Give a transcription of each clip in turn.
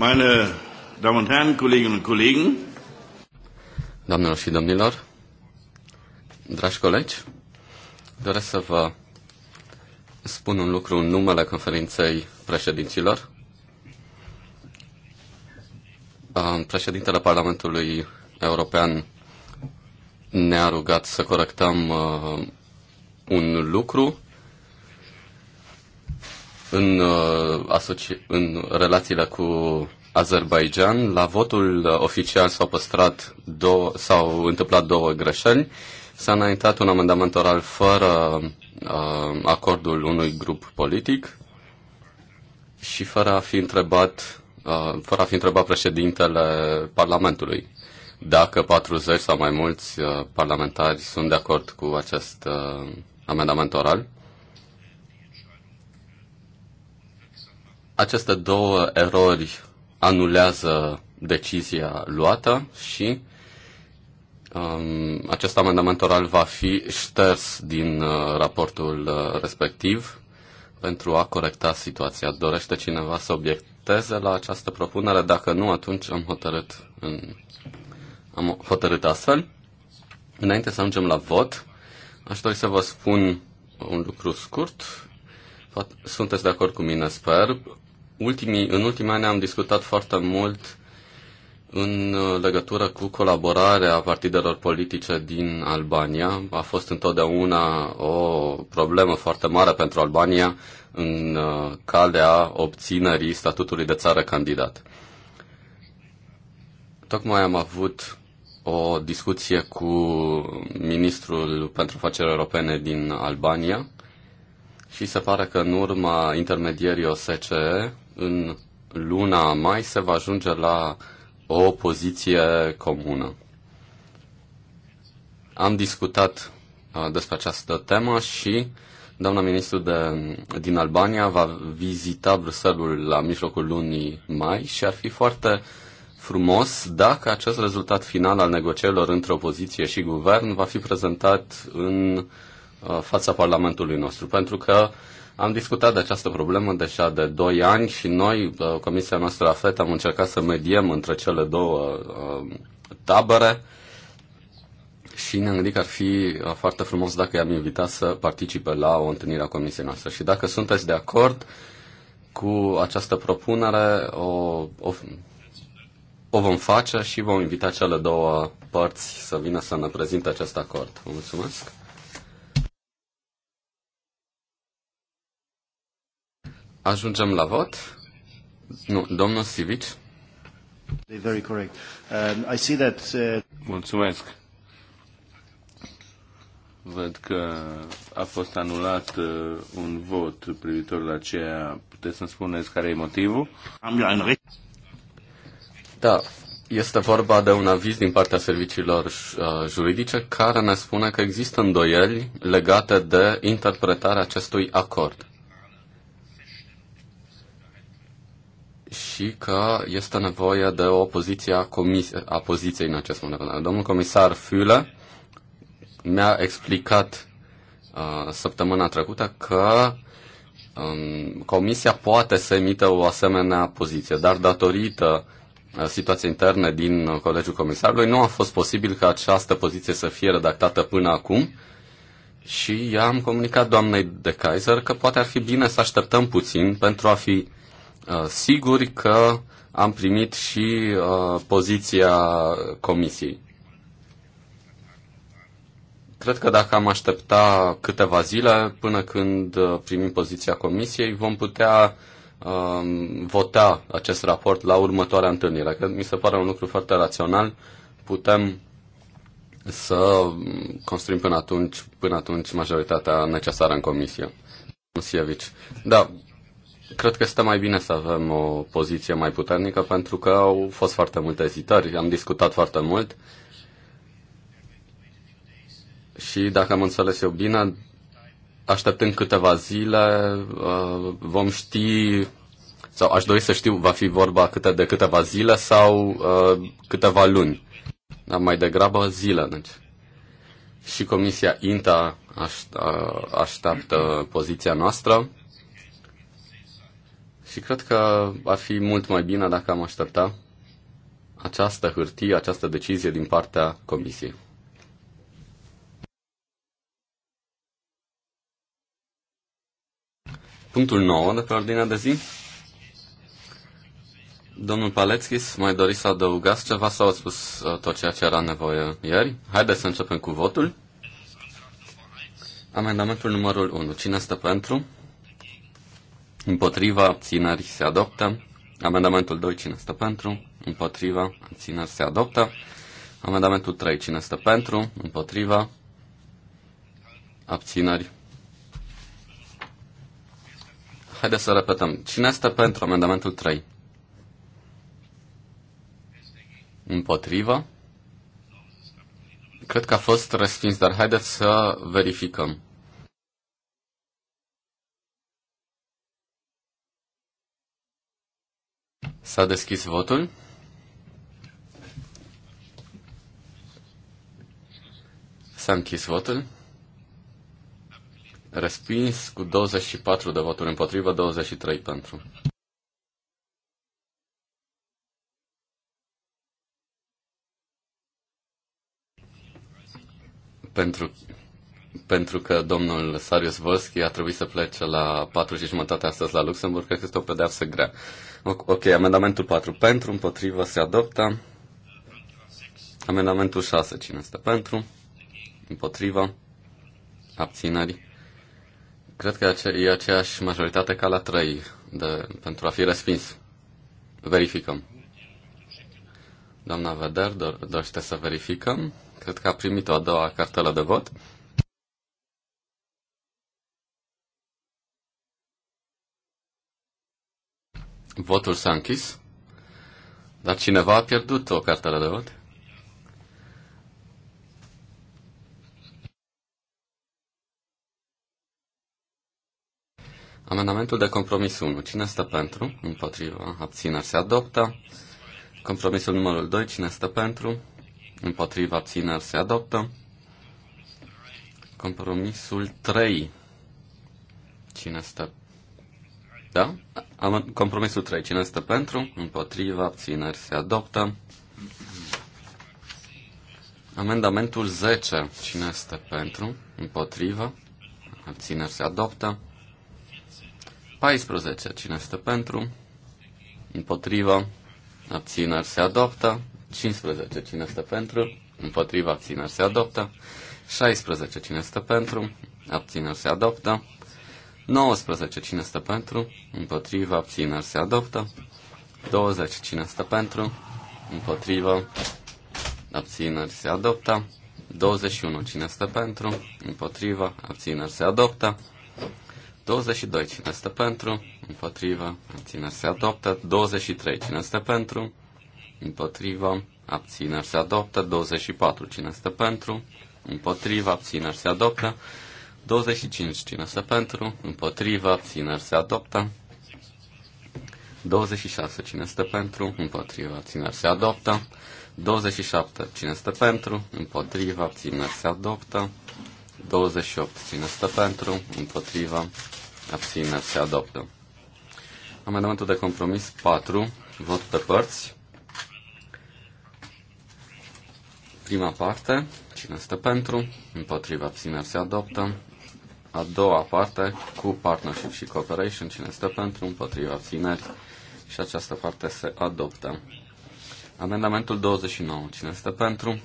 Meine Damen und Herren, Kolleginnen und Kollegen. Doamnelor și domnilor, dragi colegi, doresc să vă spun un lucru în numele conferinței președinților. Președintele Parlamentului European ne-a rugat să corectăm un lucru în, uh, asoci- în relațiile cu Azerbaijan. La votul uh, oficial s-au păstrat două, s-au întâmplat două greșeli. S-a înaintat un amendament oral fără uh, acordul unui grup politic și fără a fi întrebat, uh, fără a fi întrebat președintele Parlamentului dacă 40 sau mai mulți uh, parlamentari sunt de acord cu acest uh, amendament oral. Aceste două erori anulează decizia luată și um, acest amendament oral va fi șters din uh, raportul uh, respectiv pentru a corecta situația. Dorește cineva să obiecteze la această propunere? Dacă nu, atunci am hotărât, în, am hotărât astfel. Înainte să ajungem la vot, aș dori să vă spun un lucru scurt. Sunteți de acord cu mine, sper ultimii, în ultimii ani am discutat foarte mult în uh, legătură cu colaborarea partidelor politice din Albania. A fost întotdeauna o problemă foarte mare pentru Albania în uh, calea obținerii statutului de țară candidat. Tocmai am avut o discuție cu ministrul pentru afaceri europene din Albania și se pare că în urma intermedierii OSCE în luna mai se va ajunge la o poziție comună. Am discutat uh, despre această temă și doamna ministru de, din Albania va vizita Bruselul la mijlocul lunii mai și ar fi foarte frumos dacă acest rezultat final al negocierilor între opoziție și guvern va fi prezentat în uh, fața Parlamentului nostru, pentru că uh, am discutat de această problemă deja de 2 ani și noi, Comisia noastră a FET, am încercat să mediem între cele două uh, tabere și ne-am gândit că ar fi uh, foarte frumos dacă i-am invitat să participe la o întâlnire a Comisiei noastre. Și dacă sunteți de acord cu această propunere, o, o, o vom face și vom invita cele două părți să vină să ne prezinte acest acord. Vă mulțumesc! Ajungem la vot. Nu, domnul Sivic. Very correct. Um, I see that, uh... Mulțumesc. Văd că a fost anulat uh, un vot privitor la ceea. Puteți să-mi spuneți care e motivul? Da, este vorba de un aviz din partea serviciilor uh, juridice care ne spune că există îndoieli legate de interpretarea acestui acord. și că este nevoie de o poziție a, comis- a poziției în acest moment. Domnul comisar Füle mi-a explicat uh, săptămâna trecută că um, Comisia poate să emită o asemenea poziție, dar datorită uh, situației interne din Colegiul Comisarului nu a fost posibil ca această poziție să fie redactată până acum și i-am comunicat doamnei de Kaiser că poate ar fi bine să așteptăm puțin pentru a fi Uh, siguri că am primit și uh, poziția comisiei. Cred că dacă am aștepta câteva zile până când uh, primim poziția comisiei, vom putea uh, vota acest raport la următoarea întâlnire. Cred, mi se pare un lucru foarte rațional. Putem să mm, construim până atunci, până atunci majoritatea necesară în comisie. Da, Cred că este mai bine să avem o poziție mai puternică pentru că au fost foarte multe ezitări, am discutat foarte mult și dacă am înțeles eu bine, așteptând câteva zile uh, vom ști sau aș dori să știu, va fi vorba câte de câteva zile sau uh, câteva luni. Dar mai degrabă zile, deci. Și Comisia INTA aș, uh, așteaptă poziția noastră și cred că ar fi mult mai bine dacă am aștepta această hârtie, această decizie din partea Comisiei. Punctul 9 de pe ordinea de zi. Domnul Paleckis, mai doriți să adăugați ceva sau ați spus uh, tot ceea ce era nevoie ieri? Haideți să începem cu votul. Amendamentul numărul 1. Cine este pentru? Împotriva, abțineri se adoptă. Amendamentul 2, cine stă pentru? Împotriva, abțineri se adoptă. Amendamentul 3, cine stă pentru? Împotriva, abțineri. Haideți să repetăm. Cine stă pentru amendamentul 3? Împotriva? Cred că a fost respins, dar haideți să verificăm. S-a deschis votul. S-a închis votul. Respins cu 24 de voturi împotriva, 23 pentru. Pentru pentru că domnul Sarius Volski a trebuit să plece la 4 și jumătate astăzi la Luxemburg, cred că este o pedeapsă grea. Ok, amendamentul 4 pentru, împotrivă se adoptă. Amendamentul 6, cine este pentru? Împotriva? Abținări? Cred că e aceeași majoritate ca la 3, de, pentru a fi respins. Verificăm. Doamna Veder dorește să verificăm. Cred că a primit o a doua cartelă de vot. Votul s-a închis, dar cineva a pierdut o carte de vot. Amendamentul de compromis 1. Cine stă pentru? Împotriva. Abțineri se adoptă. Compromisul numărul 2. Cine stă pentru? Împotriva. Abțineri se adoptă. Compromisul 3. Cine stă da? Am, compromisul 3. Cine stă pentru? Împotriva. Abțineri se adoptă. Amendamentul 10. Cine stă pentru? Împotriva. Abțineri se adoptă. 14. Cine stă pentru? Împotriva. Abțineri se adoptă. 15. Cine stă pentru? Împotriva. Abțineri se adoptă. 16. Cine stă pentru? Abțineri se adoptă. 19. Cine stă pentru? Împotriva. Abțineri se adoptă. 20. Cine stă pentru? Împotriva. Abțineri se adoptă. 21. Cine stă pentru? Împotriva. Abțineri se adoptă. 22. Cine stă pentru? Împotriva. Abțineri se adoptă. 23. Cine stă pentru? Împotriva. Abțineri se adoptă. 24. Cine stă pentru? Împotriva. Abțineri se adoptă. 25. Cine se pentru? Împotriva. Abțineri se adoptă. 26. Cine este pentru? Împotriva. Abțineri se adoptă. 27. Cine este pentru? Împotriva. Abțineri se adoptă. 28. Cine este pentru? Împotriva. Abțineri se adoptă. Amendamentul de compromis 4. Vot pe părți. Prima parte. Cine este pentru? Împotriva abțineri se adoptă a doua parte cu partnership și cooperation, cine stă pentru, împotriva țineri și această parte se adoptă. Amendamentul 29, cine stă pentru,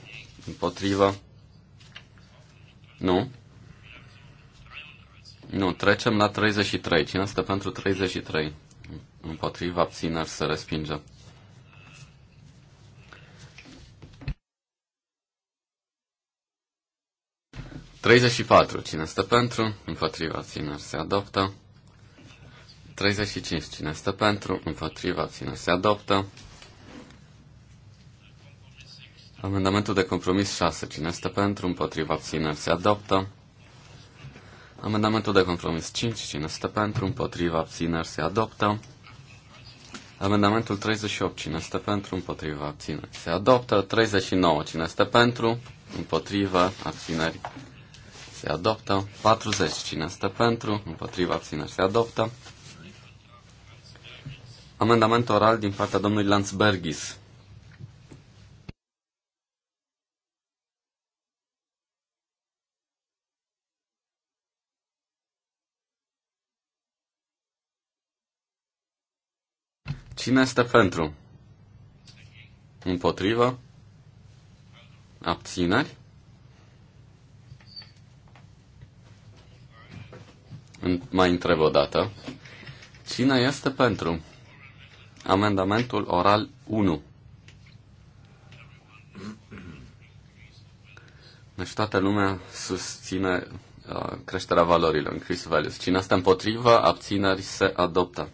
împotriva, nu, nu, trecem la 33, cine stă pentru 33, împotriva abțineri să respingă. 34. Cine este pentru? Împotriva abțineri se adoptă. 35. Cine este pentru? Împotriva abțineri se adoptă. Amendamentul de compromis 6. Cine este pentru? Împotriva abțineri se adoptă. Amendamentul de compromis 5. Cine este pentru? Împotriva abțineri se adoptă. Amendamentul 38. Cine este pentru? Împotriva abțineri se adoptă. 39. Cine este pentru? Împotriva abțineri se adoptă. 40. Cine este pentru? Împotriva abțineri se adoptă. Amendament oral din partea domnului Lanzbergis. Cine este pentru? Împotriva? Abțineri? Mai întreb o dată. Cine este pentru? Amendamentul oral 1. Deci toată lumea susține uh, creșterea valorilor, increase values. Cine este împotrivă, abțineri se adoptă.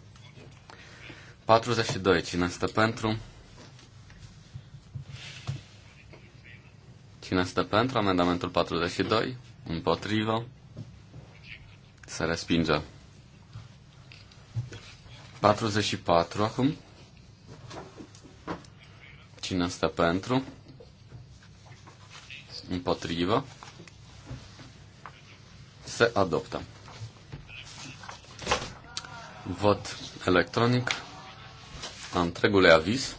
42. Cine este pentru? Cine este pentru amendamentul 42? Împotrivă? Se respinge. 44 acum. Cine stă pentru? Împotrivă. Se adoptă. Vot electronic a întregului aviz.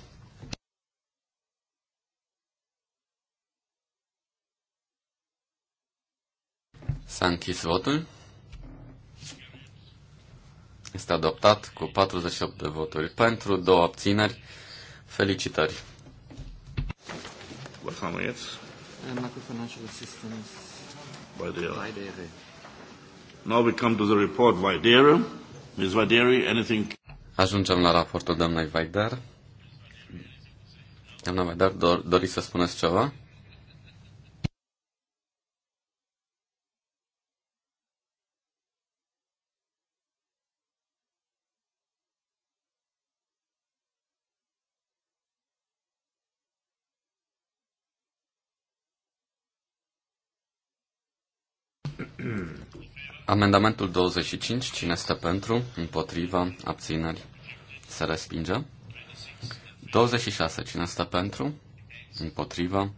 S-a închis votul. Este adoptat cu 48 de voturi pentru, două abțineri. Felicitări! What time are Macrofinancial assistance. Vaidere. Vaidere. Now we come to the report Vaidere. Ms. Vaidere, anything? Ajungem la raportul doamnei Vaidere. Doamna Vaidere, dor- doriți să spuneți ceva? Amendamentul 25, cine este pentru, împotriva, abțineri, se respinge. 26, cine este pentru, împotriva,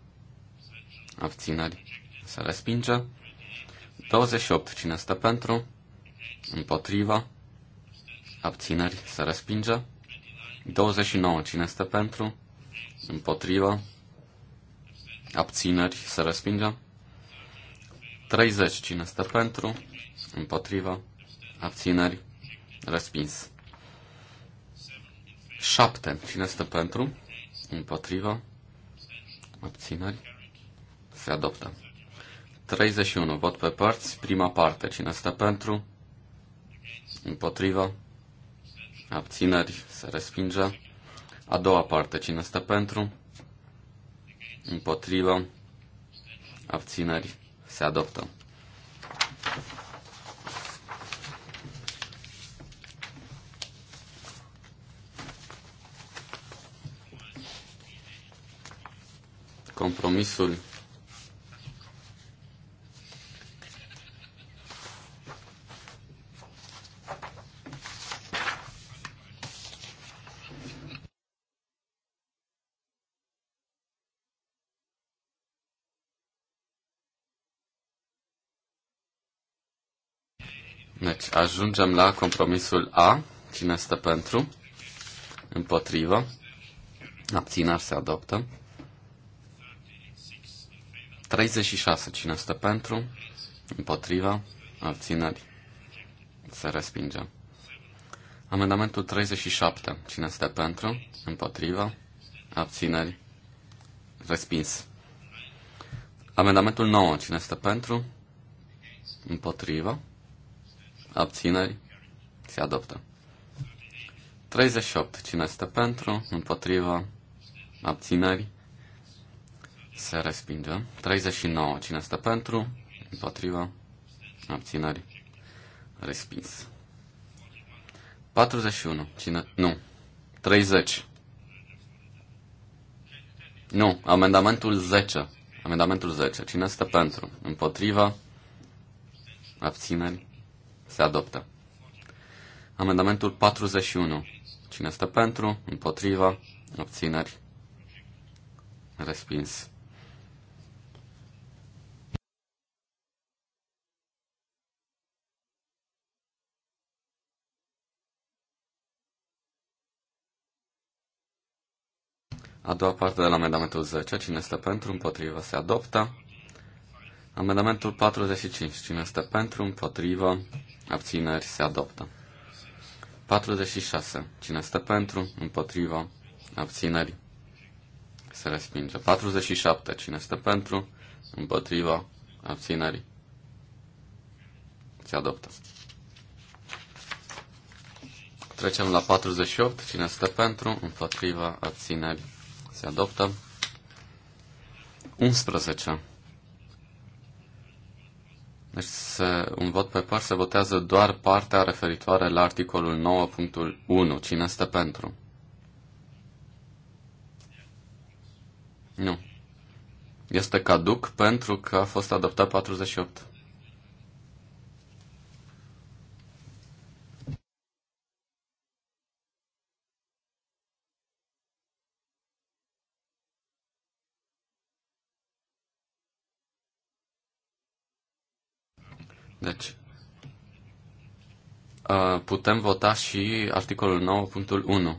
abțineri, se respinge. 28, cine este pentru, împotriva, abțineri, se respinge. 29, cine este pentru, împotriva, abțineri, se respinge. 30, cine este pentru, împotrivă, abțineri, respins. 7. Cine este pentru? Împotrivă, abțineri, se adoptă. 31. Vot pe părți, prima parte. Cine este pentru? Împotrivă, abțineri, se respinge. A doua parte. Cine este pentru? Împotrivă, abțineri, se adoptă. Compromisul Deci, ajungem la compromisul A. Cine este pentru? Împotrivă. Abținar se adoptă. 36. Cine este pentru? Împotriva? Abțineri? Se respinge. Amendamentul 37. Cine este pentru? Împotriva? Abțineri? Respins. Amendamentul 9. Cine este pentru? Împotriva? Abțineri? Se adoptă. 38. Cine este pentru? Împotriva? Abțineri? Se respinge. 39. Cine stă pentru? Împotrivă. Abținări. Respins. 41. Cine? Nu. 30. Nu. Amendamentul 10. Amendamentul 10. Cine stă pentru? Împotrivă. Abțineri. Se adoptă. Amendamentul 41. Cine stă pentru? Împotriva? Abțineri? Respins. A doua parte de la amendamentul 10. Cine este pentru, împotrivă, se adoptă. Amendamentul 45. Cine este pentru, împotrivă, abțineri, se adoptă. 46. Cine este pentru, împotrivă, abțineri, se respinge. 47. Cine este pentru, împotrivă, abțineri, se adoptă. Trecem la 48. Cine este pentru, împotriva, abțineri, se adoptă. 11. Deci se, un vot pe par se votează doar partea referitoare la articolul 9.1. Cine este pentru? Nu. Este caduc pentru că a fost adoptat 48. Deci, putem vota și articolul 9.1.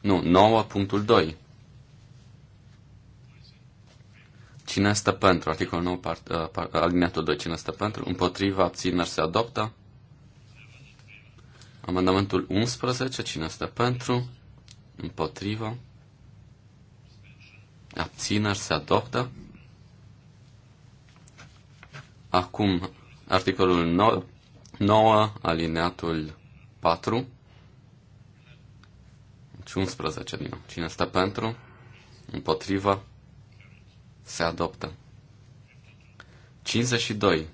Nu, 9.2. Cine este pentru? Articolul 9, part, part, alineatul 2. Cine este pentru? Împotriva, abțineri, se adoptă. Amendamentul 11. Cine este pentru? Împotriva. Abțineri, se adoptă. Acum, Articolul 9, alineatul 4. 11 deci din nou. Cine stă pentru, împotriva, se adoptă. 52.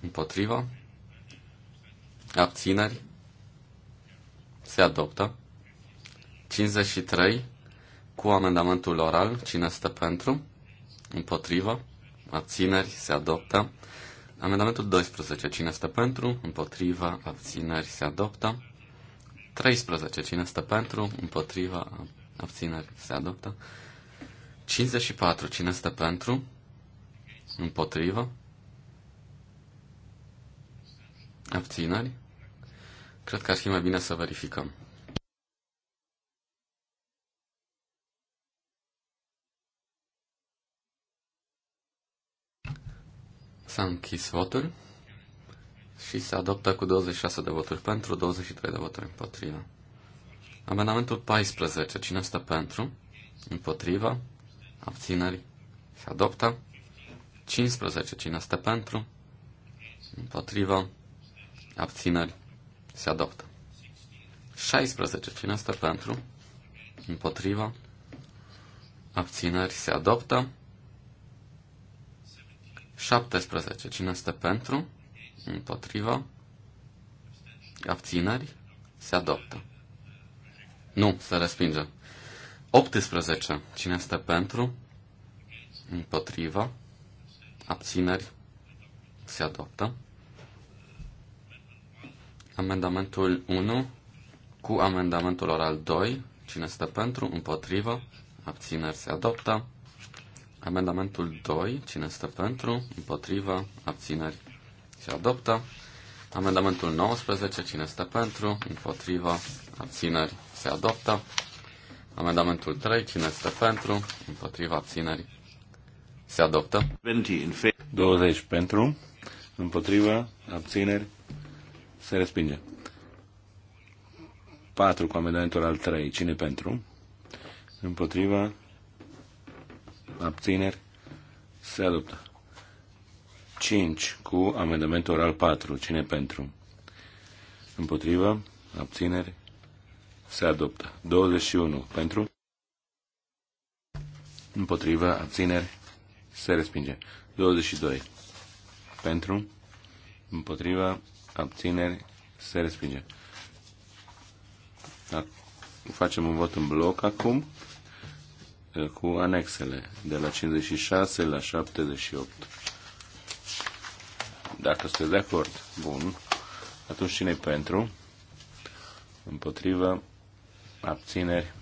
Împotriva, abțineri, se adoptă. 53. Cu amendamentul oral, cine stă pentru, împotriva, abțineri, se adoptă. Amendamentul 12, cine este pentru, împotriva, abțineri, se adoptă. 13, cine este pentru, împotriva, abțineri, se adoptă. 54, cine este pentru, împotriva, abțineri. Cred că ar fi mai bine să verificăm. S-a închis votul și se adoptă cu 26 de voturi pentru, 23 de voturi împotriva. Amendamentul 14. Cine stă pentru? Împotriva? Abțineri? Se adoptă. 15. Cine stă pentru? Împotriva? Abțineri? Se adoptă. 16. Cine stă pentru? Împotriva? Abțineri? Se adoptă. 17. Cine este pentru? Împotriva? Abțineri? Se adoptă. Nu, se respinge. 18. Cine este pentru? Împotriva? Abțineri? Se adoptă. Amendamentul 1 cu amendamentul oral 2. Cine este pentru? Împotriva? Abțineri? Se adoptă. Amendamentul 2, cine este pentru, împotriva, abțineri, se adoptă. Amendamentul 19, cine este pentru, împotriva, abțineri, se adoptă. Amendamentul 3, cine este pentru, împotriva, abțineri, se adoptă. 20 pentru, împotriva, abțineri, se respinge. 4 cu amendamentul al 3, cine pentru, împotriva, abțineri, se adoptă. 5 cu amendamentul oral 4. Cine pentru? Împotrivă, abțineri, se adoptă. 21 pentru? Împotrivă, abțineri, se respinge. 22 pentru? Împotrivă, abțineri, se respinge. Dar Facem un vot în bloc acum cu anexele, de la 56 la 78. Dacă sunteți de acord, bun. Atunci cine pentru? Împotrivă? Abțineri?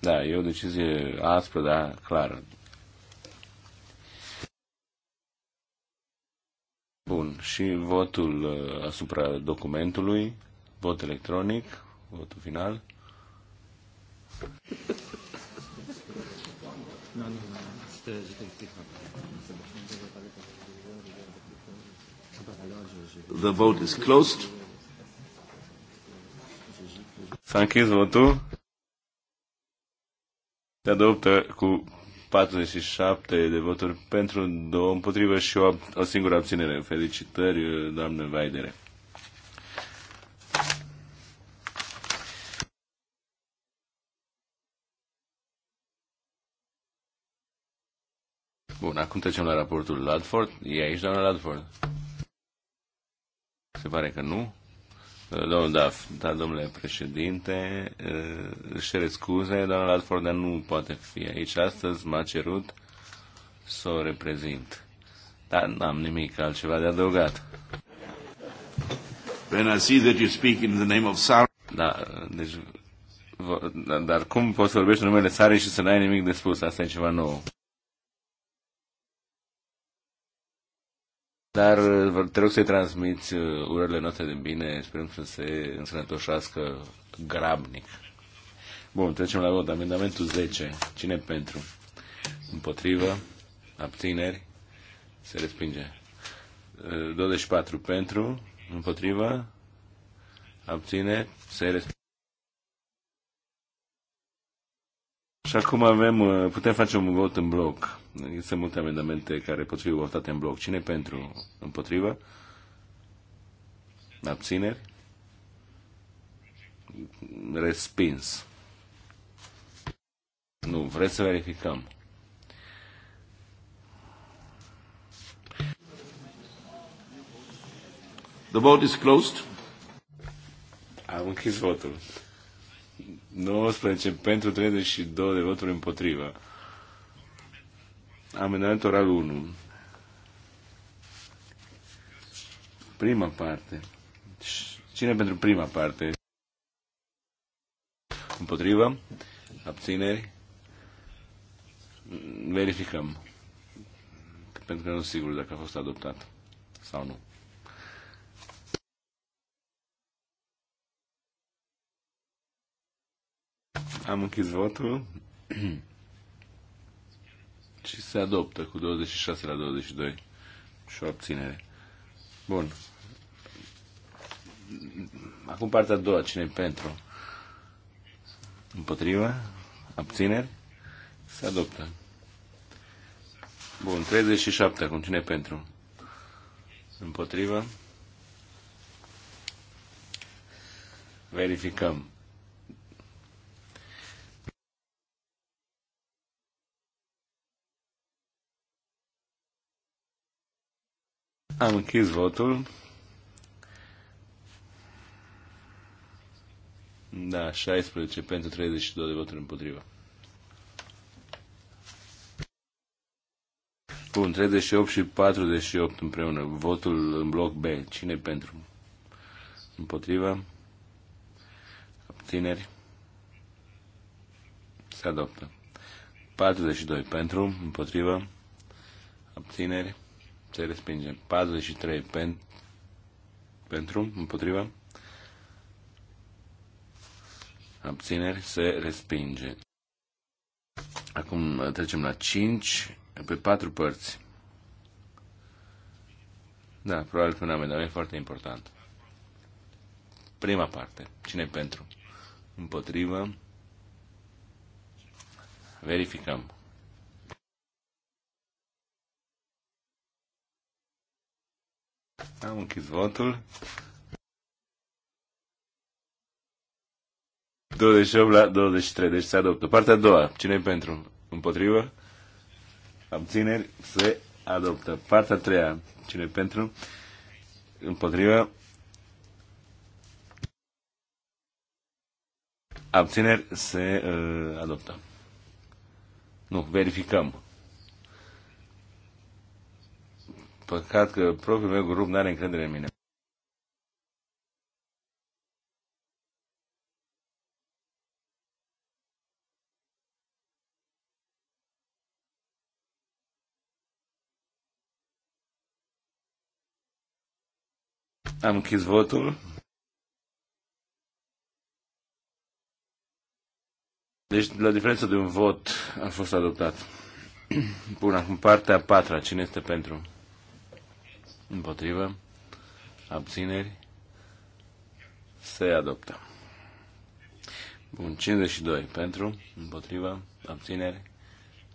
Da, e o decizie aspră, dar clară. Bun, și votul uh, asupra documentului, vot electronic, votul final. The vote is closed. S-a închis votul. Se adoptă cu 47 de voturi pentru, două împotrivă și o, o singură abținere. Felicitări, doamnă Vaidere. Acum trecem la raportul Ladford. E aici, doamna Ladford? Se pare că nu. Uh, domnul Daf, da, domnule președinte, uh, își cere scuze, doamna Ladford, dar nu poate fi aici astăzi, m-a cerut să o reprezint. Dar n-am nimic altceva de adăugat. When I see that you speak in the name of Sar da, deci, da, dar cum poți să vorbești în numele țarei și să n-ai nimic de spus? Asta e ceva nou. Dar te rog să-i transmiți uh, urările noastre de bine, sperăm să se însănătoșească grabnic. Bun, trecem la vot. Amendamentul 10. Cine pentru? Împotrivă? Abțineri? Se respinge. 24 uh, pentru? Împotrivă? Abțineri? Se respinge. Și acum avem, uh, putem face un vot în bloc. Sunt multe amendamente care pot fi votate în bloc. Cine pentru? Împotrivă? Abțineri? Respins. Nu, vreți să verificăm. The vote is closed. Am închis votul. 19 pentru 32 de voturi împotriva. Amendamentul oral 1. Prima parte. Cine pentru prima parte? Împotrivă? Abțineri? Verificăm. Pentru că nu sunt sigur dacă a fost adoptat sau nu. Am închis votul. și se adoptă cu 26 la 22 și o abținere. Bun. Acum partea a doua, cine pentru? Împotriva? Abțineri? Se adoptă. Bun, 37 acum, cine pentru? Împotriva? Verificăm. Am închis votul. Da, 16 pentru 32 de voturi împotrivă. Bun, 38 și 48 împreună. Votul în bloc B. Cine pentru? Împotrivă? Abțineri? Se adoptă. 42 pentru, împotrivă, abțineri, se respinge. 43 pen, pentru, împotriva, abțineri, se respinge. Acum uh, trecem la 5, pe 4 părți. Da, probabil că un amendament foarte important. Prima parte. Cine pentru? Împotrivă. Verificăm. Am închis votul. 28 la 23, deci se adoptă. Partea a doua, cine pentru? Împotrivă? Abțineri? Se adoptă. Partea a treia, cine pentru? Împotrivă? Abțineri? Se uh, adoptă. Nu, verificăm. Păcat că propriul meu grup nu are încredere în mine. Am închis votul. Deci, la diferență de un vot, a fost adoptat. Bun, acum partea a patra. Cine este pentru? Împotrivă. Abțineri. Se adoptă. Bun, 52 pentru, Împotrivă? abțineri,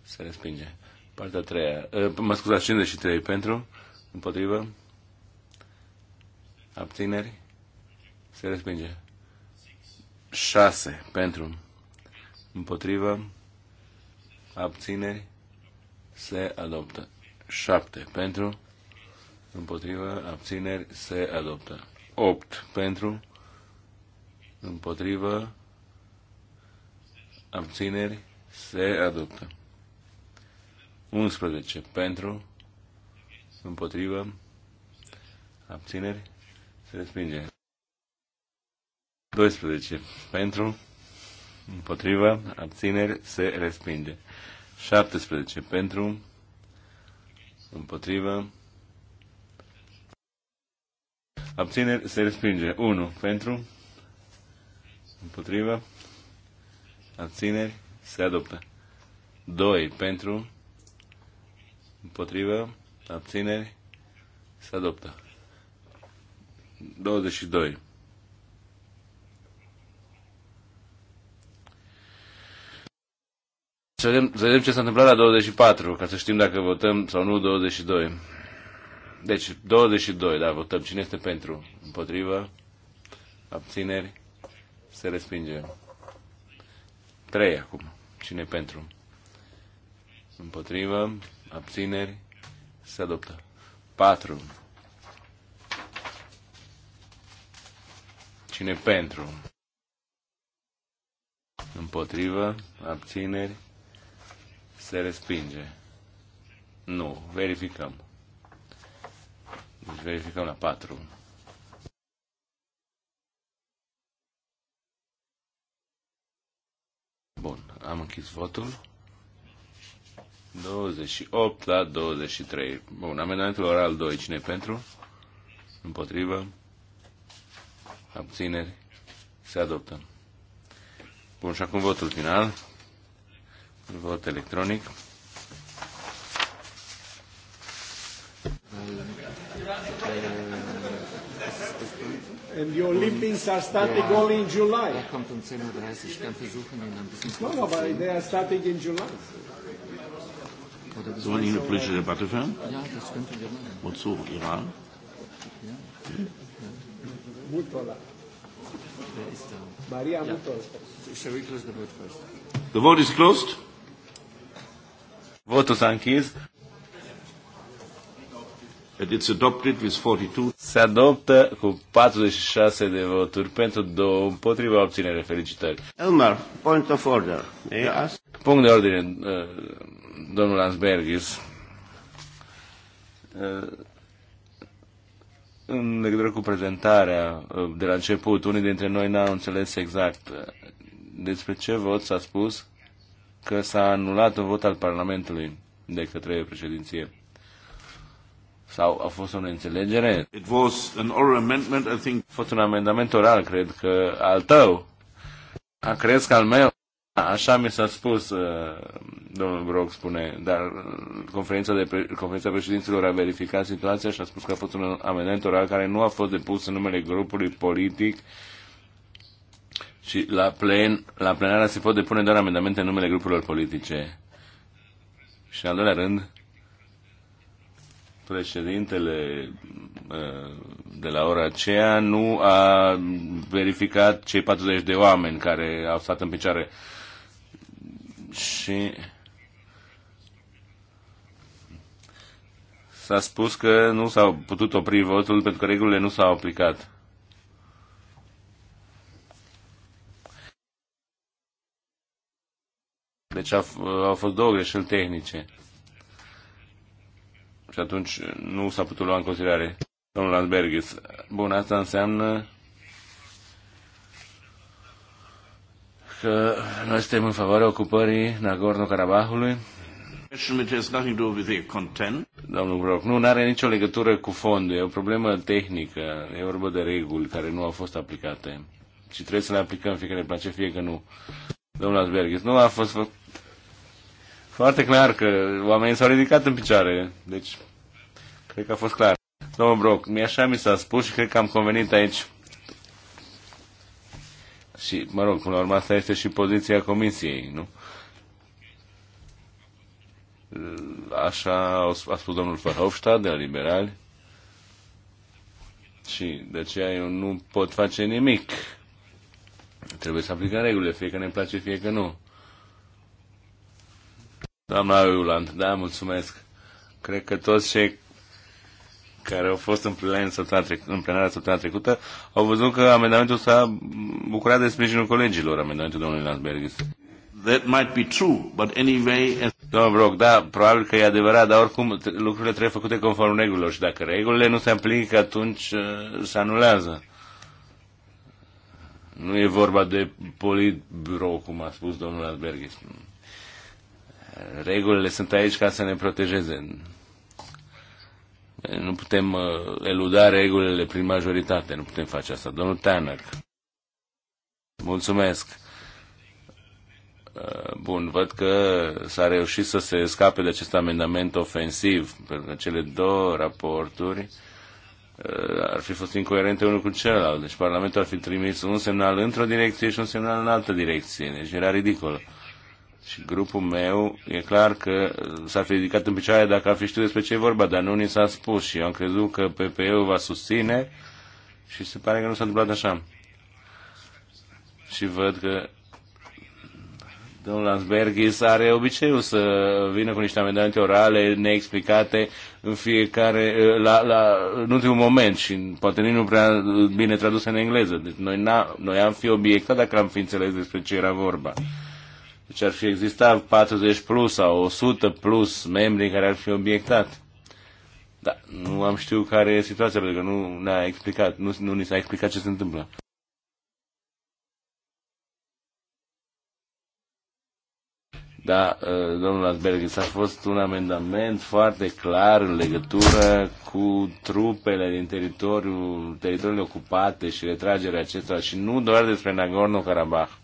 se respinge. Partea a eh, mă scuzați, 53 pentru, Împotrivă? abțineri, se respinge. 6 pentru, Împotrivă? abțineri, se adoptă. 7 pentru, Împotriva, abțineri, se adoptă. 8 pentru, Împotriva, abțineri, se adoptă. 11 pentru, Împotriva, abțineri, se respinge. 12 pentru, Împotriva, abțineri, se respinge. 17 pentru, împotrivă, Abțineri se respinge. 1 pentru. Împotrivă. Abțineri se adoptă. 2 pentru. Împotrivă. Abțineri se adoptă. 22. Să vedem, să vedem ce s-a întâmplat la 24, ca să știm dacă votăm sau nu 22. Deci, 22, da, votăm. Cine este pentru? Împotrivă? Abțineri? Se respinge. 3 acum. Cine pentru? Împotrivă? Abțineri? Se adoptă. 4. Cine pentru? Împotrivă? Abțineri? Se respinge. Nu. Verificăm. Verificăm la 4. Bun, am închis votul. 28 la 23. Bun, amendamentul oral 2. Cine pentru? Împotrivă? Abțineri? Se adoptă. Bun, și acum votul final. Vot electronic. And the Olympics are starting yeah, only in July. Er kommt um 10.30 Uhr. Ich kann versuchen, ihn ein bisschen No, no, but they are starting in July. Sollen wir eine politische Debatte führen? Ja, das könnten wir machen. Wozu? Iran? Ja. Mutola. Wer ist da? Maria Mutola. Shall we close the vote first? The vote is closed it's adopted with 42. Se adoptă cu 46 de voturi pentru două împotriva obținere. Felicitări. Elmar, point of order. May Punct de ordine, uh, domnul Ansbergis. Uh, în legătură cu prezentarea uh, de la început, unii dintre noi n-au înțeles exact despre ce vot s-a spus că s-a anulat un vot al Parlamentului de către președinție sau a fost o neînțelegere? It was an oral amendment, I think. A fost un amendament oral, cred că al tău. A, crezi că al meu? Așa mi s-a spus, uh, domnul Brock spune, dar conferința, de pre- conferința președinților a verificat situația și a spus că a fost un amendament oral care nu a fost depus în numele grupului politic și la, plen, la plenară se pot depune doar amendamente în numele grupurilor politice. Și al doilea rând, președintele uh, de la ora aceea nu a verificat cei 40 de oameni care au stat în picioare. Și s-a spus că nu s-au putut opri votul pentru că regulile nu s-au aplicat. Deci au, fost două greșeli tehnice și atunci nu s-a putut lua în considerare. Domnul Landsbergis, bun, asta înseamnă că noi suntem în favoarea ocupării Nagorno-Karabahului. Domnul Brock, nu, are nicio legătură cu fondul, e o problemă tehnică, e vorba de reguli care nu au fost aplicate și trebuie să le aplicăm, fie că ne place, fie că nu. Domnul Asbergis, nu a fost foarte clar că oamenii s-au ridicat în picioare. Deci, cred că a fost clar. Domnul Broc, mi așa mi s-a spus și cred că am convenit aici. Și, mă rog, până la urmă, asta este și poziția comisiei, nu? Așa a spus domnul Verhofstadt de la Liberali. Și de aceea eu nu pot face nimic. Trebuie să aplicăm regulile, fie că ne place, fie că nu. Doamna Iulan, da, mulțumesc. Cred că toți cei care au fost în, plen în plenarea săptămâna trecută au văzut că amendamentul s-a bucurat de sprijinul colegilor, amendamentul domnului Lansbergis. That might be true, but anyway... As... Domnul Broc, da, probabil că e adevărat, dar oricum lucrurile trebuie făcute conform regulilor și dacă regulile nu se aplică, atunci uh, se anulează. Nu e vorba de politbiro, cum a spus domnul Asberghis regulile sunt aici ca să ne protejeze. Nu putem uh, eluda regulile prin majoritate, nu putem face asta. Domnul Tanăc, mulțumesc. Uh, bun, văd că s-a reușit să se scape de acest amendament ofensiv, pentru că cele două raporturi uh, ar fi fost incoerente unul cu celălalt. Deci Parlamentul ar fi trimis un semnal într-o direcție și un semnal în altă direcție. Deci era ridicol. Și grupul meu, e clar că s-ar fi ridicat în picioare dacă ar fi știut despre ce e vorba, dar nu ni s-a spus și eu am crezut că PPE-ul va susține și se pare că nu s-a întâmplat așa. Și văd că domnul Lansbergis are obiceiul să vină cu niște amendamente orale neexplicate în fiecare, la, la, în ultimul moment și poate nici nu prea bine traduse în engleză. Deci noi, noi am fi obiectat dacă am fi înțeles despre ce era vorba. Deci ar fi existat 40 plus sau 100 plus membri care ar fi obiectat. Dar nu am știut care e situația, pentru că nu ne-a explicat, nu, nu ni s-a explicat ce se întâmplă. Da, ă, domnul Asberg, s-a fost un amendament foarte clar în legătură cu trupele din teritoriul, teritoriile ocupate și retragerea acestora și nu doar despre Nagorno-Karabakh.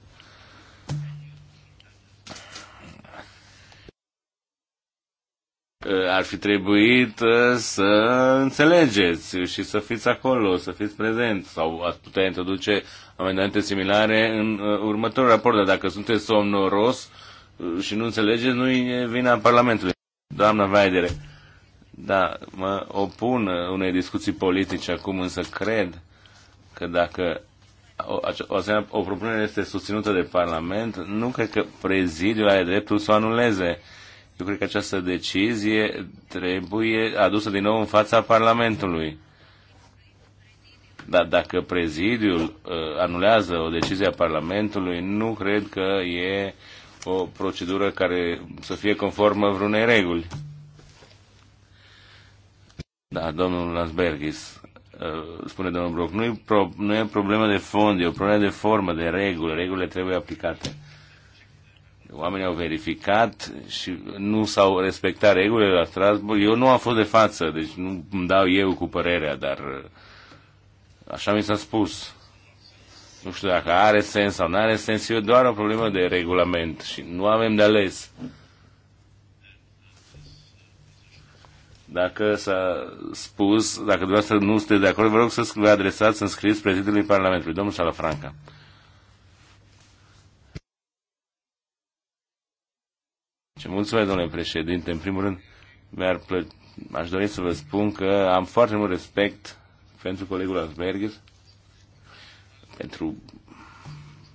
ar fi trebuit uh, să înțelegeți și să fiți acolo, să fiți prezent sau ați putea introduce amendamente similare în uh, următorul raport, dar dacă sunteți somnoros uh, și nu înțelegeți, nu i vina Parlamentului. Doamna Vaidere, da, mă opun unei discuții politice acum, însă cred că dacă o, o, o propunere este susținută de Parlament, nu cred că prezidiul are dreptul să o anuleze. Uh, eu cred că această decizie trebuie adusă din nou în fața Parlamentului. Dar dacă prezidiul uh, anulează o decizie a Parlamentului, nu cred că e o procedură care să fie conformă vreunei reguli. Da, domnul Lansbergis, uh, spune domnul Broc, nu e, pro, nu e problemă de fond, e o problemă de formă, de reguli. Regulile trebuie aplicate oamenii au verificat și nu s-au respectat regulile la Strasburg. Eu nu am fost de față, deci nu îmi dau eu cu părerea, dar uh, așa mi s-a spus. Nu știu dacă are sens sau nu are sens, e doar o problemă de regulament și nu avem de ales. Dacă s-a spus, dacă dumneavoastră nu sunteți de acord, vă rog să vă adresați în scris prezidentului Parlamentului, domnul Salafranca. politice. Deci, mulțumesc, domnule președinte. În primul rând, mi-ar plă... aș dori să vă spun că am foarte mult respect pentru colegul Asbergis, pentru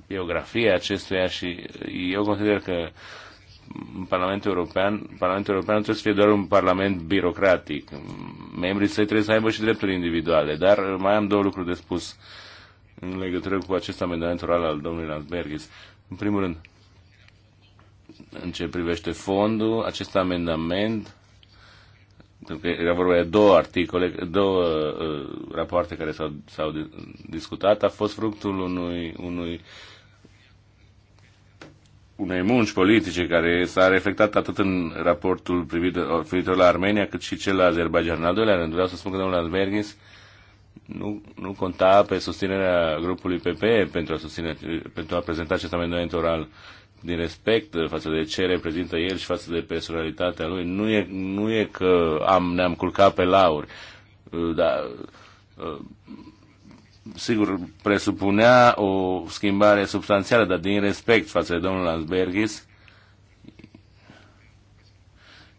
biografia acestuia și eu consider că Parlamentul European, Parlamentul European trebuie să fie doar un parlament birocratic. Membrii săi trebuie să aibă și drepturi individuale, dar mai am două lucruri de spus în legătură cu acest amendament oral al domnului Lansbergis. În primul rând, în ce privește fondul, acest amendament, pentru că era vorba de două articole, două uh, rapoarte care s-au, s-au discutat, a fost fructul unui, unui unei munci politice care s-a reflectat atât în raportul privit, privitor la Armenia, cât și cel la Azerbaijan. În al doilea rând, vreau să spun că domnul Alberghis nu, nu conta pe susținerea grupului PPE pentru a, susține, pentru a prezenta acest amendament oral. Uh, din respect față de ce reprezintă el și față de personalitatea lui. Nu e, nu e că am, ne-am culcat pe lauri, uh, dar uh, sigur, presupunea o schimbare substanțială, dar din respect față de domnul Lansbergis,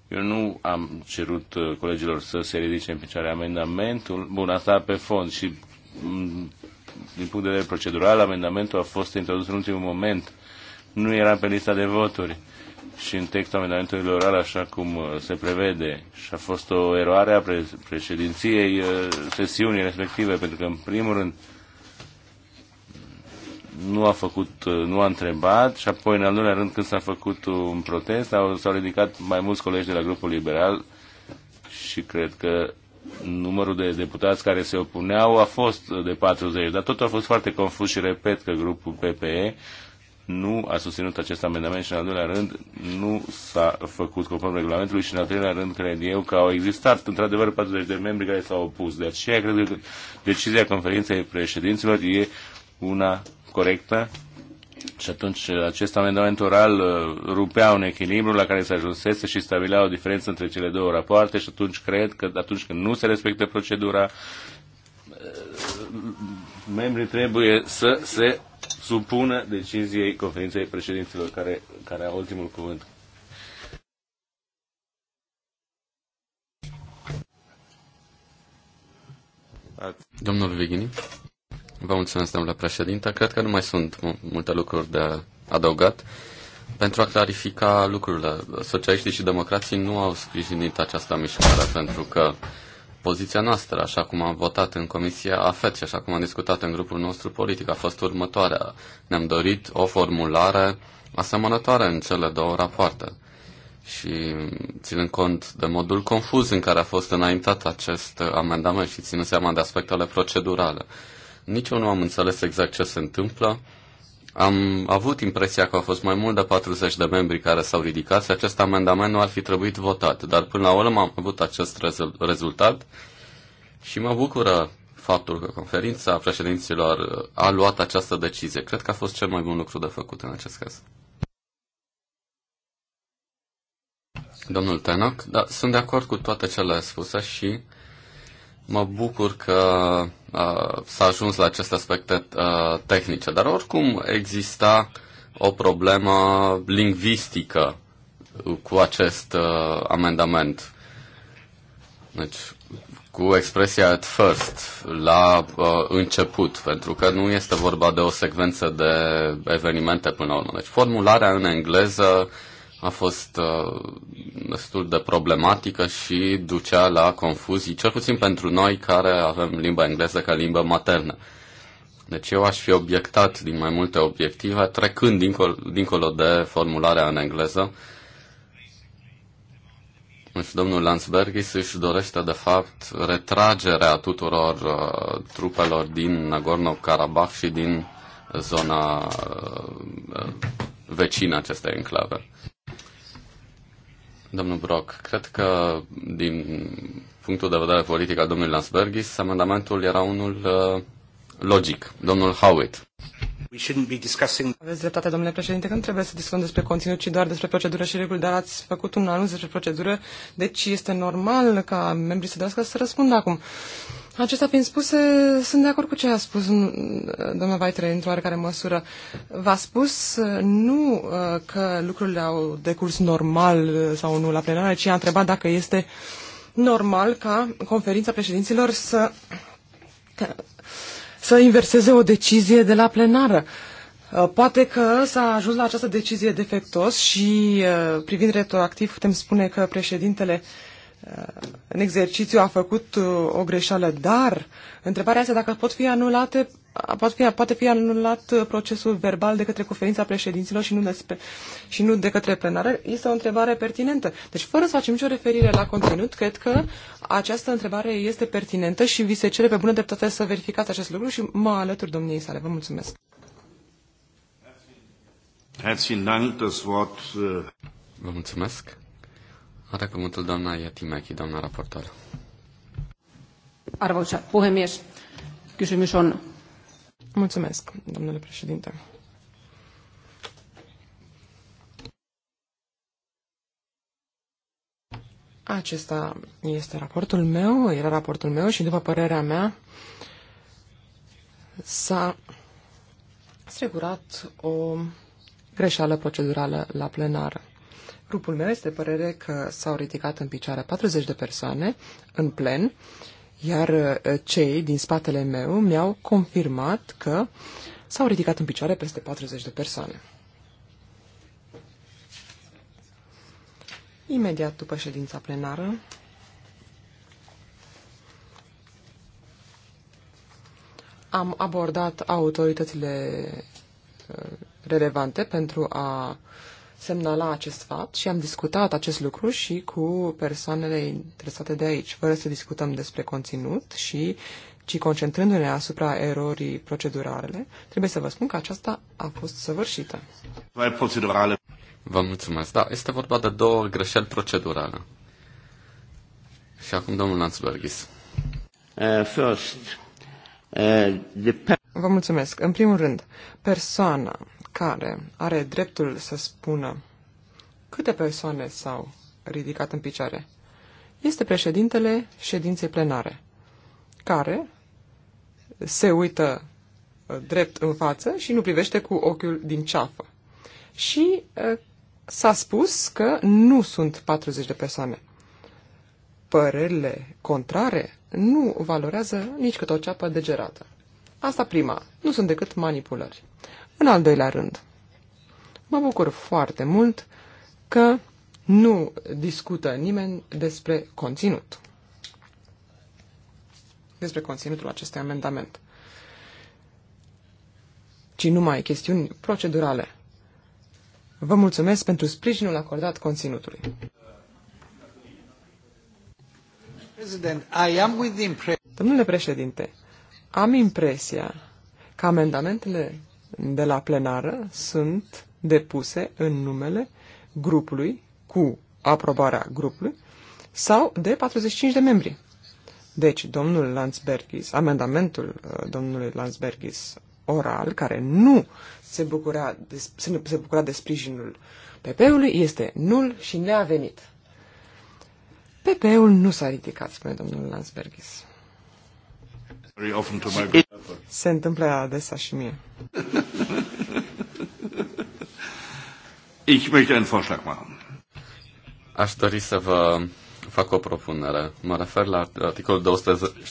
eu nu am cerut uh, colegilor să se ridice în picioare amendamentul. Bun, asta pe fond și mm, din punct de vedere procedural, amendamentul a fost introdus în ultimul moment nu era pe lista de voturi și în textul amendamentului oral, așa cum uh, se prevede, și a fost o eroare a pre- președinției uh, sesiunii respective, pentru că, în primul rând, nu a făcut, uh, nu a întrebat și apoi, în al doilea rând, când s-a făcut un protest, au, s-au ridicat mai mulți colegi de la grupul liberal și cred că numărul de deputați care se opuneau a fost de 40, dar totul a fost foarte confuz și repet că grupul PPE nu a susținut acest amendament și, în al doilea rând, nu s-a făcut conform regulamentului și, în al treilea rând, cred eu că au existat, într-adevăr, 40 de membri care s-au opus. De aceea, cred că decizia conferinței președinților e una corectă și atunci acest amendament oral uh, rupea un echilibru la care se ajunsese și stabilea o diferență între cele două rapoarte și atunci cred că atunci când nu se respectă procedura, uh, membrii trebuie să se supună deciziei conferinței președinților care, care a ultimul cuvânt. Domnul Vigini, vă mulțumesc, domnule președinte. Cred că nu mai sunt multe lucruri de adăugat. Pentru a clarifica lucrurile, socialiștii și democrații nu au sprijinit această mișcare pentru că poziția noastră, așa cum am votat în Comisia AFET și așa cum am discutat în grupul nostru politic, a fost următoarea. Ne-am dorit o formulare asemănătoare în cele două rapoarte. Și ținând cont de modul confuz în care a fost înaintat acest amendament și ținând seama de aspectele procedurale, nici eu nu am înțeles exact ce se întâmplă am avut impresia că au fost mai mult de 40 de membri care s-au ridicat și acest amendament nu ar fi trebuit votat, dar până la urmă am avut acest rezultat și mă bucură faptul că conferința președinților uh, a luat această decizie. Cred că a fost cel mai bun lucru de făcut în acest caz. Domnul Tenoc, da, sunt de acord cu toate cele spuse și Mă bucur că uh, s-a ajuns la aceste aspecte uh, tehnice, dar oricum exista o problemă lingvistică cu acest uh, amendament. Deci, cu expresia at first, la uh, început, pentru că nu este vorba de o secvență de evenimente până la urmă. Deci, formularea în engleză uh, a fost uh, destul de problematică și ducea la confuzii, cel puțin pentru noi care avem limba engleză ca limbă maternă. Deci eu aș fi obiectat din mai multe obiective, trecând dincolo, dincolo de formularea în engleză. Deci domnul Landsbergis își dorește de fapt retragerea tuturor uh, trupelor din Nagorno-Karabakh și din zona uh, vecină acestei enclave. Domnul Brock, cred că din punctul de vedere politic al domnului Lansbergis, amendamentul era unul uh, logic. Domnul Howitt. We shouldn't be discussing... Aveți dreptate, domnule președinte, că nu trebuie să discutăm despre conținut, ci doar despre procedură și reguli, dar ați făcut un anunț despre procedură, deci este normal ca membrii să dească să răspundă acum. Acesta fiind spus, sunt de acord cu ce a spus mm, doamna Vaitre într-o oarecare măsură. V-a spus uh, nu uh, că lucrurile au decurs normal uh, sau nu la plenară, ci a întrebat dacă este normal ca conferința președinților să, să inverseze o decizie de la plenară. Poate că s-a ajuns la această decizie defectos și privind retroactiv putem spune că președintele uh, în exercițiu a făcut uh, o greșeală, dar întrebarea este dacă pot fi anulate pot fi, poate fi anulat uh, procesul verbal de către conferința președinților și nu, despre, și nu de către plenară, este o întrebare pertinentă. Deci, fără să facem nicio referire la conținut, cred că această întrebare este pertinentă și vi se cere pe bună dreptate să verificați acest lucru și mă alătur domniei sale. Vă mulțumesc. Uh, Vă mulțumesc. Are cuvântul doamna Iatimechi, doamna raportor. Arvoisa puhemies, kysymys on... Mulțumesc, domnule președinte. Acesta este raportul meu, era raportul meu și, după părerea mea, s-a strecurat o greșeală procedurală la plenară. Grupul meu este părere că s-au ridicat în picioare 40 de persoane în plen, iar uh, cei din spatele meu mi-au confirmat că s-au ridicat în picioare peste 40 de persoane. Imediat după ședința plenară, am abordat autoritățile uh, relevante pentru a uh, semnala acest fapt și am discutat acest lucru și cu persoanele interesate de aici, fără să discutăm despre conținut și ci concentrându-ne asupra erorii procedurale, trebuie să vă spun că aceasta a fost săvârșită. Vă mulțumesc. Da, este vorba de două greșeli procedurale. Și acum domnul Lanzbergis. Uh, first, uh, the... Vă mulțumesc. În primul rând, persoana care are dreptul să spună câte persoane s-au ridicat în picioare este președintele ședinței plenare, care se uită uh, drept în față și nu privește cu ochiul din ceafă. Și uh, s-a spus că nu sunt 40 de persoane. Părerile contrare nu valorează nici cât o ceapă degerată. Asta prima, nu sunt decât manipulări. În al doilea rând, mă bucur foarte mult că nu discută nimeni despre conținut. Despre conținutul acestui amendament. Ci numai chestiuni procedurale. Vă mulțumesc pentru sprijinul acordat conținutului. Domnule președinte, am impresia că amendamentele de la plenară sunt depuse în numele grupului cu aprobarea grupului sau de 45 de membri. Deci, domnul Landsbergis, amendamentul uh, domnului Landsbergis oral, care nu se bucura de, se, se bucura de sprijinul PP-ului, este nul și neavenit. PP-ul nu s-a ridicat, spune domnul Landsbergis. Se întâmplă adesea și mie. Ich möchte einen Vorschlag machen. Aș dori să vă fac o propunere. Mă refer la articolul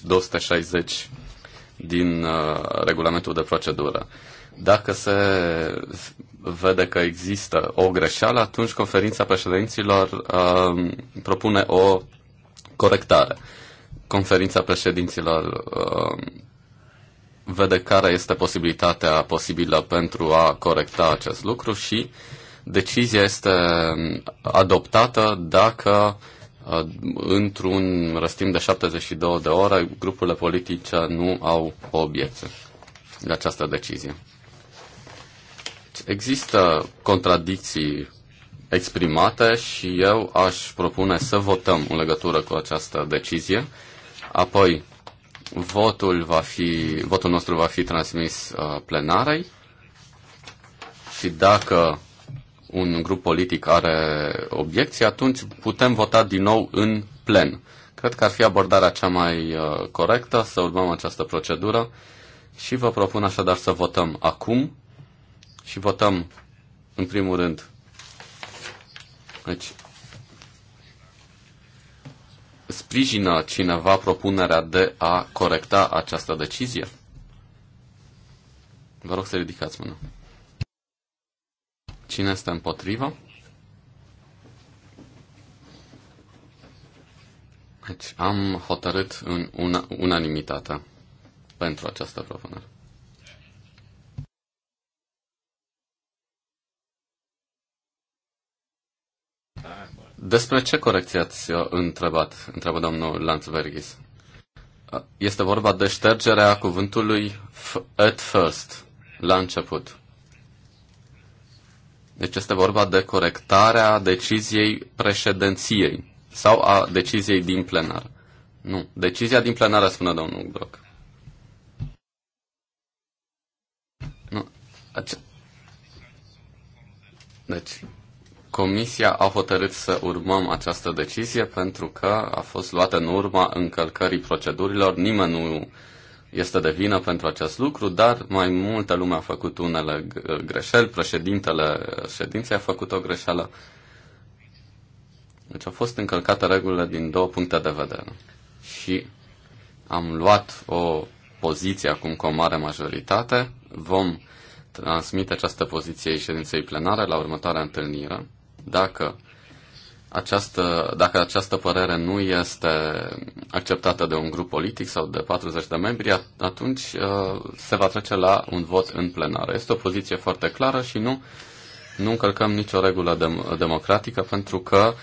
260 din uh, regulamentul de procedură. Dacă se vede că există o greșeală, atunci conferința președinților uh, propune o corectare. Conferința președinților uh, vede care este posibilitatea posibilă pentru a corecta acest lucru și decizia este adoptată dacă uh, într-un răstim de 72 de ore grupurile politice nu au obiecte de această decizie. Există contradicții exprimate și eu aș propune să votăm în legătură cu această decizie. Apoi, Votul, va fi, votul nostru va fi transmis uh, plenarei și dacă un grup politic are obiecții, atunci putem vota din nou în plen. Cred că ar fi abordarea cea mai uh, corectă să urmăm această procedură și vă propun așadar să votăm acum și votăm în primul rând deci, sprijină cineva propunerea de a corecta această decizie? Vă rog să ridicați mâna. Cine este împotrivă? Deci am hotărât în una, unanimitate pentru această propunere. Despre ce corecție ați uh, întrebat? Întreabă domnul Lanzverghis. Uh, este vorba de ștergerea cuvântului at first, la început. Deci este vorba de corectarea deciziei președinției sau a deciziei din plenar. Nu, decizia din plenară, spune domnul Brock. Nu. Ace- deci, Comisia a hotărât să urmăm această decizie pentru că a fost luată în urma încălcării procedurilor. Nimeni nu este de vină pentru acest lucru, dar mai multă lume a făcut unele greșeli. Președintele ședinței a făcut o greșeală. Deci au fost încălcate regulile din două puncte de vedere. Și am luat o poziție acum cu o mare majoritate. Vom transmite această poziție ședinței plenare la următoarea întâlnire. Dacă această, dacă această părere nu este acceptată de un grup politic sau de 40 de membri, atunci uh, se va trece la un vot în plenară. Este o poziție foarte clară și nu, nu încălcăm nicio regulă dem- democratică pentru că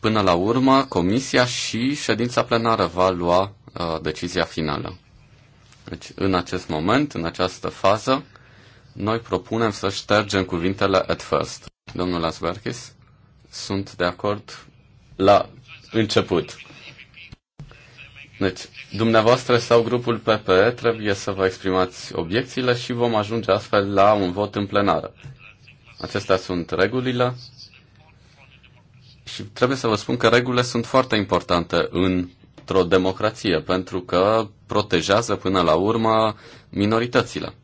până la urmă comisia și ședința plenară va lua uh, decizia finală. Deci în acest moment, în această fază, noi propunem să ștergem cuvintele at first domnul Asvarchis. Sunt de acord la început. Deci, dumneavoastră sau grupul PPE trebuie să vă exprimați obiecțiile și vom ajunge astfel la un vot în plenară. Acestea sunt regulile și trebuie să vă spun că regulile sunt foarte importante într-o democrație pentru că protejează până la urmă minoritățile.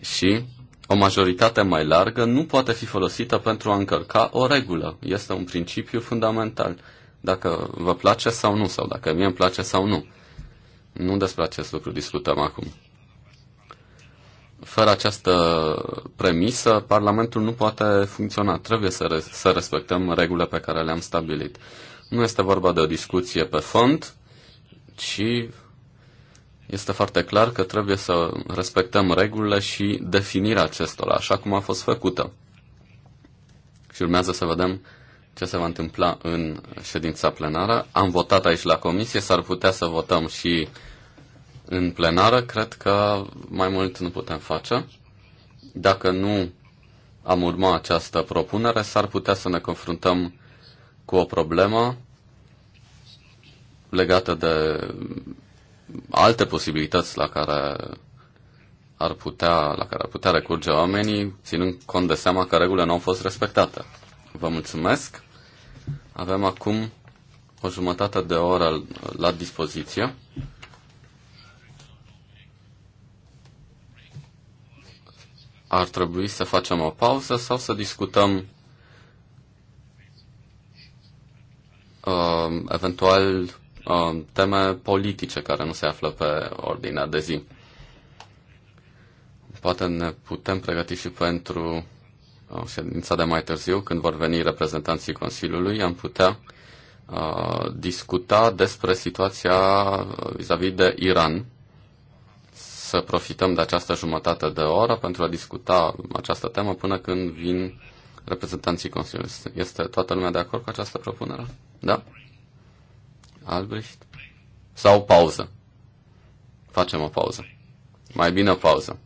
Și o majoritate mai largă nu poate fi folosită pentru a încărca o regulă. Este un principiu fundamental. Dacă vă place sau nu, sau dacă mie îmi place sau nu. Nu despre acest lucru discutăm acum. Fără această premisă, Parlamentul nu poate funcționa. Trebuie să, re- să respectăm regulile pe care le-am stabilit. Nu este vorba de o discuție pe fond, ci este foarte clar că trebuie să respectăm regulile și definirea acestora, așa cum a fost făcută. Și urmează să vedem ce se va întâmpla în ședința plenară. Am votat aici la comisie, s-ar putea să votăm și în plenară. Cred că mai mult nu putem face. Dacă nu am urma această propunere, s-ar putea să ne confruntăm cu o problemă legată de alte posibilități la care ar putea, la care ar putea recurge oamenii, ținând cont de seama că regulile nu au fost respectate. Vă mulțumesc. Avem acum o jumătate de oră la dispoziție. Ar trebui să facem o pauză sau să discutăm uh, eventual Um, teme politice care nu se află pe ordinea de zi. Poate ne putem pregăti și pentru uh, ședința de mai târziu, când vor veni reprezentanții Consiliului, am putea uh, discuta despre situația vis-a-vis -vis de Iran, să profităm de această jumătate de oră pentru a discuta această temă până când vin reprezentanții Consiliului. Este toată lumea de acord cu această propunere? Da? Albrecht? Sau pauză? Facem o pauză. Mai bine o pauză.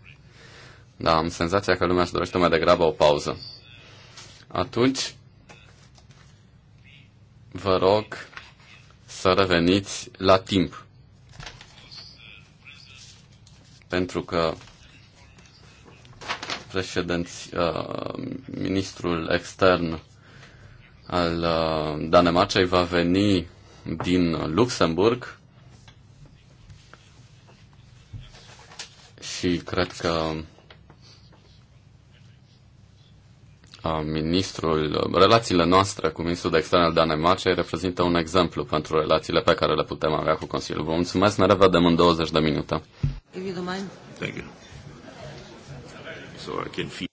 Da, am senzația că lumea își dorește mai degrabă o pauză. Atunci, vă rog să reveniți la timp. Pentru că președinți, uh, ministrul extern al uh, Danemarcei va veni din Luxemburg și cred că ministrul, relațiile noastre cu ministrul de externe al Danemarcei reprezintă un exemplu pentru relațiile pe care le putem avea cu Consiliul. Vă mulțumesc, ne revedem în 20 de minute. Thank you. So I can feed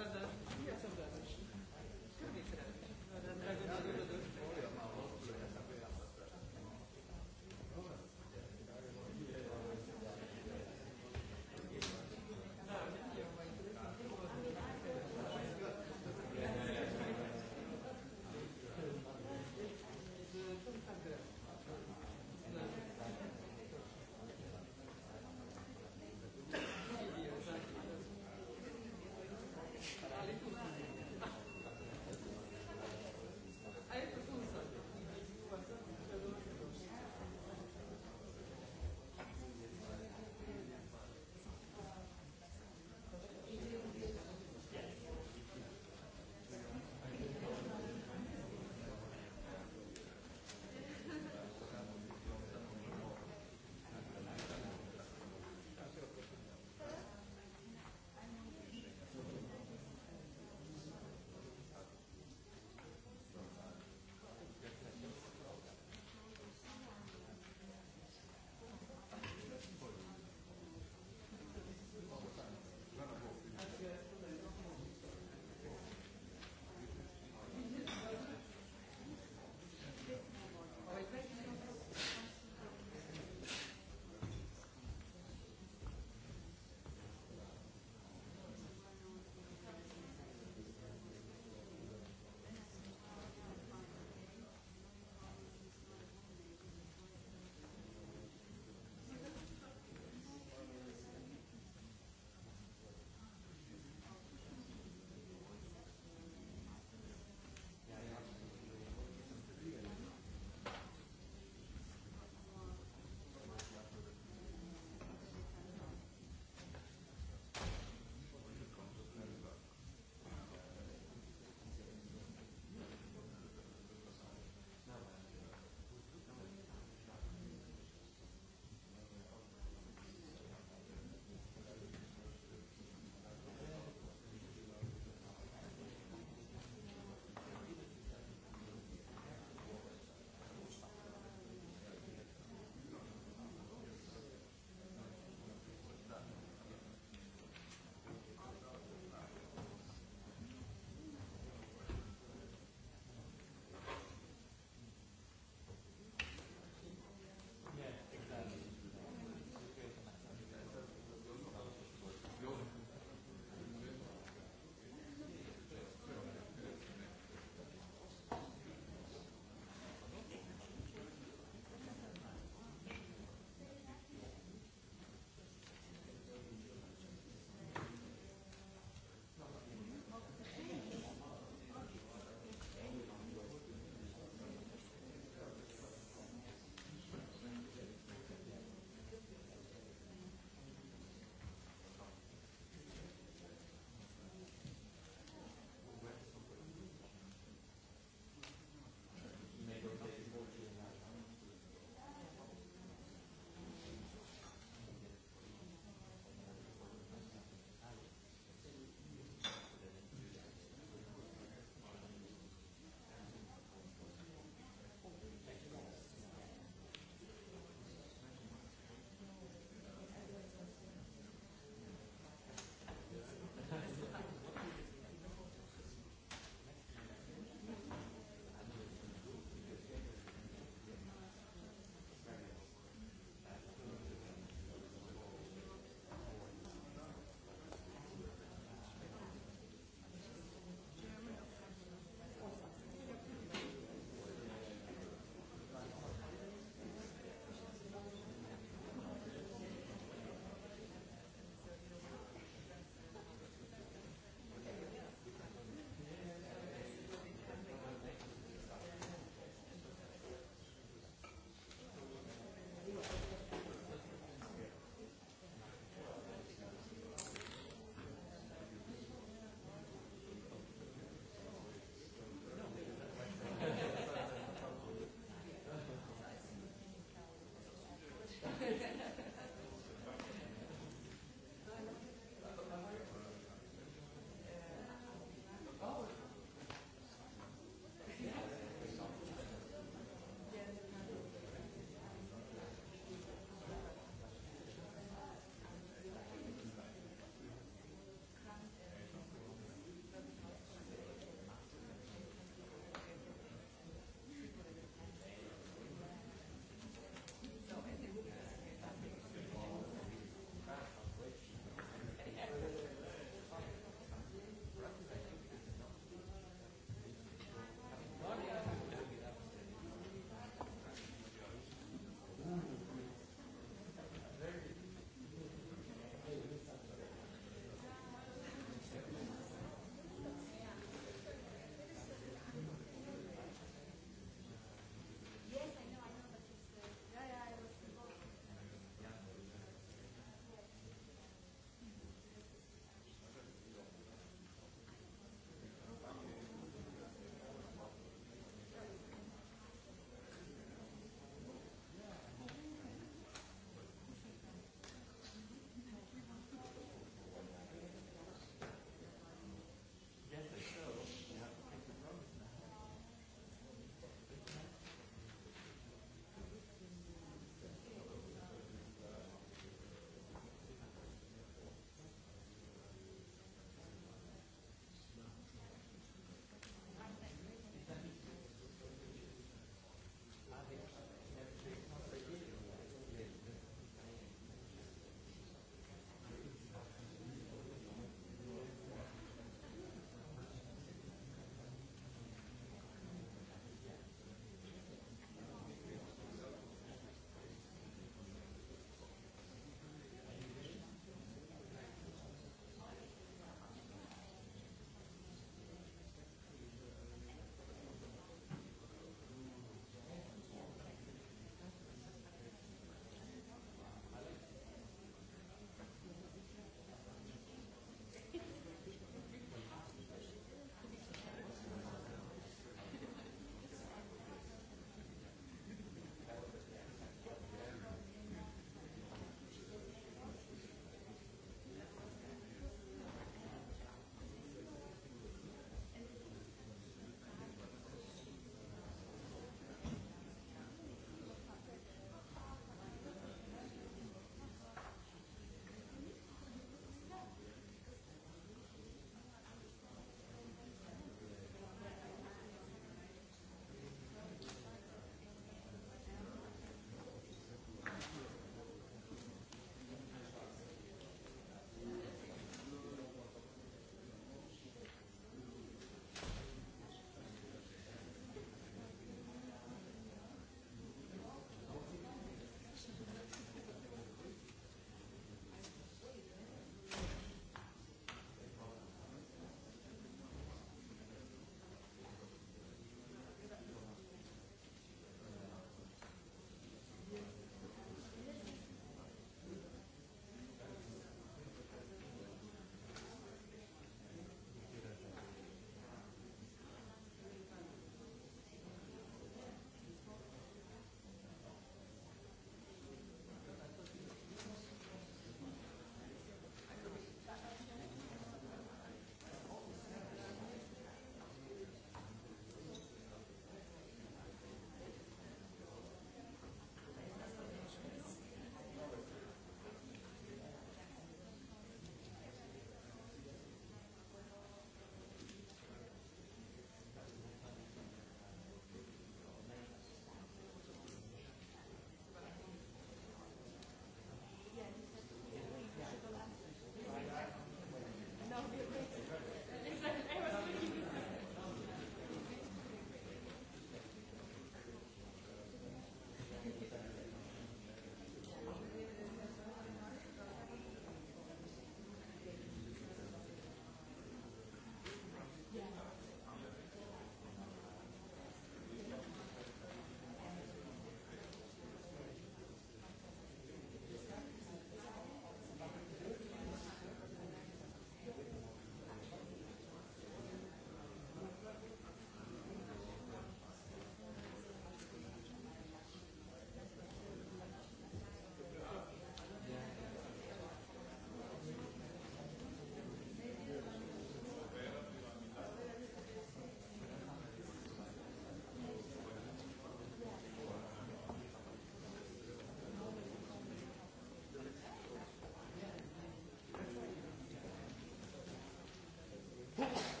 Thank you.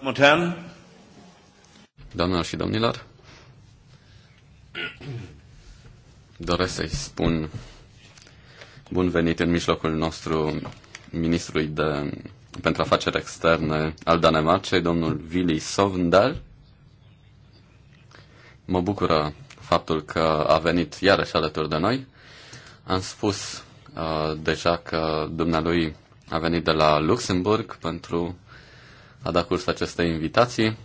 Montan. Doamnelor și domnilor, doresc să-i spun bun venit în mijlocul nostru ministrului de, pentru afaceri externe al Danemarcei, domnul Vili Sovndal. Mă bucură faptul că a venit iarăși alături de noi. Am spus uh, deja că dumnealui a venit de la Luxemburg pentru a dat curs acestei invitații.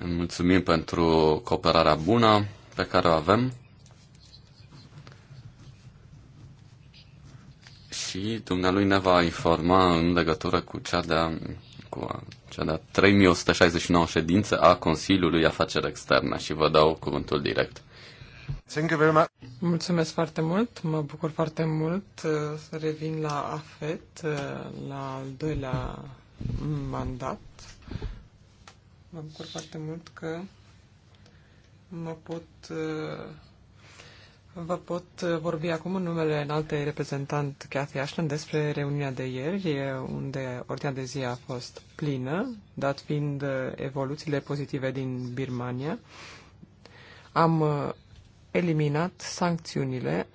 Îmi mulțumim pentru cooperarea bună pe care o avem. Și dumnealui ne va informa în legătură cu cea de-a cu cea de 3169 ședință a Consiliului Afaceri Externe și vă dau cuvântul direct. Thank you very much. Mulțumesc foarte mult, mă bucur foarte mult uh, să revin la AFET, uh, la al doilea mandat. Mă bucur foarte mult că mă pot, uh, vă pot vorbi acum în numele în alte reprezentant Cathy Ashland despre reuniunea de ieri, unde ordinea de zi a fost plină, dat fiind evoluțiile pozitive din Birmania. Am eliminat sancțiunile.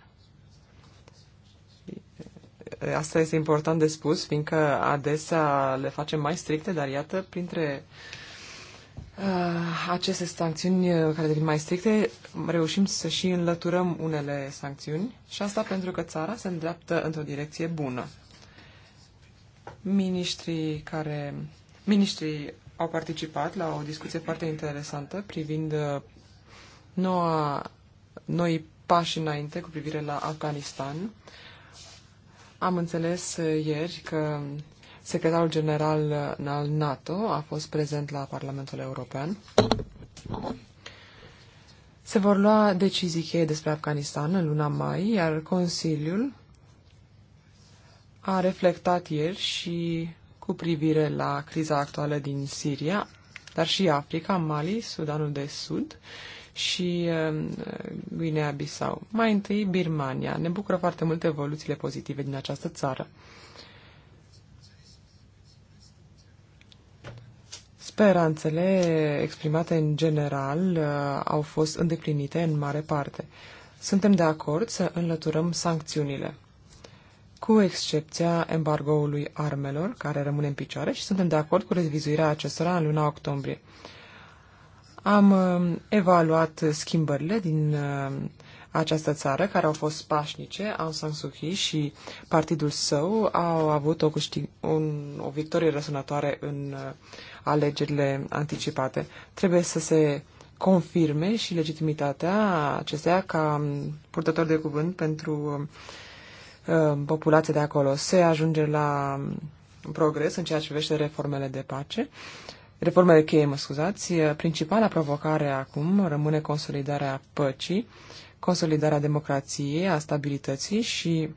Asta este important de spus, fiindcă adesea le facem mai stricte, dar iată, printre uh, aceste sancțiuni uh, care devin mai stricte, reușim să și înlăturăm unele sancțiuni și asta pentru că țara se îndreaptă într-o direcție bună. Ministrii care ministrii au participat la o discuție foarte interesantă privind uh, noua noi pași înainte cu privire la Afganistan. Am înțeles uh, ieri că secretarul general uh, al NATO a fost prezent la Parlamentul European. Se vor lua decizii cheie despre Afganistan în luna mai, iar Consiliul a reflectat ieri și cu privire la criza actuală din Siria, dar și Africa, Mali, Sudanul de Sud și um, Guinea-Bissau. Mai întâi, Birmania. Ne bucură foarte mult evoluțiile pozitive din această țară. Speranțele exprimate în general uh, au fost îndeplinite în mare parte. Suntem de acord să înlăturăm sancțiunile cu excepția embargoului armelor, care rămâne în picioare, și suntem de acord cu revizuirea acestora în luna octombrie. Am um, evaluat schimbările din um, această țară, care au fost pașnice, Aung San Suu Kyi și partidul său au avut o, câștig, un, o victorie răsunătoare în uh, alegerile anticipate. Trebuie să se confirme și legitimitatea acesteia ca um, purtător de cuvânt pentru uh, populația de acolo. Se ajunge la progres în ceea ce privește reformele de pace reformele cheie, mă scuzați, principala provocare acum rămâne consolidarea păcii, consolidarea democrației, a stabilității și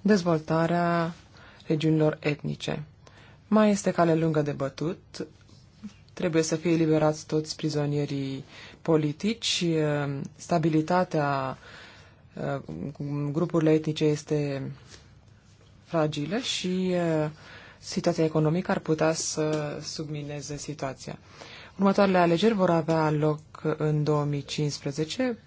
dezvoltarea regiunilor etnice. Mai este cale lungă de bătut, trebuie să fie eliberați toți prizonierii politici, stabilitatea grupurilor etnice este fragilă și situația economică ar putea să submineze situația. Următoarele alegeri vor avea loc în 2015,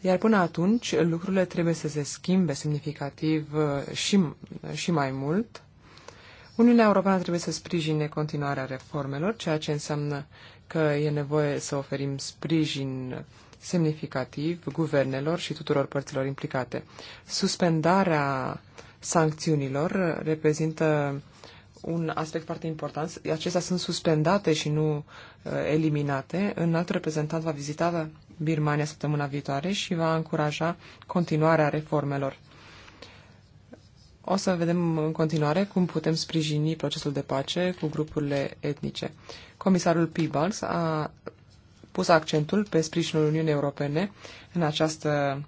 iar până atunci lucrurile trebuie să se schimbe semnificativ uh, și, uh, și mai mult. Uniunea Europeană trebuie să sprijine continuarea reformelor, ceea ce înseamnă că e nevoie să oferim sprijin semnificativ guvernelor și tuturor părților implicate. Suspendarea uh, sancțiunilor uh, reprezintă un aspect foarte important. Acestea sunt suspendate și nu uh, eliminate. Un alt reprezentant va vizita Birmania săptămâna viitoare și va încuraja continuarea reformelor. O să vedem în continuare cum putem sprijini procesul de pace cu grupurile etnice. Comisarul Peebles a pus accentul pe sprijinul Uniunii Europene în această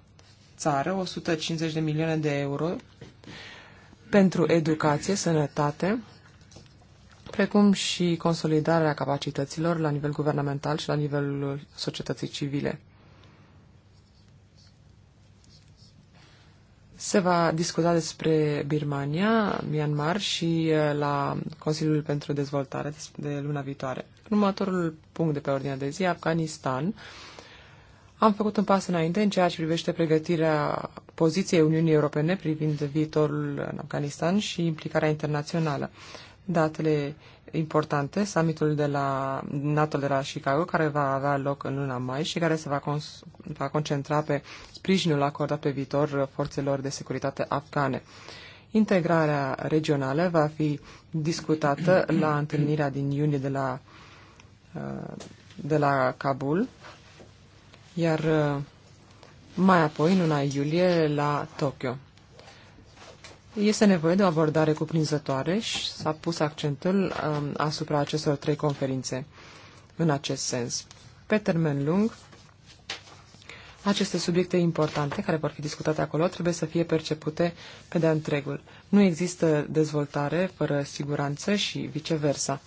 țară, 150 de milioane de euro pentru educație, sănătate, precum și consolidarea capacităților la nivel guvernamental și la nivelul societății civile. Se va discuta despre Birmania, Myanmar și uh, la Consiliul pentru Dezvoltare de luna viitoare. Următorul punct de pe ordinea de zi, Afganistan. Am făcut un pas înainte în ceea ce privește pregătirea poziției Uniunii Europene privind viitorul în Afganistan și implicarea internațională. Datele importante, summitul de la NATO de la Chicago, care va avea loc în luna mai și care se va, va concentra pe sprijinul acordat pe viitor forțelor de securitate afgane. Integrarea regională va fi discutată la întâlnirea din iunie de la, uh, de la Kabul iar uh, mai apoi, în luna iulie, la Tokyo. Este nevoie de o abordare cuprinzătoare și s-a pus accentul um, asupra acestor trei conferințe în acest sens. Pe termen lung, aceste subiecte importante care vor fi discutate acolo trebuie să fie percepute pe de-a întregul. Nu există dezvoltare fără siguranță și viceversa.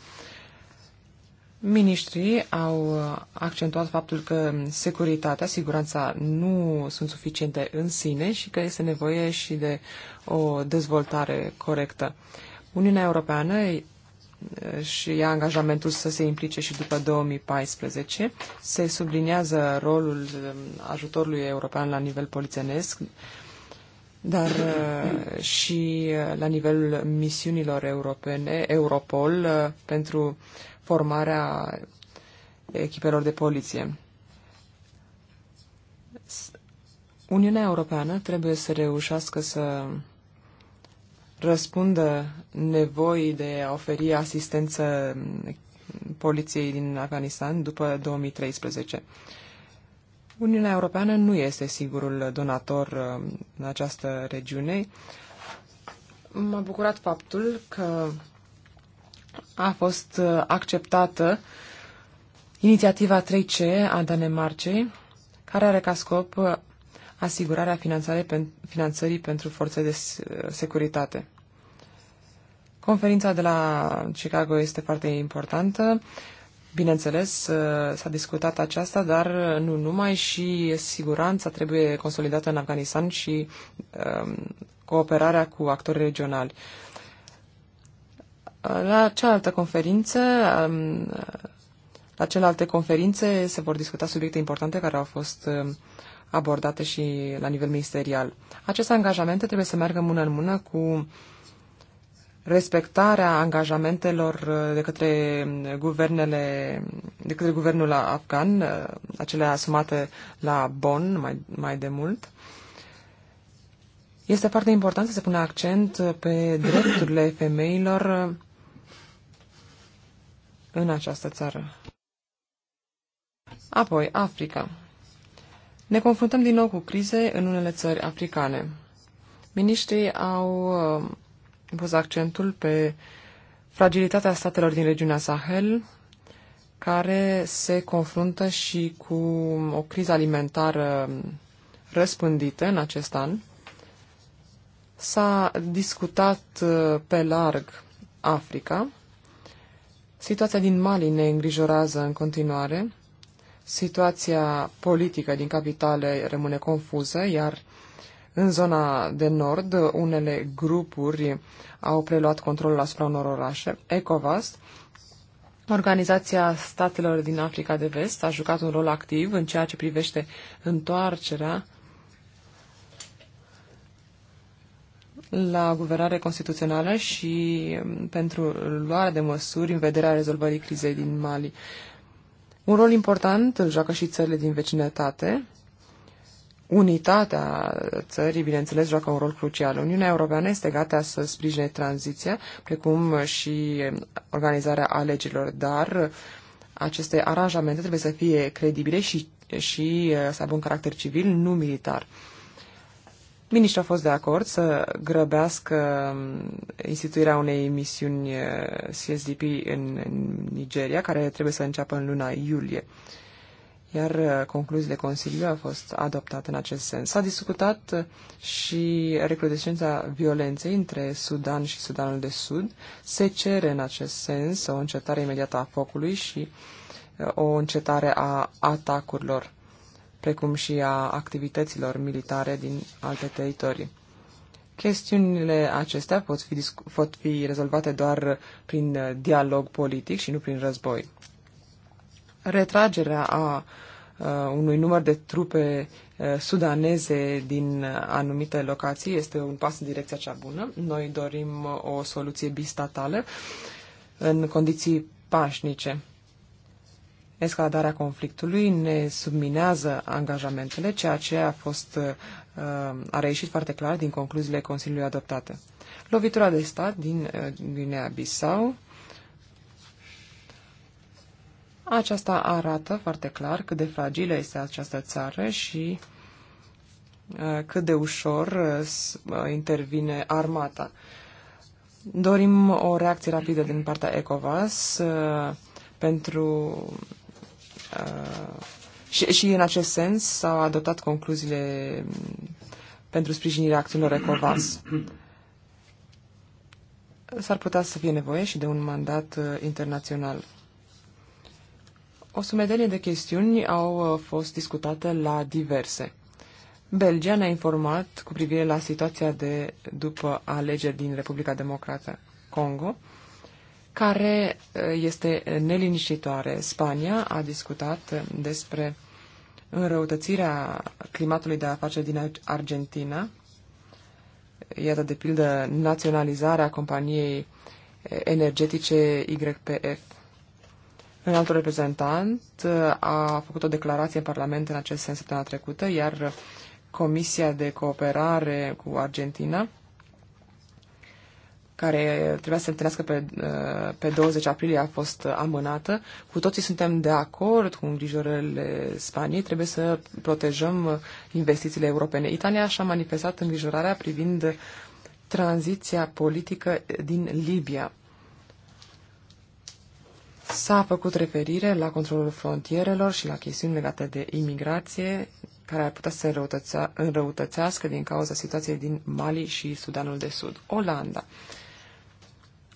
Ministrii au accentuat faptul că securitatea, siguranța nu sunt suficiente în sine și că este nevoie și de o dezvoltare corectă. Uniunea Europeană și ia angajamentul să se implice și după 2014. Se subliniază rolul ajutorului european la nivel polițenesc, dar uh, și uh, la nivelul misiunilor europene, Europol, uh, pentru formarea echipelor de poliție. Uniunea Europeană trebuie să reușească să răspundă nevoii de a oferi asistență poliției din Afganistan după 2013. Uniunea Europeană nu este sigurul donator uh, în această regiune. M-a bucurat faptul că a fost uh, acceptată inițiativa 3C a Danemarcei, care are ca scop uh, asigurarea finanțării pentru forțe de uh, securitate. Conferința de la Chicago este foarte importantă. Bineînțeles, s-a discutat aceasta, dar nu numai și siguranța trebuie consolidată în Afganistan și um, cooperarea cu actori regionali. La cealaltă conferință, la celelalte conferințe se vor discuta subiecte importante care au fost um, abordate și la nivel ministerial. Aceste angajamente trebuie să meargă mână în mână cu respectarea angajamentelor uh, de către guvernele, de către guvernul afgan, uh, acele asumate la Bonn mai, mai de mult. Este foarte important să se pună accent pe drepturile femeilor uh, în această țară. Apoi, Africa. Ne confruntăm din nou cu crize în unele țări africane. Ministrii au uh, pus accentul pe fragilitatea statelor din regiunea Sahel, care se confruntă și cu o criză alimentară răspândită în acest an. S-a discutat uh, pe larg Africa Situația din Mali ne îngrijorează în continuare. Situația politică din capitale rămâne confuză, iar în zona de nord, unele grupuri au preluat controlul asupra unor orașe. ECOVAS, Organizația Statelor din Africa de Vest, a jucat un rol activ în ceea ce privește întoarcerea la guvernare constituțională și um, pentru luarea de măsuri în vederea rezolvării crizei din Mali. Un rol important îl joacă și țările din vecinătate. Unitatea țării, bineînțeles, joacă un rol crucial. Uniunea Europeană este gata să sprijine tranziția, precum și um, organizarea alegerilor, dar aceste aranjamente trebuie să fie credibile și, și uh, să aibă un caracter civil, nu militar. Miniștrii au fost de acord să grăbească um, instituirea unei misiuni uh, CSDP în Nigeria, care trebuie să înceapă în luna iulie. Iar uh, concluziile Consiliului au fost adoptate în acest sens. S-a discutat uh, și recrudescența violenței între Sudan și Sudanul de Sud. Se cere în acest sens o încetare imediată a focului și o încetare a atacurilor precum și a activităților militare din alte teritorii. Chestiunile acestea pot fi, pot fi rezolvate doar prin dialog politic și nu prin război. Retragerea a unui număr de trupe sudaneze din anumite locații este un pas în direcția cea bună. Noi dorim o soluție bistatală în condiții pașnice. Escaladarea conflictului ne subminează angajamentele, ceea ce a fost uh, a reieșit foarte clar din concluziile Consiliului adoptate. Lovitura de stat din uh, Guinea-Bissau aceasta arată foarte clar cât de fragilă este această țară și uh, cât de ușor intervine armata. Dorim o reacție rapidă din partea ECOVAS pentru Uh, și, și în acest sens s-au adoptat concluziile pentru sprijinirea acțiunilor ECOVAS. S-ar putea să fie nevoie și de un mandat uh, internațional. O sumedenie de chestiuni au uh, fost discutate la diverse. Belgia ne-a informat cu privire la situația de după alegeri din Republica Democrată Congo, care uh, este neliniștitoare. Spania a discutat uh, despre înrăutățirea climatului de afaceri din Argentina. Iată, de pildă, naționalizarea companiei uh, energetice YPF. Un alt reprezentant a făcut o declarație în Parlament în acest sens săptămâna trecută, iar Comisia de Cooperare cu Argentina care trebuia să se întâlnească pe, uh, pe 20 aprilie a fost amânată. Cu toții suntem de acord cu îngrijorările Spaniei, trebuie să protejăm uh, investițiile europene. Italia și-a manifestat îngrijorarea privind tranziția politică din Libia. S-a făcut referire la controlul frontierelor și la chestiuni legate de imigrație, care ar putea să se înrăutățească din cauza situației din Mali și Sudanul de Sud. Olanda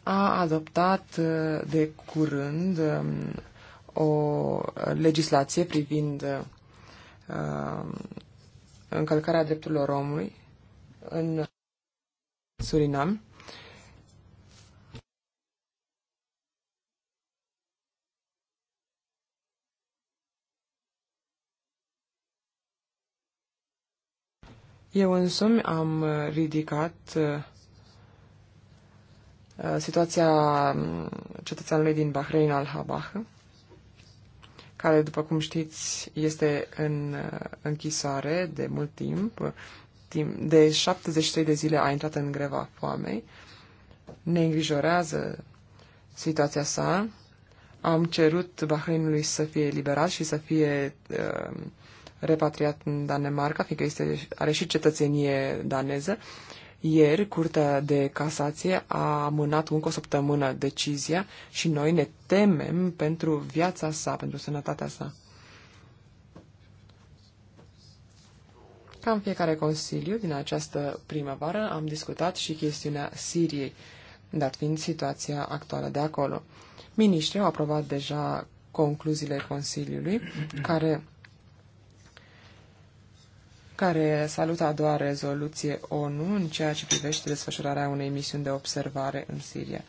a adoptat uh, de curând um, o legislație privind uh, încălcarea drepturilor omului în Surinam. Eu însumi am ridicat uh, Uh, situația um, cetățeanului din Bahrein al-Habah, care, după cum știți, este în uh, închisoare de mult timp, timp de 73 de zile a intrat în greva foamei, ne îngrijorează situația sa. Am cerut Bahreinului să fie eliberat și să fie uh, repatriat în Danemarca, fiindcă este, are și cetățenie daneză. Ieri, Curtea de Casație a amânat încă o săptămână decizia și noi ne temem pentru viața sa, pentru sănătatea sa. Cam fiecare consiliu din această primăvară am discutat și chestiunea Siriei, dat fiind situația actuală de acolo. Miniștrii au aprobat deja concluziile Consiliului, care care salută a doua rezoluție ONU în ceea ce privește desfășurarea unei misiuni de observare în Siria.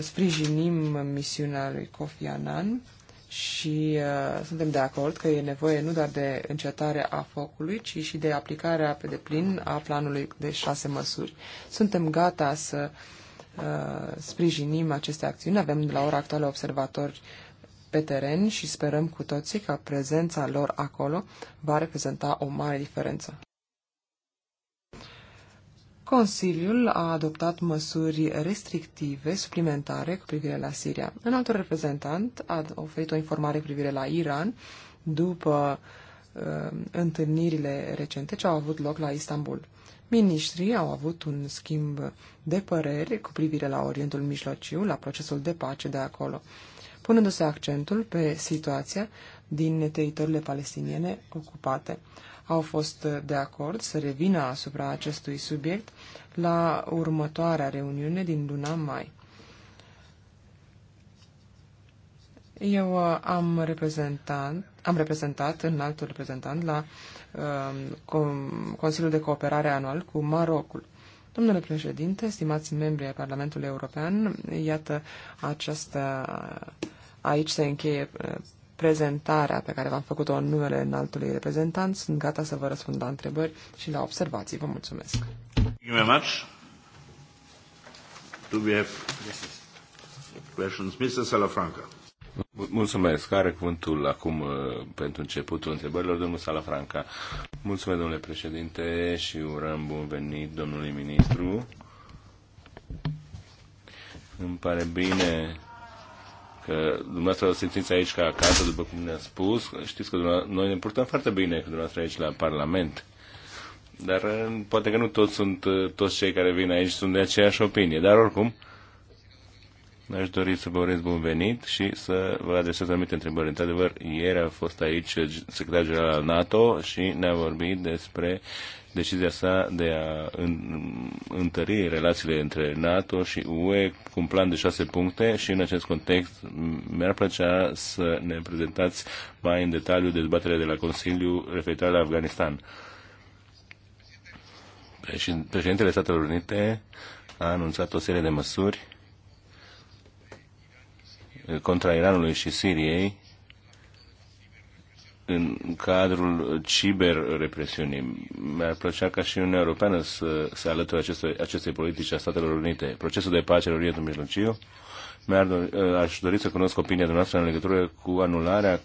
Sprijinim misiunea lui Kofi Annan și uh, suntem de acord că e nevoie nu doar de încetarea a focului, ci și de aplicarea pe deplin a planului de șase măsuri. Suntem gata să uh, sprijinim aceste acțiuni. Avem la ora actuală observatori uh, pe teren și sperăm cu toții că prezența lor acolo va reprezenta o mare diferență. Consiliul a adoptat măsuri restrictive suplimentare cu privire la Siria. Un alt reprezentant a oferit o informare cu privire la Iran după uh, întâlnirile recente ce au avut loc la Istanbul. Ministrii au avut un schimb de păreri cu privire la Orientul Mijlociu, la procesul de pace de acolo punându-se accentul pe situația din teritoriile palestiniene ocupate. Au fost de acord să revină asupra acestui subiect la următoarea reuniune din luna mai. Eu uh, am reprezentat, am reprezentat în altul reprezentant la um, Consiliul de Cooperare Anual cu Marocul. Domnule președinte, stimați membri ai Parlamentului European, iată această Aici se încheie uh, prezentarea pe care v-am făcut-o în numele înaltului reprezentant. Sunt gata să vă răspund la întrebări și la observații. Vă mulțumesc. Thank you very much. Do we have questions? Mr. Salafranca. Mulțumesc. Care cuvântul acum uh, pentru începutul întrebărilor, domnul Salafranca? Mulțumesc, domnule președinte, și urăm bun venit domnului ministru. Îmi pare bine că dumneavoastră simțiți aici ca acasă, după cum ne-a spus. Știți că noi ne purtăm foarte bine cu dumneavoastră aici la Parlament. Dar uh, poate că nu toți sunt, uh, toți cei care vin aici sunt de aceeași opinie. Dar oricum, aș dori să vă urez bun venit și să vă adresez anumite întrebări. Într-adevăr, ieri a fost aici secretarul general al NATO și ne-a vorbit despre decizia sa de a întări relațiile între NATO și UE cu un plan de șase puncte și în acest context mi-ar plăcea să ne prezentați mai în detaliu dezbaterea de la Consiliu referitoare la Afganistan. Președintele Statelor Unite a anunțat o serie de măsuri contra Iranului și Siriei în cadrul ciberrepresiunii. Mi-ar plăcea ca și Uniunea Europeană să se alăture acestei, acestei politici a Statelor Unite. Procesul de pace în Orientul Mijlociu mi aș dori să cunosc opinia dumneavoastră în legătură cu anularea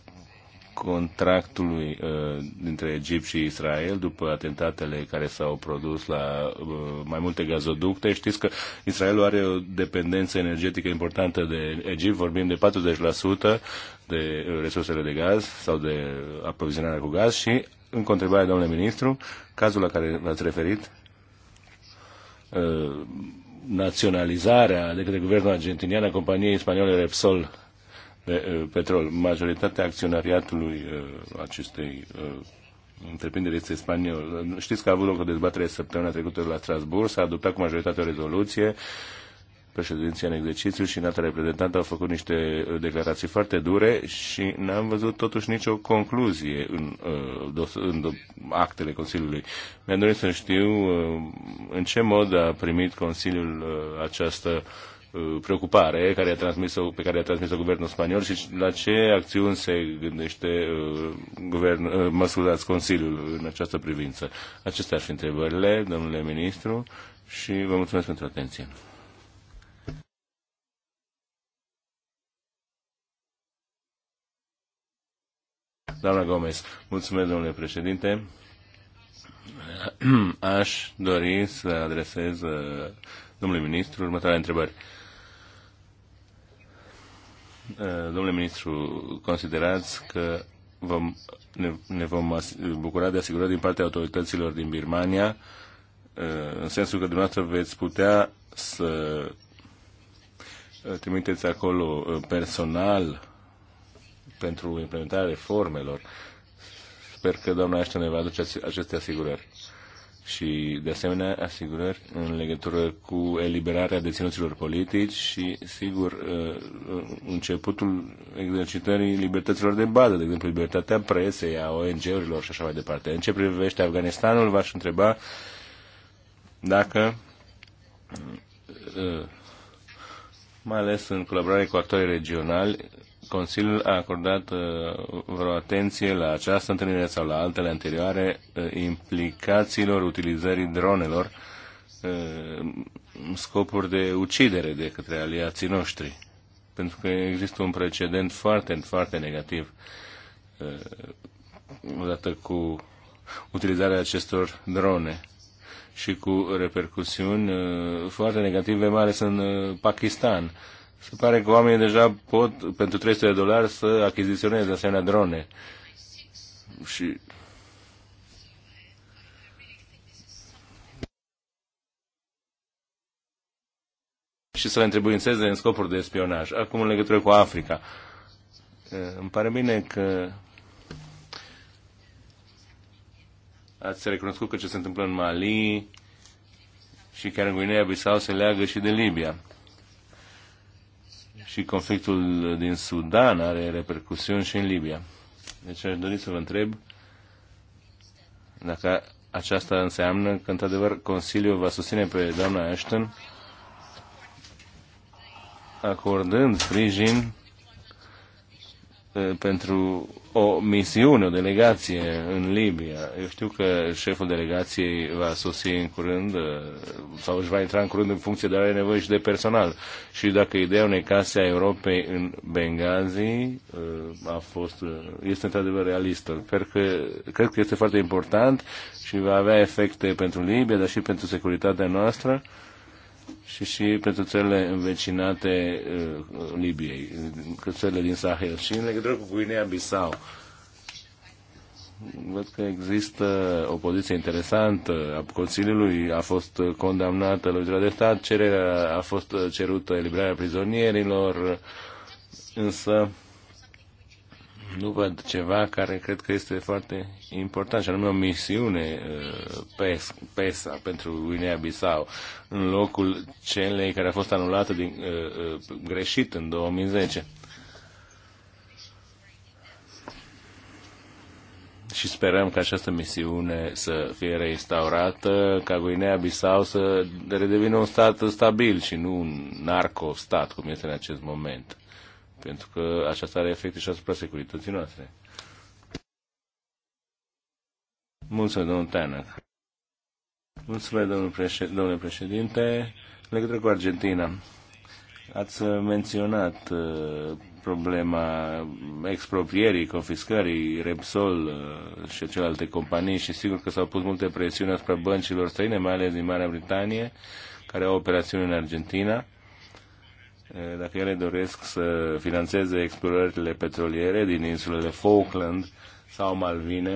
contractului uh, dintre Egipt și Israel după atentatele care s-au produs la uh, mai multe gazoducte. Știți că Israelul are o dependență energetică importantă de Egipt, vorbim de 40% de uh, resursele de gaz sau de aprovizionare cu gaz și, în întrebare, domnule ministru, cazul la care v-ați referit, uh, naționalizarea de către guvernul argentinian a companiei spaniole Repsol de uh, petrol. Majoritatea acționariatului uh, acestei uh, întreprindere este spaniol. Știți că a avut loc o dezbatere săptămâna trecută la Strasbourg, s-a adoptat cu majoritate o rezoluție președinția în exercițiu și înalta reprezentantă au făcut niște declarații foarte dure și n-am văzut totuși nicio concluzie în, în actele Consiliului. Mi-am dorit să știu în ce mod a primit Consiliul această Uh, preocupare care a transmis-o, pe care a transmis-o guvernul spaniol și la ce acțiuni se gândește uh, guvern, uh, mă scuzați, Consiliul în această privință. Acestea ar fi întrebările, domnule ministru, și vă mulțumesc pentru atenție. Doamna Gomez, mulțumesc, domnule președinte. Aș dori să adresez uh, domnului ministru următoarea întrebări. Uh, Eh, domnule ministru, considerați că vom, ne, ne vom bucura de asigurări din partea autorităților din Birmania, eh, în sensul că dumneavoastră veți putea să eh, trimiteți acolo personal pentru implementarea reformelor. Sper că doamna Aștia ne va aduce aceste asigurări și, de asemenea, asigurări în legătură cu eliberarea deținuților politici și, sigur, uh, începutul exercitării libertăților de bază, de exemplu, libertatea presei, a ONG-urilor și așa mai departe. În ce privește Afganistanul, v-aș întreba dacă uh, mai ales în colaborare cu actorii regionali, Consiliul a acordat uh, vreo atenție la această întâlnire sau la altele anterioare uh, implicațiilor utilizării dronelor uh, scopuri de ucidere de către aliații noștri. Pentru că există un precedent foarte, foarte negativ odată cu utilizarea acestor drone și cu repercusiuni foarte negative, mai ales în Pakistan se pare că oamenii deja pot, pentru 300 de dolari, să achiziționeze asemenea drone. Și și să le întrebuințeze în scopuri de spionaj. Acum, în legătură cu Africa, îmi pare bine că ați recunoscut că ce se întâmplă în Mali și chiar în Guinea Bissau se leagă și de Libia și conflictul din Sudan are repercusiuni și în Libia. Deci aș dori să vă întreb dacă aceasta înseamnă că, într-adevăr, Consiliul va susține pe doamna Ashton acordând sprijin Eh, pentru o misiune, o delegație în Libia. Eu știu că șeful delegației va sosi în curând eh, sau își va intra în curând în funcție de are nevoie și de personal. Și dacă ideea unei case a Europei în Benghazi eh, a fost, este într-adevăr realistă. Cred că, cred că este foarte important și va avea efecte pentru Libia, dar și pentru securitatea noastră. Uh, și și pentru țările învecinate uh, Libiei, țările din Sahel și în legătură cu Guinea-Bissau. Văd că există o poziție interesantă a Consiliului, a fost condamnată lovitura de stat, cererea a fost cerută eliberarea prizonierilor, însă nu văd ceva care cred că este foarte important, și anume o misiune uh, PES, PESA pentru Guinea-Bissau, în locul celei care a fost anulată din, uh, uh, greșit în 2010. și sperăm că această misiune să fie reinstaurată, ca Guinea-Bissau să redevină un stat stabil și nu un narco-stat, cum este în acest moment pentru că aceasta are efecte și asupra securității noastre. Mulțumesc, domnul Tanăc. Mulțumesc, domnul președinte, domnule președinte. legătură cu Argentina, ați menționat uh, problema exproprierii, confiscării Repsol uh, și celelalte companii și sigur că s-au pus multe presiuni asupra băncilor străine, mai ales din Marea Britanie, care au operațiuni în Argentina Eh, dacă ele doresc să financeze explorările petroliere din insulele Falkland sau Malvine.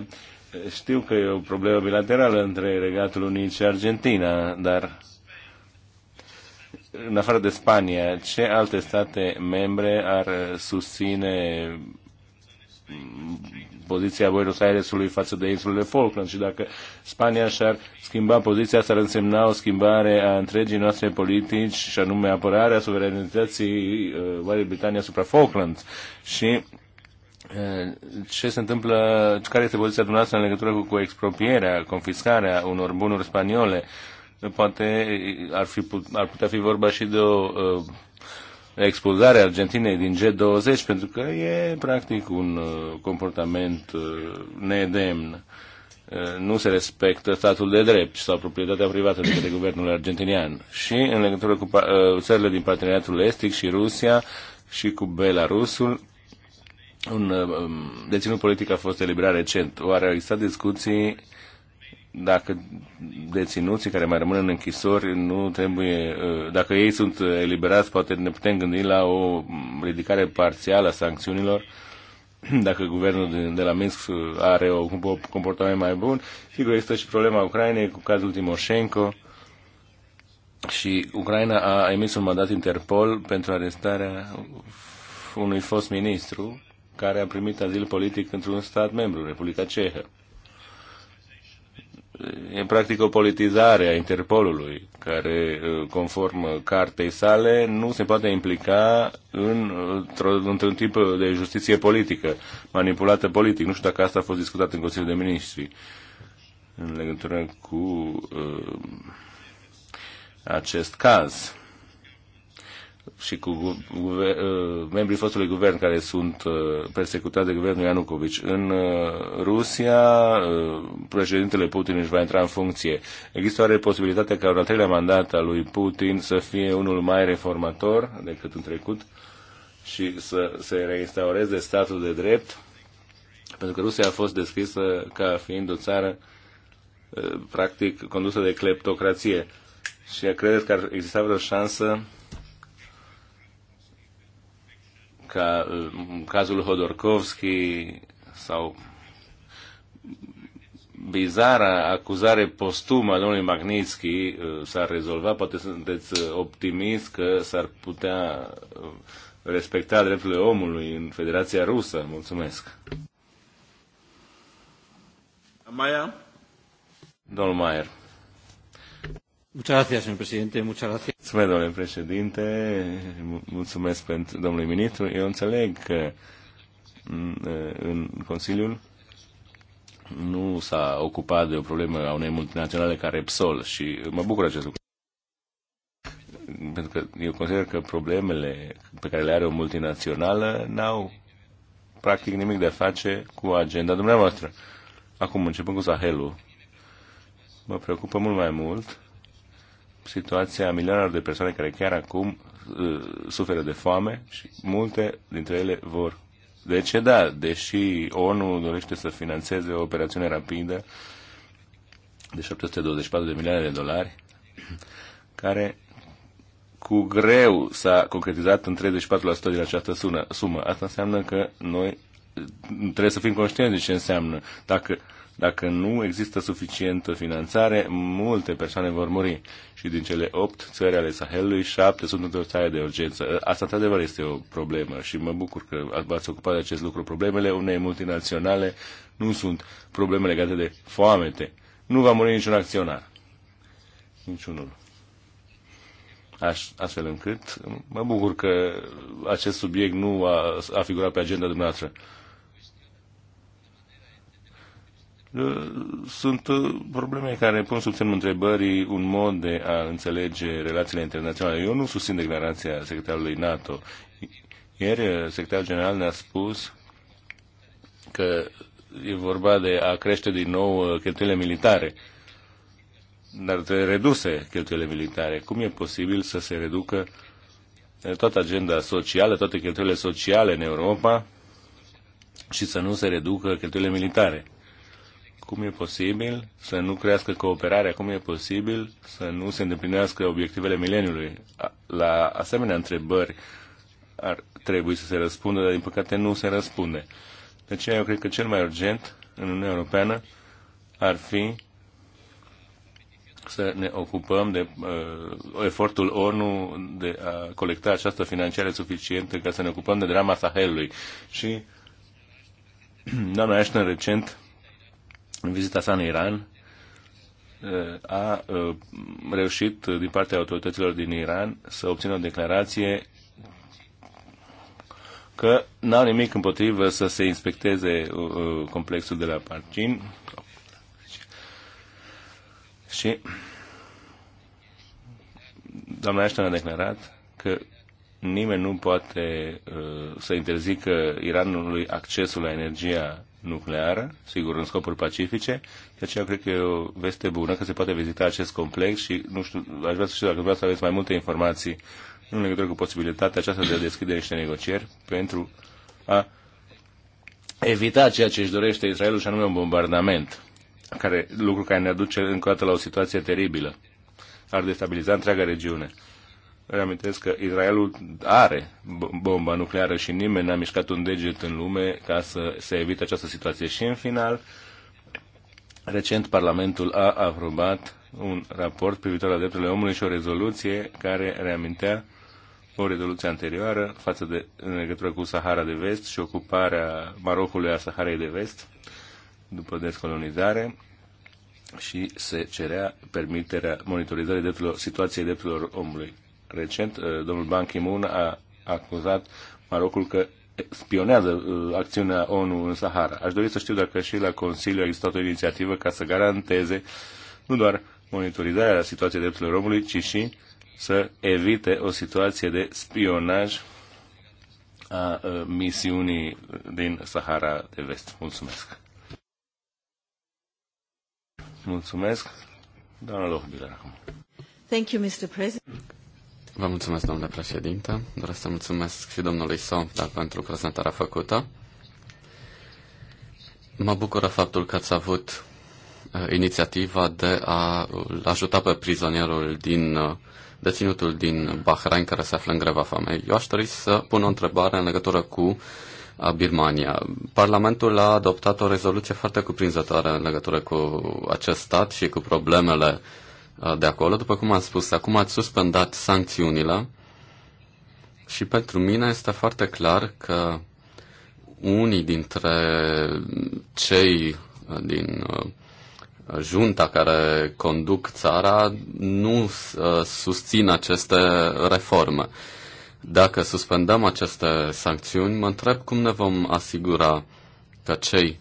Eh, știu că e o problemă bilaterală între Regatul Unit și Argentina, dar în afară de Spania, ce alte state membre ar susține poziția Buenos Airesului față de insulele Falkland și dacă Spania și-ar schimba poziția, s ar însemna o schimbare a întregii noastre politici și anume apărarea suveranității uh, Marii Britanii asupra Falkland. Și uh, ce se întâmplă, care este poziția dumneavoastră în legătură cu, cu expropierea, confiscarea unor bunuri spaniole? Poate ar, fi, ar putea fi vorba și de o uh, expulzarea Argentinei din G20, pentru că e practic un uh, comportament uh, nedemn. Uh, nu se respectă statul de drept sau proprietatea privată de către guvernul argentinian. Și în legătură cu țările din parteneriatul estic și Rusia și cu Belarusul, un um, deținut politic a fost eliberat recent. Oare au existat discuții dacă deținuții care mai rămân în închisori nu trebuie, uh, dacă ei sunt eliberați, poate ne putem gândi la o ridicare parțială a sancțiunilor, dacă guvernul de la Minsk are o, comportament mai bun. Sigur, există și problema Ucrainei cu cazul Timoshenko și Ucraina a emis un mandat Interpol pentru arestarea unui fost ministru care a primit azil politic într-un stat membru, Republica Cehă. E practic o politizare a Interpolului, care, conform cartei sale, nu se poate implica în, într-un tip de justiție politică, manipulată politic. Nu știu dacă asta a fost discutat în Consiliul de Ministri în legătură cu uh, acest caz și cu uh, membrii fostului guvern care sunt uh, persecutați de guvernul Ianucovici. În uh, Rusia, președintele Putin își va intra în funcție. Există oare posibilitatea ca un al treilea mandat al lui Putin să fie unul mai reformator decât în trecut și să se reinstaureze statul de drept? Pentru că Rusia a fost descrisă ca fiind o țară practic condusă de cleptocrație. Și credeți că ar exista vreo șansă ca cazul Hodorkovski sau bizara acuzare postumă a domnului Magnitsky uh, s-ar rezolva, poate sunteți uh, optimist că s-ar putea uh, respecta drepturile omului în Federația Rusă. Mulțumesc. Maia? Domnul Maier. Mulțumesc, domnule președinte, mulțumesc pentru domnului ministru. Eu înțeleg că mm, în Consiliul nu s-a ocupat de o problemă a unei multinaționale ca Repsol și mă bucur acest lucru. Pentru că eu consider că problemele pe care le are o multinațională n-au practic nimic de a face cu agenda dumneavoastră. Acum, începând cu Sahelul, mă preocupă mult mai mult situația milioanelor de persoane care chiar acum uh, suferă de foame și multe dintre ele vor deceda, deși ONU dorește să financeze o operațiune rapidă de 724 de milioane de dolari, care cu greu s-a concretizat în 34% din această sumă. Asta înseamnă că noi uh, trebuie să fim conștienți de ce înseamnă. Dacă dacă nu există suficientă finanțare, multe persoane vor muri. Și din cele 8 țări ale Sahelului, 7 sunt într-o stare de urgență. Asta, într-adevăr, este o problemă și mă bucur că v-ați ocupat de acest lucru. Problemele unei multinaționale nu sunt probleme legate de foamete. Nu va muri niciun acționar. Niciunul. Aș, astfel încât mă bucur că acest subiect nu a, a figurat pe agenda dumneavoastră. Ă, sunt ă, probleme care pun sub semnul întrebării un mod de a înțelege relațiile internaționale. Eu nu susțin declarația secretarului NATO. Ieri ă, secretarul general ne-a spus că e vorba de a crește din nou cheltuielile militare, dar trebuie reduse cheltuielile militare. Cum e posibil să se reducă toată agenda socială, toate cheltuielile sociale în Europa și să nu se reducă cheltuielile militare? cum e posibil să nu crească cooperarea, cum e posibil să nu se îndeplinească obiectivele mileniului. La asemenea întrebări ar trebui să se răspundă, dar din păcate nu se răspunde. De aceea eu cred că cel mai urgent în Uniunea Europeană ar fi să ne ocupăm de uh, efortul ONU de a colecta această financiare suficientă ca să ne ocupăm de drama Sahelului. Și doamna Ashton recent în vizita sa în Iran, uh, a uh, reușit uh, din partea autorităților din Iran să obțină o declarație că n-au nimic împotrivă să se inspecteze complexul de la Parcin și doamna Ashton a declarat că nimeni nu poate să interzică Iranului accesul la energia nucleară, sigur, în scopuri pacifice. De aceea cred că e o veste bună că se poate vizita acest complex și nu știu, aș vrea să știu dacă vreau să aveți mai multe informații în legătură cu posibilitatea aceasta de a deschide niște negocieri pentru a evita ceea ce își dorește Israelul și anume un bombardament, care, lucru care ne aduce încă o dată la o situație teribilă. Ar destabiliza întreaga regiune. Reamintesc că Israelul are bomba nucleară și nimeni n-a mișcat un deget în lume ca să se evite această situație. Și în final, recent Parlamentul a aprobat un raport privitor la drepturile omului și o rezoluție care reamintea o rezoluție anterioară față de, în legătură cu Sahara de Vest și ocuparea Marocului a Saharei de Vest după descolonizare și se cerea permiterea monitorizării drepturilor, situației drepturilor omului recent, uh, domnul Ban Ki-moon a acuzat Marocul că spionează uh, acțiunea ONU în Sahara. Aș dori să știu dacă și la Consiliu a existat o inițiativă ca să garanteze nu doar monitorizarea situației drepturilor omului, ci și să evite o situație de spionaj a uh, misiunii din Sahara de Vest. Mulțumesc! Mulțumesc, doamna Lohbiler, acum. Thank you, Mr. President. Vă mulțumesc, domnule președinte. Doresc să mulțumesc și domnului Somdar pentru prezentarea făcută. Mă bucură faptul că ați avut uh, inițiativa de a ajuta pe prizonierul din uh, deținutul din Bahrain care se află în greva famei. Eu aș dori să pun o întrebare în legătură cu uh, Birmania. Parlamentul a adoptat o rezoluție foarte cuprinzătoare în legătură cu acest stat și cu problemele uh, Uh, de acolo. După cum am spus, acum ați suspendat sancțiunile și pentru mine este foarte clar că unii dintre cei uh, din uh, junta care conduc țara nu susțin aceste reforme. Dacă suspendăm aceste sancțiuni, mă întreb cum ne vom asigura că cei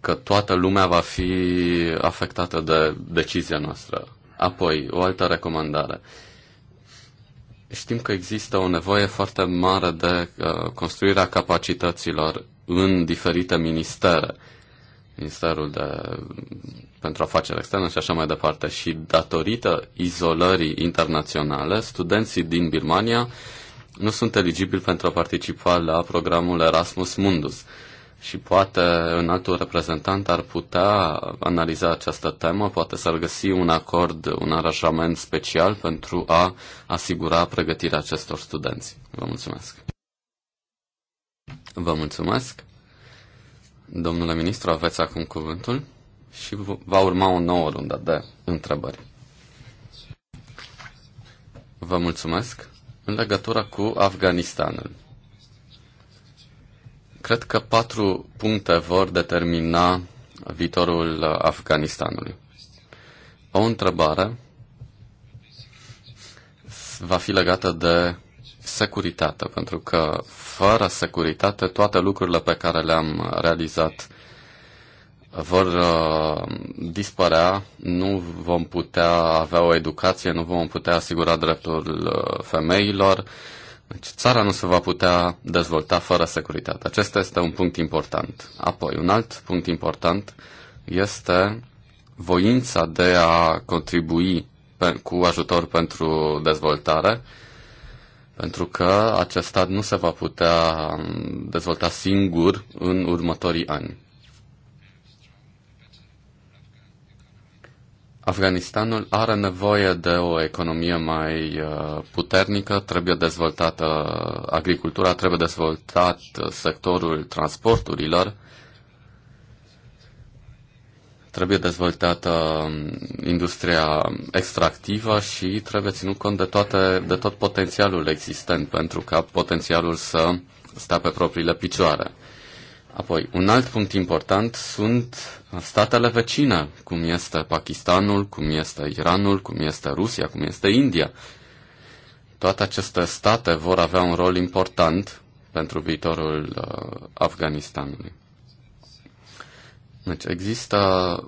că toată lumea va fi afectată de decizia noastră. Apoi, o altă recomandare. Știm că există o nevoie foarte mare de uh, construirea capacităților în diferite ministere. Ministerul de, pentru afaceri externe și așa mai departe. Și datorită izolării internaționale, studenții din Birmania nu sunt eligibili pentru a participa la programul Erasmus Mundus. Uh, și poate în altul reprezentant ar putea analiza această temă, poate s-ar găsi un acord, un aranjament special pentru a asigura pregătirea acestor studenți. Vă mulțumesc. Vă mulțumesc. Domnule ministru, aveți acum cuvântul și va urma o nouă rundă de întrebări. Vă mulțumesc. În legătură cu Afganistanul. Cred că patru puncte vor determina viitorul uh, Afganistanului. O întrebare va fi legată de securitate, pentru că fără securitate toate lucrurile pe care le-am realizat vor uh, dispărea, nu vom putea avea o educație, nu vom putea asigura dreptul uh, femeilor, deci țara nu se va putea dezvolta fără securitate. Acesta este un punct important. Apoi, un alt punct important este voința de a contribui pe, cu ajutor pentru dezvoltare, pentru că acest stat nu se va putea dezvolta singur în următorii ani. Afganistanul are nevoie de o economie mai uh, puternică, trebuie dezvoltată agricultura, trebuie dezvoltat uh, sectorul transporturilor, trebuie dezvoltată um, industria extractivă și trebuie ținut cont de, toate, de tot potențialul existent pentru ca potențialul să stea pe propriile picioare. Apoi, un alt punct important sunt statele vecine, cum este Pakistanul, cum este Iranul, cum este Rusia, cum este India. Toate aceste state vor avea un rol important pentru viitorul uh, Afganistanului. Deci există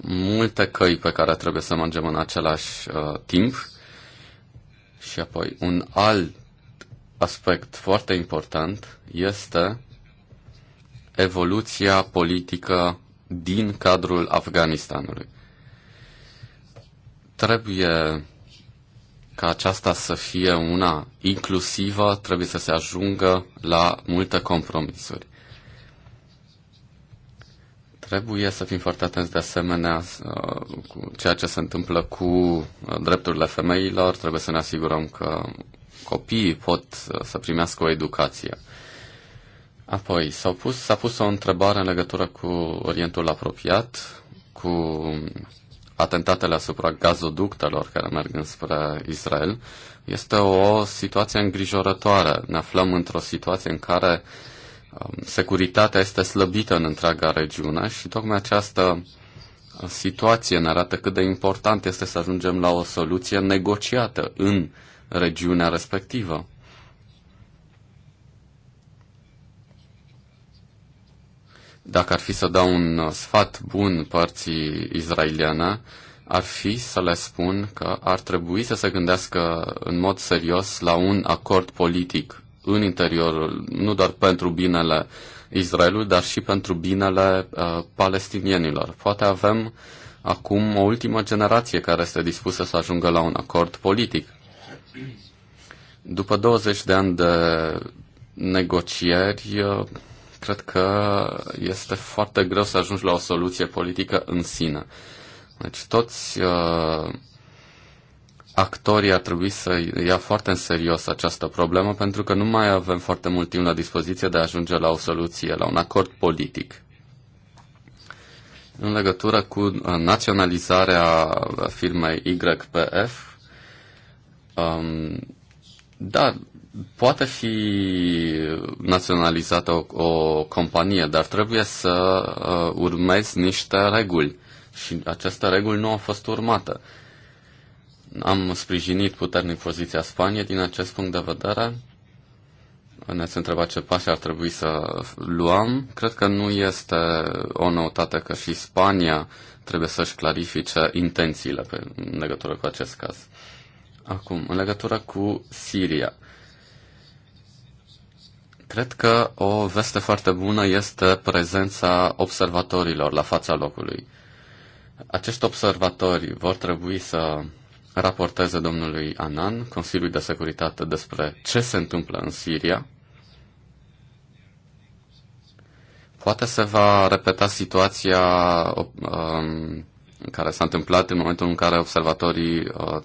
multe căi pe care trebuie să mergem în același uh, timp și apoi un alt aspect foarte important este evoluția politică din cadrul Afganistanului. Trebuie ca aceasta să fie una inclusivă, trebuie să se ajungă la multe compromisuri. Trebuie să fim foarte atenți de asemenea uh, cu ceea ce se întâmplă cu uh, drepturile femeilor, trebuie să ne asigurăm că copiii pot uh, să primească o educație. Apoi, s-a pus, s-a pus o întrebare în legătură cu Orientul apropiat, cu atentatele asupra gazoductelor care merg înspre Israel. Este o situație îngrijorătoare. Ne aflăm într-o situație în care um, securitatea este slăbită în întreaga regiune și tocmai această situație ne arată cât de important este să ajungem la o soluție negociată în regiunea respectivă. Dacă ar fi să dau un uh, sfat bun părții izraeliene, ar fi să le spun că ar trebui să se gândească în mod serios la un acord politic în interiorul, nu doar pentru binele Israelului, dar și pentru binele uh, palestinienilor. Poate avem acum o ultimă generație care este dispusă să ajungă la un acord politic. După 20 de ani de negocieri, uh, cred că este foarte greu să ajungi la o soluție politică în sine. Deci toți uh, actorii ar trebui să ia foarte în serios această problemă pentru că nu mai avem foarte mult timp la dispoziție de a ajunge la o soluție, la un acord politic. În legătură cu uh, naționalizarea firmei YPF, um, da, Poate fi naționalizată o, o companie, dar trebuie să uh, urmezi niște reguli și aceste reguli nu au fost urmate. Am sprijinit puternic poziția Spaniei din acest punct de vedere. Ne-ați întrebat ce pași ar trebui să luăm. Cred că nu este o noutate că și Spania trebuie să-și clarifice intențiile pe, în legătură cu acest caz. Acum, în legătură cu Siria. Uh, Cred că o veste foarte bună este prezența observatorilor la fața locului. Acești observatori vor trebui să raporteze domnului Anan, Consiliului de Securitate, despre ce se întâmplă în Siria. Poate se va repeta situația um, care s-a întâmplat în momentul în care observatorii uh,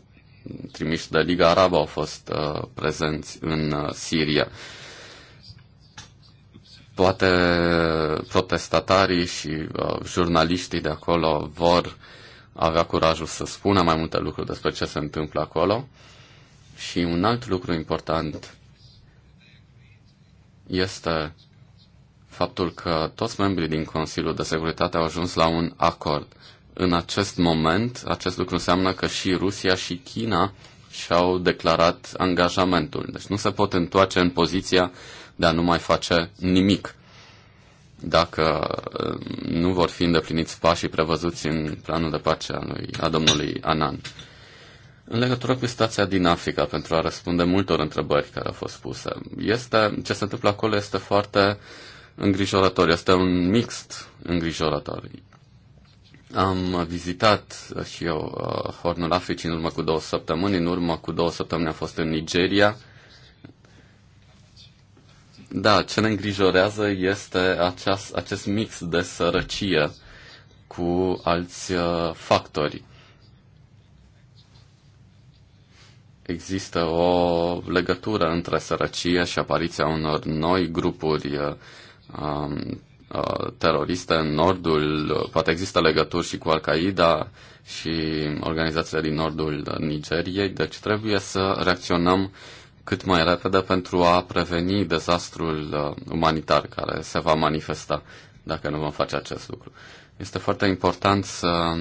trimiși de Liga Arabă au fost uh, prezenți în uh, Siria. Poate protestatarii și uh, jurnaliștii de acolo vor avea curajul să spună mai multe lucruri despre ce se întâmplă acolo. Și un alt lucru important este faptul că toți membrii din Consiliul de Securitate au ajuns la un acord. În acest moment, acest lucru înseamnă că și Rusia și China și-au declarat angajamentul. Deci nu se pot întoarce în poziția de a nu mai face nimic dacă uh, nu vor fi îndepliniți pașii prevăzuți în planul de pace a, lui, a domnului Anan. În legătură cu stația din Africa, pentru a răspunde multor întrebări care au fost puse, este, ce se întâmplă acolo este foarte îngrijorător, este un mixt îngrijorător. Am vizitat și eu uh, Hornul Africii în urmă cu două săptămâni, în urmă cu două săptămâni am fost în Nigeria, da, ce ne îngrijorează este aceas, acest mix de sărăcie cu alți uh, factori. Există o legătură între sărăcie și apariția unor noi grupuri uh, um, uh, teroriste în nordul, poate există legături și cu Al-Qaeda și organizațiile din nordul Nigeriei, deci trebuie să reacționăm uh, cât mai repede pentru a preveni dezastrul uh, umanitar care se va manifesta dacă nu vom face acest lucru. Este foarte important să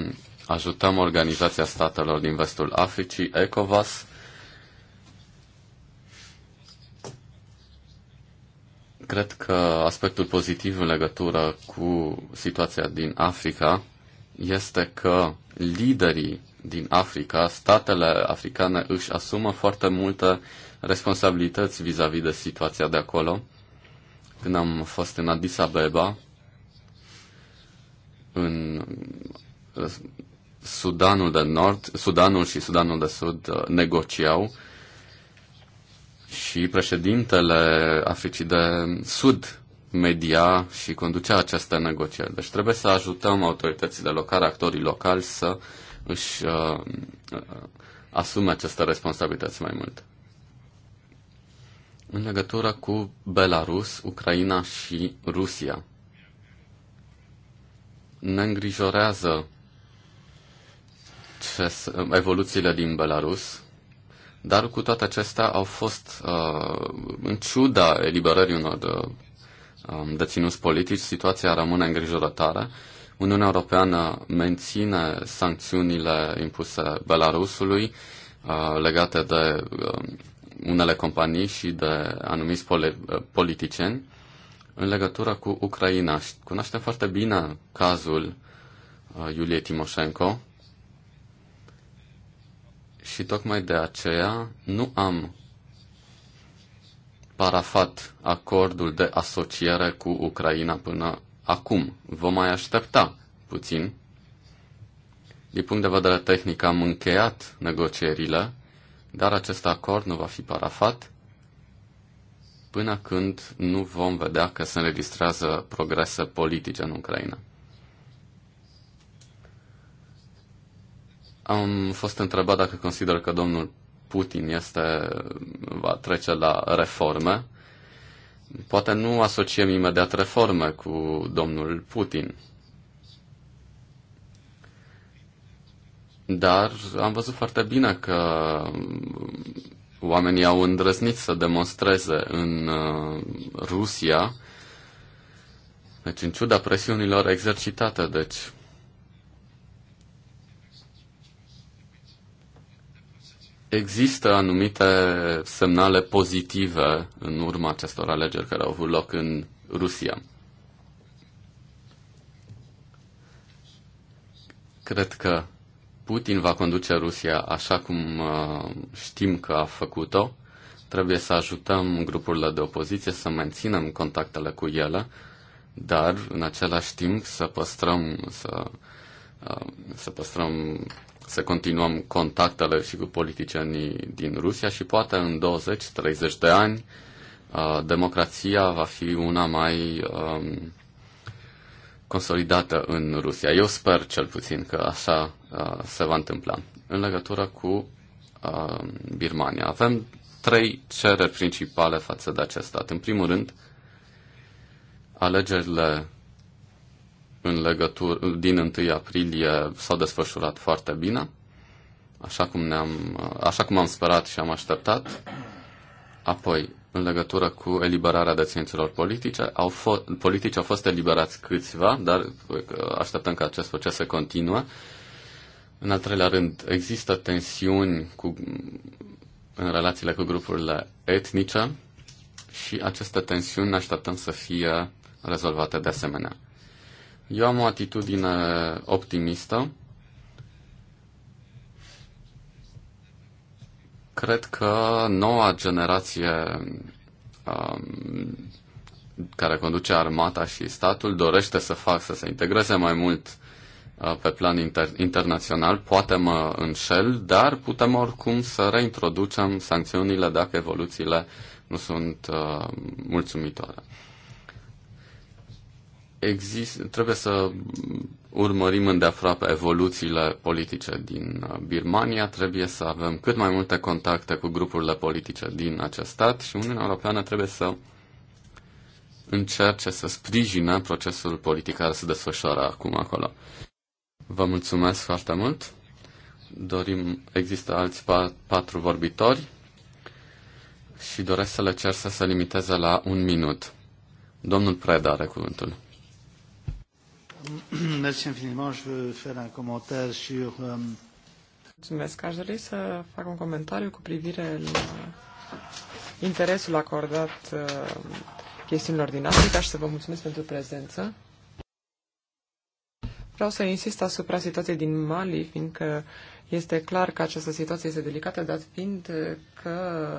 ajutăm Organizația Statelor din Vestul Africii, ECOVAS, Cred că aspectul pozitiv în legătură cu situația din Africa este că liderii din Africa, statele africane își asumă foarte multe uh, responsabilități vis-a-vis -vis de situația de acolo. Când am fost în Addis Abeba, în Sudanul de Nord, Sudanul și Sudanul de Sud uh, negociau și președintele Africii de Sud media și conducea aceste negocieri. Deci trebuie să ajutăm autoritățile locale, actorii locali să își uh, uh asume aceste responsabilități mai mult în legătură cu Belarus, Ucraina și Rusia. Ne îngrijorează ce, evoluțiile din Belarus, dar cu toate acestea au fost, uh, în ciuda eliberării unor uh, um, deținuți politici, situația rămâne îngrijorătoare. Uniunea Europeană menține sancțiunile impuse Belarusului uh, legate de um, unele companii și de anumiți eh, politicieni în legătură cu Ucraina. Cunoaștem foarte bine cazul eh, Iuliei Timoșenko și tocmai de aceea nu am parafat acordul de asociere cu Ucraina până acum. Vom mai aștepta puțin. Din punct de vedere tehnic am încheiat negocierile dar acest acord nu va fi parafat până când nu vom vedea că se înregistrează progrese politice în Ucraina. Am fost întrebat dacă consider că domnul Putin este, va trece la reforme. Poate nu asociem imediat reforme cu domnul Putin. Dar am văzut foarte bine că oamenii au îndrăznit să demonstreze în uh, Rusia, deci în ciuda presiunilor exercitate, deci Există anumite semnale pozitive în urma acestor alegeri care au avut loc în Rusia. Cred că Putin va conduce Rusia așa cum uh, știm că a făcut-o, trebuie să ajutăm grupurile de opoziție să menținem contactele cu ele, dar în același timp să păstrăm, să, uh, să păstrăm, să continuăm contactele și cu politicienii din Rusia și poate în 20-30 de ani uh, democrația va fi una mai um, consolidată în Rusia. Eu sper cel puțin că așa Uh, se va întâmpla în legătură cu uh, Birmania. Avem trei cereri principale față de acest stat. În primul rând, alegerile în legătură, din 1 aprilie s-au desfășurat foarte bine, așa cum, ne-am, uh, așa cum am sperat și am așteptat. Apoi, în legătură cu eliberarea deținților politice, au fost, politici au fost eliberați câțiva, dar așteptăm ca acest proces să continue. În al treilea rând, există tensiuni cu, în relațiile cu grupurile etnice și aceste tensiuni ne așteptăm să fie rezolvate de asemenea. Eu am o atitudine optimistă. Cred că noua generație um, care conduce armata și statul dorește să facă să se integreze mai mult Uh, pe plan inter- internațional, poate mă înșel, dar putem oricum să reintroducem sancțiunile dacă evoluțiile nu sunt uh, mulțumitoare. Exist, trebuie să urmărim îndeaproape evoluțiile politice din uh, Birmania, trebuie să avem cât mai multe contacte cu grupurile politice din acest stat și Uniunea Europeană trebuie să încerce să sprijine procesul politic care se desfășoară acum acolo. Vă mulțumesc foarte mult. Dorim, există alți patru vorbitori și doresc să le cer să se limiteze la un minut. Domnul Preda are cuvântul. Euh, mulțumesc. Aș dori să fac un comentariu cu privire la interesul acordat uh, chestiunilor din Africa și să vă mulțumesc pentru prezență. Vreau să insist asupra situației din Mali, fiindcă este clar că această situație este delicată, dat fiind că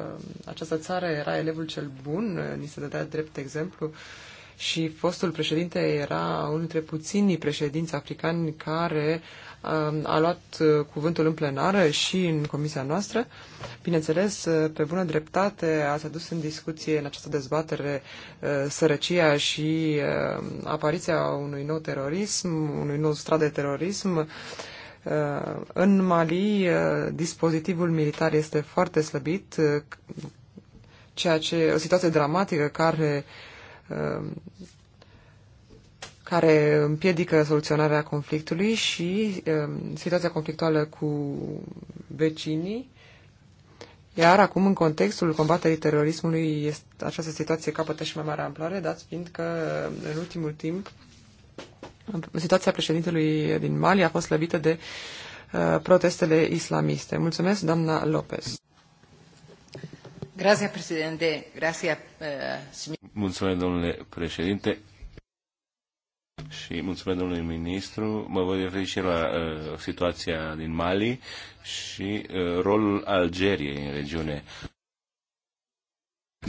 această țară era elevul cel bun, ni se dădea drept exemplu și fostul președinte era unul dintre puținii președinți africani care um, a luat uh, cuvântul în plenară și în comisia noastră. Bineînțeles, uh, pe bună dreptate ați adus în discuție în această dezbatere uh, sărăcia și apariția unui nou terorism, unui nou strat de terorism. În Mali, dispozitivul militar este foarte slăbit, ceea ce o situație dramatică care uh, Um, care împiedică soluționarea conflictului și um, situația conflictuală cu vecinii. Iar acum, în contextul combaterii terorismului, este, această situație capătă și mai mare amploare, dat fiind că, um, în ultimul timp, situația președintelui din Mali a fost slăbită de uh, protestele islamiste. Mulțumesc, doamna Lopez. Grazie, Grazie, eh, Mulțumesc, domnule președinte. Și mulțumesc domnului ministru. Mă voi referi și la uh, situația din Mali și uh, rolul Algeriei în regiune.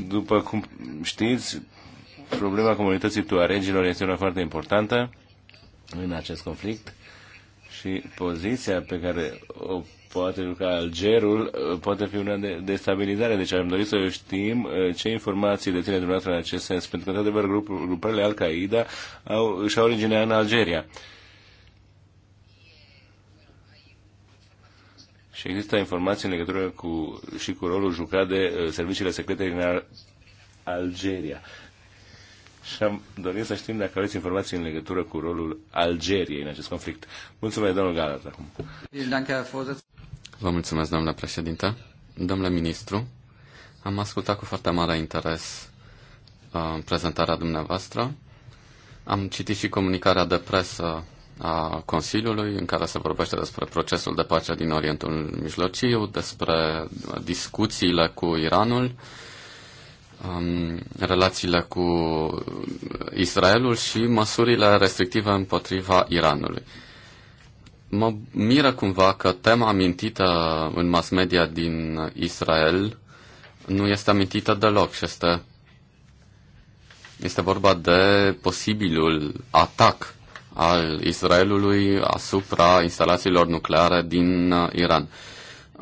După cum știți, problema comunității tuaregilor este una foarte importantă în acest conflict și poziția pe care o poate lucra Algerul, uh, poate fi una de, de stabilizare. Deci am dorit să știm uh, ce informații deține dumneavoastră în acest sens, pentru că, într-adevăr, grup, grupările Al-Qaeda au, și-au originea în Algeria. Și există informații în legătură cu, și cu rolul jucat de uh, serviciile secrete din Al Algeria. Și am dorit să știm dacă aveți informații în legătură cu rolul Algeriei în acest conflict. Mulțumesc, domnul Galat, acum. Vă mulțumesc, domnule președinte. Domnule ministru, am ascultat cu foarte mare interes uh, prezentarea dumneavoastră. Am citit și comunicarea de presă a Consiliului, în care se vorbește despre procesul de pace din Orientul Mijlociu, despre discuțiile cu Iranul, um, relațiile cu Israelul și măsurile restrictive împotriva Iranului. Mă miră cumva că tema amintită în mass media din Israel nu este amintită deloc și este, este vorba de posibilul atac al Israelului asupra instalațiilor nucleare din uh, Iran.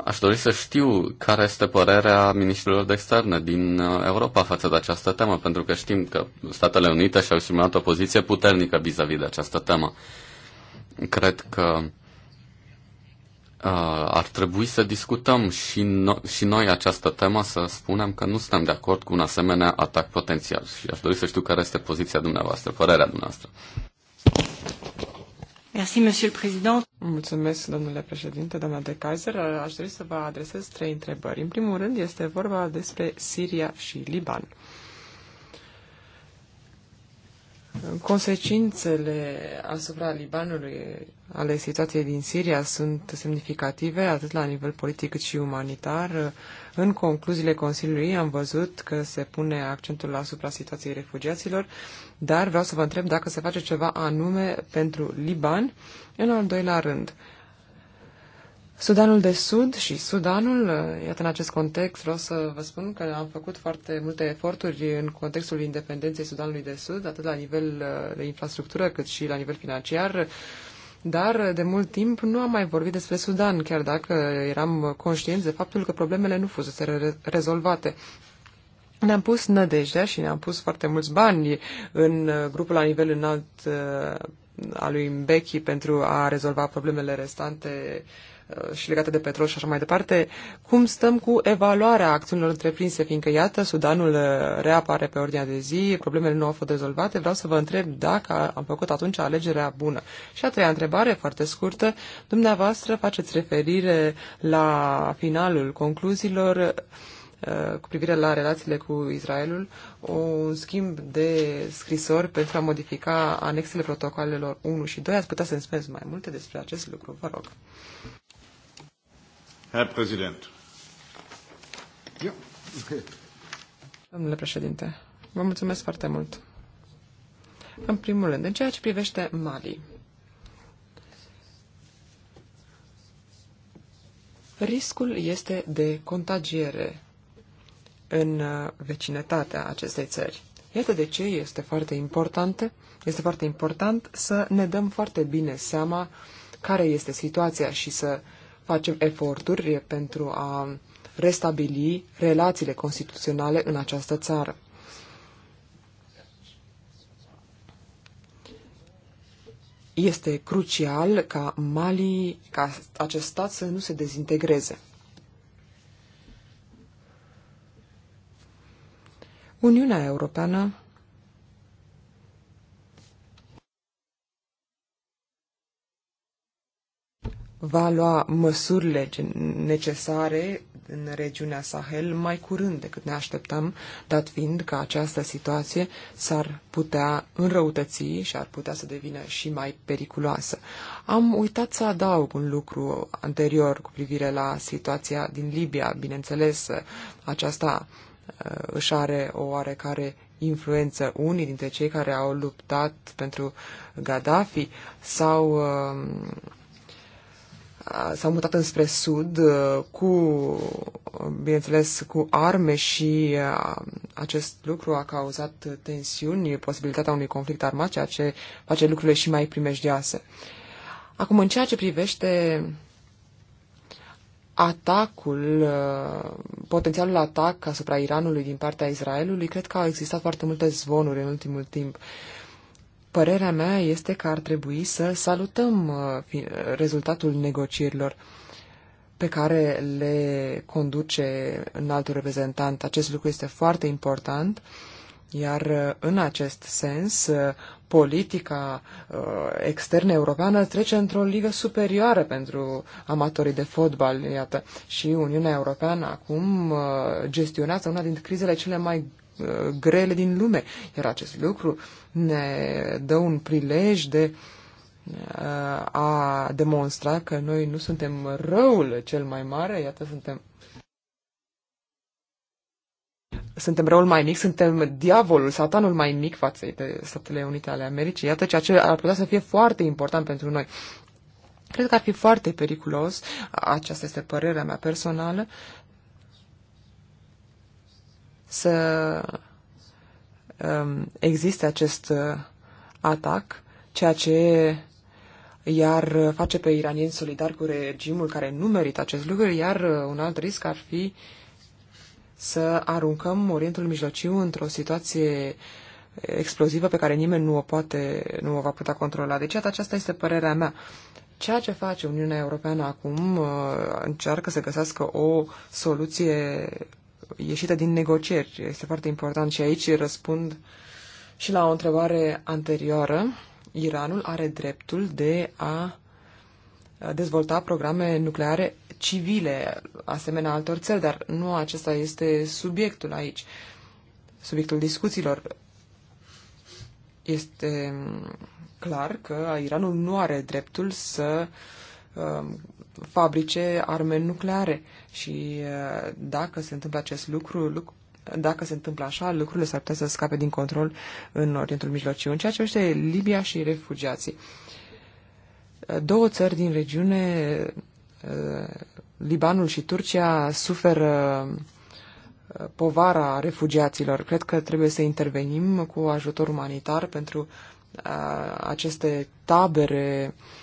Aș dori să știu care este părerea ministrilor de externe din uh, Europa față de această temă, pentru că știm că Statele Unite și-au exprimat o poziție puternică vis-a-vis -vis de această temă. Cred că uh, ar trebui să discutăm și, no- și noi această temă, să spunem că nu suntem de acord cu un asemenea atac potențial. Și aș dori să știu care este poziția dumneavoastră, părerea dumneavoastră. Merci, Monsieur le Président. Mulțumesc, domnule președinte, doamna de Kaiser. Aș dori să vă adresez trei întrebări. În primul rând, este vorba despre Siria și Liban. Uh, Consecințele asupra Libanului ale situației din Siria sunt semnificative atât la nivel politic cât și umanitar. În concluziile Consiliului am văzut că se pune accentul asupra situației refugiaților, dar vreau să vă întreb dacă se face ceva anume pentru Liban. În al doilea rând, Sudanul de Sud și Sudanul, uh, iată în acest context vreau să vă spun că am făcut foarte multe eforturi în contextul independenței Sudanului de Sud, atât la nivel uh, de infrastructură cât și la nivel financiar, dar uh, de mult timp nu am mai vorbit despre Sudan, chiar dacă eram conștienți de faptul că problemele nu fusese rezolvate. Ne-am pus nădejdea și ne-am pus foarte mulți bani în grupul la nivel înalt a lui Mbeki pentru a rezolva problemele restante uh, Uh, și legate de petrol și așa mai departe, cum stăm cu evaluarea acțiunilor întreprinse, fiindcă, iată, Sudanul uh, reapare pe ordinea de zi, problemele nu au fost rezolvate, vreau să vă întreb dacă am făcut atunci alegerea bună. Și a treia întrebare, foarte scurtă, dumneavoastră faceți referire la finalul concluziilor uh, cu privire la relațiile cu Israelul, un schimb de scrisori pentru a modifica anexele protocolelor 1 și 2. Ați putea să-mi spuneți mai multe despre acest lucru, vă rog. Herr Präsident. Domnule președinte, vă mulțumesc foarte mult. În primul rând, în ceea ce privește Mali, riscul este de contagiere în uh, vecinătatea acestei țări. Iată de ce este foarte important, este foarte important să ne dăm foarte bine seama care este situația și să uh, facem eforturi pentru a restabili relațiile constituționale în această țară. Este crucial ca Mali, ca acest stat să nu se dezintegreze. Uniunea Europeană va lua măsurile necesare în regiunea Sahel mai curând decât ne așteptam, dat fiind că această situație s-ar putea înrăutăți și ar putea să devină și mai periculoasă. Am uitat să adaug un lucru anterior cu privire la situația din Libia. Bineînțeles, aceasta uh, își are o oarecare influență. Unii dintre cei care au luptat pentru Gaddafi sau uh, s-au mutat înspre sud cu, bineînțeles, cu arme și acest lucru a cauzat tensiuni, posibilitatea unui conflict armat, ceea ce face lucrurile și mai primejdioase. Acum, în ceea ce privește atacul, potențialul atac asupra Iranului din partea Israelului, cred că au existat foarte multe zvonuri în ultimul timp. Uh, Părerea mea este că ar trebui să salutăm uh, rezultatul negocierilor pe care le conduce în altul reprezentant. Acest lucru este foarte important, iar uh, în acest sens, uh, politica externă europeană trece într-o ligă superioară pentru amatorii de fotbal, iată. Și Uniunea Europeană acum gestionează una dintre crizele cele mai Uh, grele din lume. Iar acest lucru ne dă un prilej de uh, a demonstra că noi nu suntem răul cel mai mare, iată, suntem suntem răul mai mic, suntem diavolul, satanul mai mic față de Statele Unite ale Americii. Iată ceea ce ar putea să fie foarte important pentru noi. Cred că ar fi foarte periculos, aceasta este părerea mea personală, să um, existe acest uh, atac, ceea ce iar face pe iranieni solidari cu regimul care nu merită acest lucru, iar uh, un alt risc ar fi să aruncăm Orientul Mijlociu într-o situație explozivă pe care nimeni nu o poate, nu o va putea controla. Deci, aceasta este părerea mea. Ceea ce face Uniunea Europeană acum uh, încearcă să găsească o soluție ieșită din negocieri. Este foarte important și aici răspund și la o întrebare anterioară. Iranul are dreptul de a dezvolta programe nucleare civile, asemenea altor țări, dar nu acesta este subiectul aici. Subiectul discuțiilor este clar că Iranul nu are dreptul să uh, Um, fabrice arme nucleare și uh, dacă se întâmplă acest lucru, lucru dacă se întâmplă așa, lucrurile s-ar putea să scape din control în Orientul Mijlociu. În ceea ce este Libia și refugiații. Uh, două țări din regiune, uh, Libanul și Turcia, suferă povara refugiaților. Cred că trebuie să intervenim cu ajutor umanitar pentru aceste tabere uh,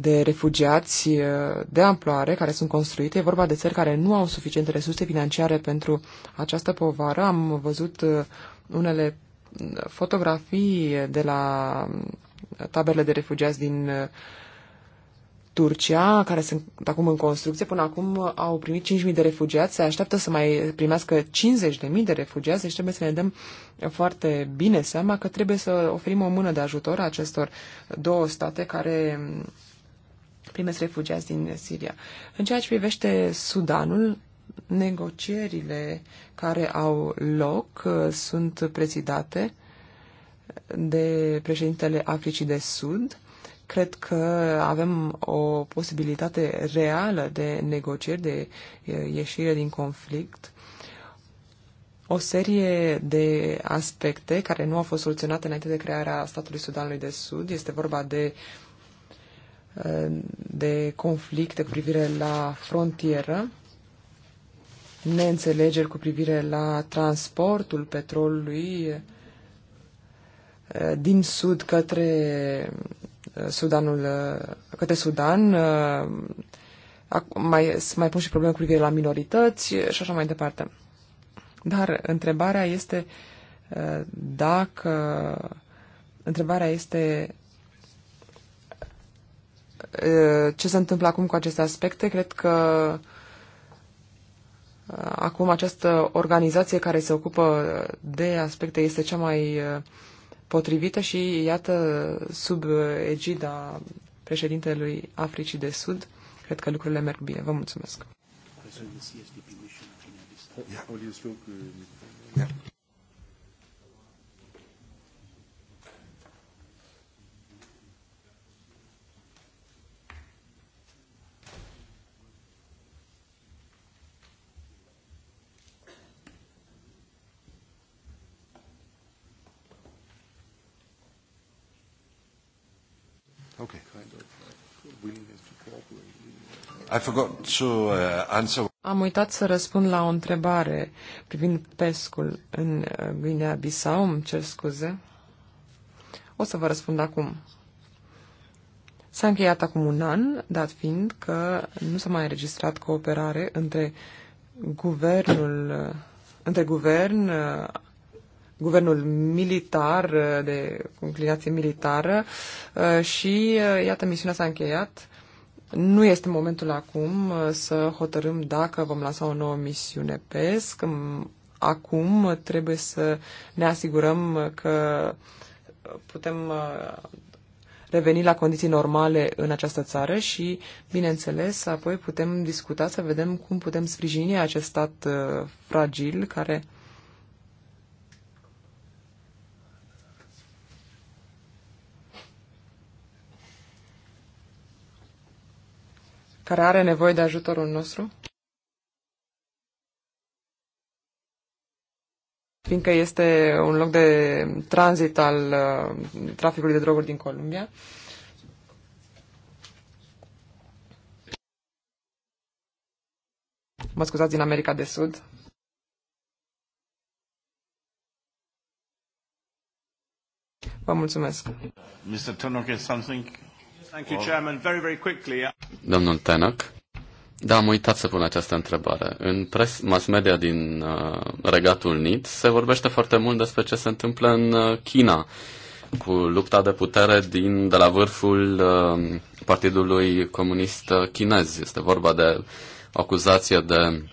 de refugiați uh, de amploare care sunt construite. E vorba de țări care nu au suficiente resurse financiare pentru această povară. Am văzut uh, unele uh, fotografii de la mm, taberele de refugiați din Turcia, care sunt acum în construcție, până acum au primit 5.000 de refugiați, se așteaptă să mai primească 50.000 de refugiați, deci trebuie să ne dăm foarte bine seama că trebuie să oferim o mână de ajutor acestor două state care primesc refugiați din Siria. În ceea ce privește Sudanul, negocierile care au loc uh, sunt prezidate de președintele Africii de Sud, cred că avem o posibilitate reală de negocieri, de ieșire din conflict. O serie de aspecte care nu au fost soluționate înainte de crearea statului Sudanului de Sud. Este vorba de, de conflicte cu privire la frontieră, neînțelegeri cu privire la transportul petrolului din sud către Uh, Sudanul, uh, către Sudan, uh, mai, mai pun și probleme cu privire la minorități și așa mai departe. Dar întrebarea este dacă întrebarea este ce se întâmplă acum cu aceste aspecte. Cred că acum această organizație care se ocupă de aspecte este cea mai uh, potrivită și, iată, sub egida președintelui Africii de Sud, cred că lucrurile merg bine. Vă mulțumesc! Yeah. Uh, Okay. Kind of willingness to cooperate. I forgot to uh, answer. Am uitat să răspund la o întrebare privind pescul în uh, Guinea-Bissau, îmi cer scuze. O să vă răspund acum. S-a încheiat acum un an, dat fiind că nu s-a mai înregistrat cooperare între guvernul, uh, între guvern, guvernul militar, uh, de inclinație militară uh, și, uh, iată, misiunea s-a încheiat. Nu este momentul acum să hotărâm dacă vom lansa o nouă misiune PESC. Mm, acum trebuie să ne asigurăm că putem reveni la condiții normale în această țară și, bineînțeles, apoi putem discuta să vedem cum putem sprijini acest stat fragil care care are nevoie de ajutorul nostru, fiindcă este un loc de tranzit al uh, traficului de droguri din Columbia. Mă scuzați, din America de Sud. Vă mulțumesc. Mr. Tunok, something Thank you, Chairman. Very, very quickly. Uh, Domnul Tenac. Da, am uitat să pun această întrebare. În pres, mass media din uh, Regatul Unit se vorbește foarte mult despre ce se întâmplă în uh, China cu lupta de putere din, de la vârful uh, Partidului Comunist uh, Chinez. Este vorba de o acuzație de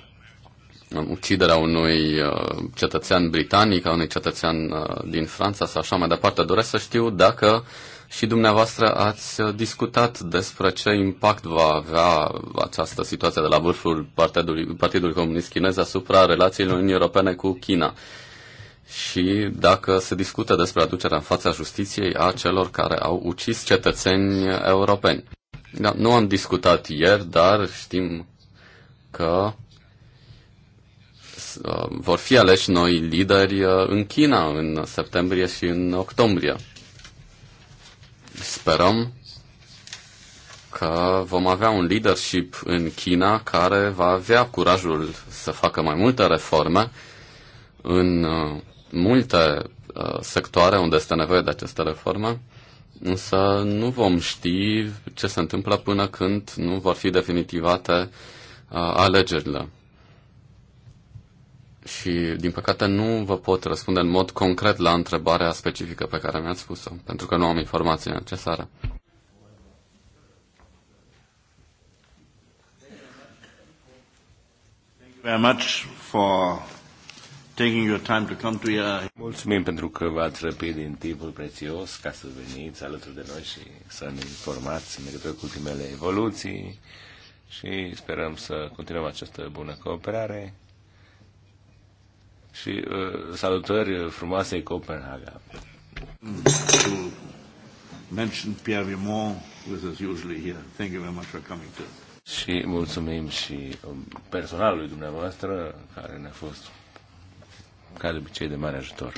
um, uciderea unui uh, cetățean britanic, a unui cetățean uh, din Franța sau așa mai departe. Doresc să știu dacă uh, și dumneavoastră ați discutat despre ce impact va avea această situație de la vârful Partidului, Partidului Comunist Chinez asupra relațiilor Uniunii Europene cu China și dacă se discută despre aducerea în fața justiției a celor care au ucis cetățeni europeni. Da, nu am discutat ieri, dar știm că uh, vor fi aleși noi lideri uh, în China în septembrie și în octombrie sperăm că vom avea un leadership în China care va avea curajul să facă mai multe reforme în uh, multe uh, sectoare unde este nevoie de aceste reforme, însă nu vom ști ce se întâmplă până când nu vor fi definitivate uh, alegerile și, din păcate, nu vă pot răspunde în mod concret la întrebarea specifică pe care mi-ați spus-o, pentru că nu am informații necesare. Mulțumim pentru că v-ați răpit din timpul prețios ca să veniți alături de noi și să ne informați în legătură cu ultimele evoluții și sperăm să continuăm această bună cooperare și uh, salutări frumoasei Copenhaga. Mention Pierre Vimont, who is usually here. Thank you very much for coming to. Și mulțumim și um, personalului dumneavoastră care ne-a fost ca de obicei de mare ajutor.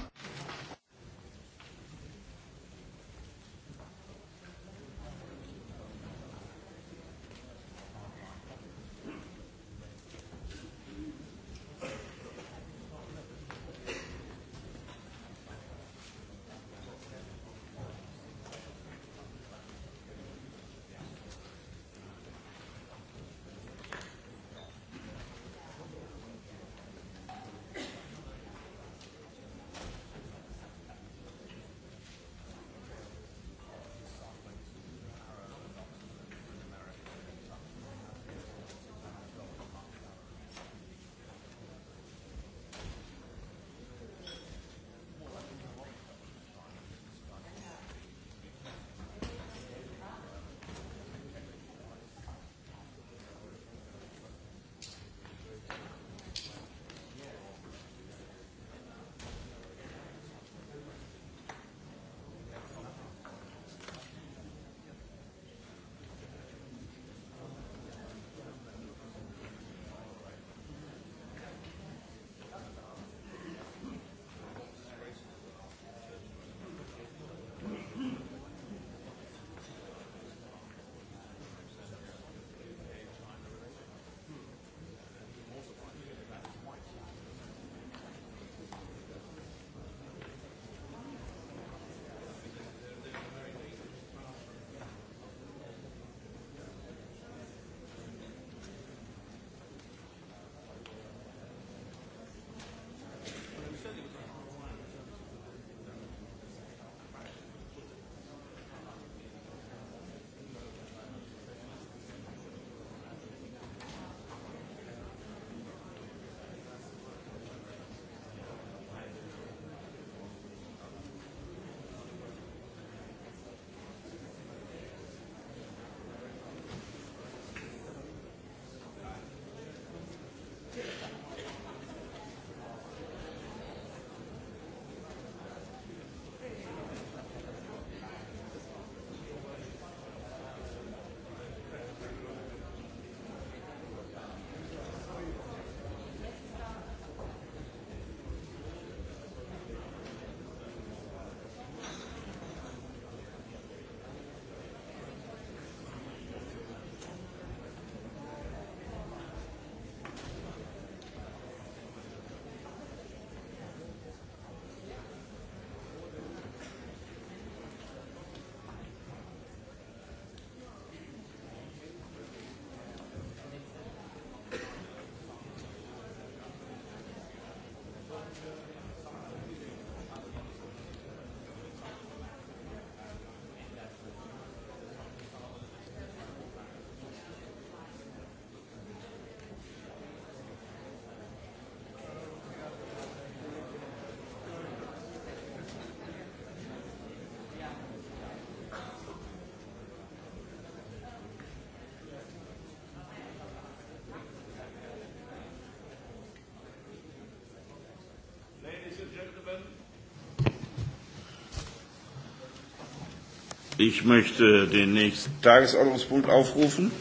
Ich möchte den nächsten Tagesordnungspunkt aufrufen.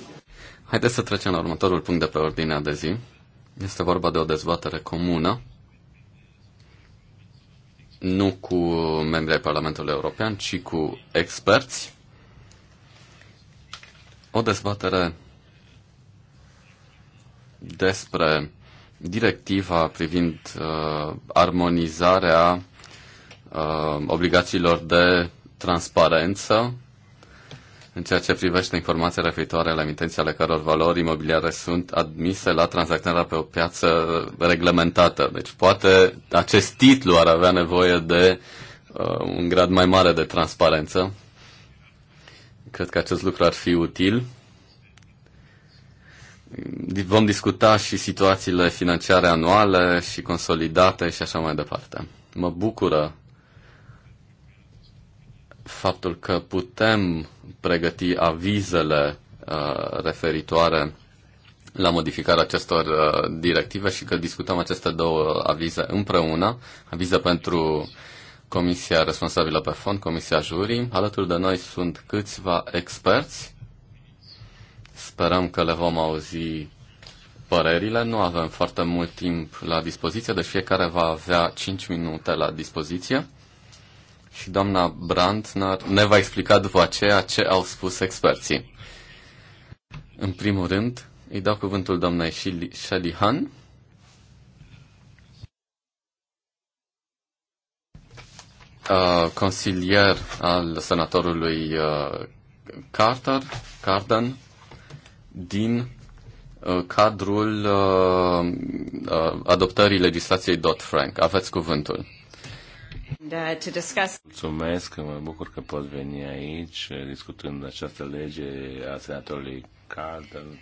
Haideți să trecem la următorul punct de pe ordinea de zi. Este vorba de o dezbatere comună, nu cu membrii ai Parlamentului European, ci cu experți. O dezbatere despre directiva privind uh, armonizarea uh, obligațiilor de transparență în ceea ce privește informația referitoare la emitenții ale căror valori imobiliare sunt admise la tranzacționarea pe o piață reglementată. Deci poate acest titlu ar avea nevoie de uh, un grad mai mare de transparență. Cred că acest lucru ar fi util. Vom discuta și situațiile financiare anuale și consolidate și așa mai departe. Mă bucură faptul că putem pregăti avizele uh, referitoare la modificarea acestor uh, directive și că discutăm aceste două avize împreună, avize pentru Comisia responsabilă pe fond, Comisia Jurii. Alături de noi sunt câțiva experți. Sperăm că le vom auzi părerile. Nu avem foarte mult timp la dispoziție, deci fiecare va avea 5 minute la dispoziție și doamna Brandt ne va explica după aceea ce au spus experții. În primul rând, îi dau cuvântul doamnei Shalihan. Uh, consilier al senatorului uh, Carter, Carden, din uh, cadrul uh, adoptării legislației Dodd-Frank. Aveți cuvântul. Da, Mulțumesc, mă bucur că pot veni aici eh, discutând această lege a senatorului Cardel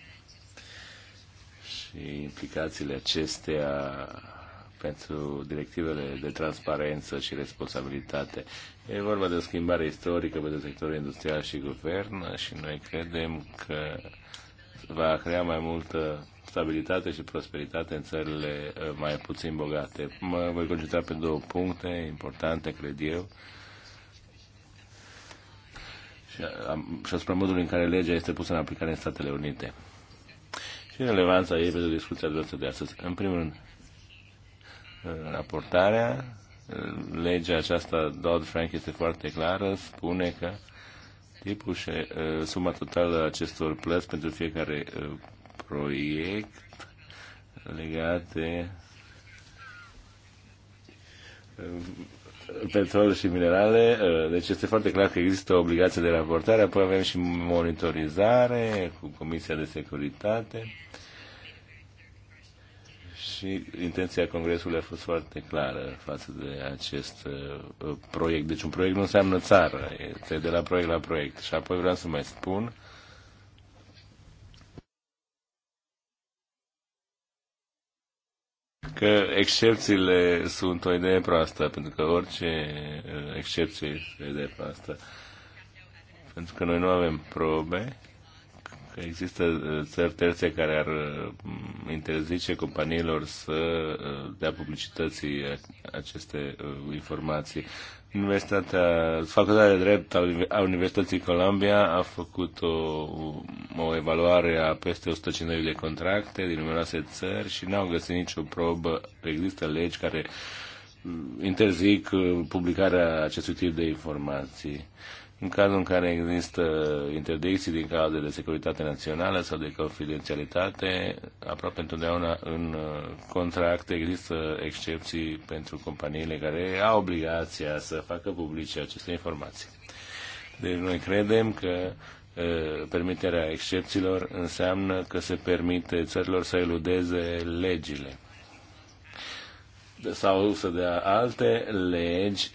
și implicațiile acestea, pentru directivele de transparență și responsabilitate. E vorba de o schimbare istorică pentru sectorul industrial și guvern și noi credem că va crea mai multă stabilitate și prosperitate în țările uh, mai puțin bogate. Mă voi concentra pe două puncte importante, cred eu, și, am, și asupra modului în care legea este pusă în aplicare în Statele Unite. Și relevanța ei pentru discuția dumneavoastră de astăzi. În primul rând, uh, raportarea, uh, legea aceasta Dodd-Frank este foarte clară, spune că tipul și uh, suma totală a acestor plăți pentru fiecare uh, proiect legat de uh, petrol și minerale, uh, deci este foarte clar că există o obligație de raportare, apoi avem și monitorizare cu Comisia de Securitate și intenția Congresului a fost foarte clară față de acest uh, proiect. Deci un proiect nu înseamnă țară, este de la proiect la proiect. Și apoi vreau să mai spun că excepțiile sunt o idee proastă, pentru că orice uh, excepție este o idee proastă. Pentru că noi nu avem probe că există uh, țări terțe care ar uh, interzice companiilor să dea publicității aceste informații. Universitatea, Facultatea de Drept a Universității Columbia a făcut o, o evaluare a peste 150 de contracte din numeroase țări și n-au găsit nicio probă există legi care interzic uh, publicarea acestui tip de informații. În cazul în care există interdicții din cauza de securitate națională sau de confidențialitate, aproape întotdeauna în uh, contracte există excepții pentru companiile care au obligația să facă publice aceste informații. Deci noi credem că uh, permiterea excepțiilor înseamnă că se permite țărilor să eludeze legile sau să dea alte legi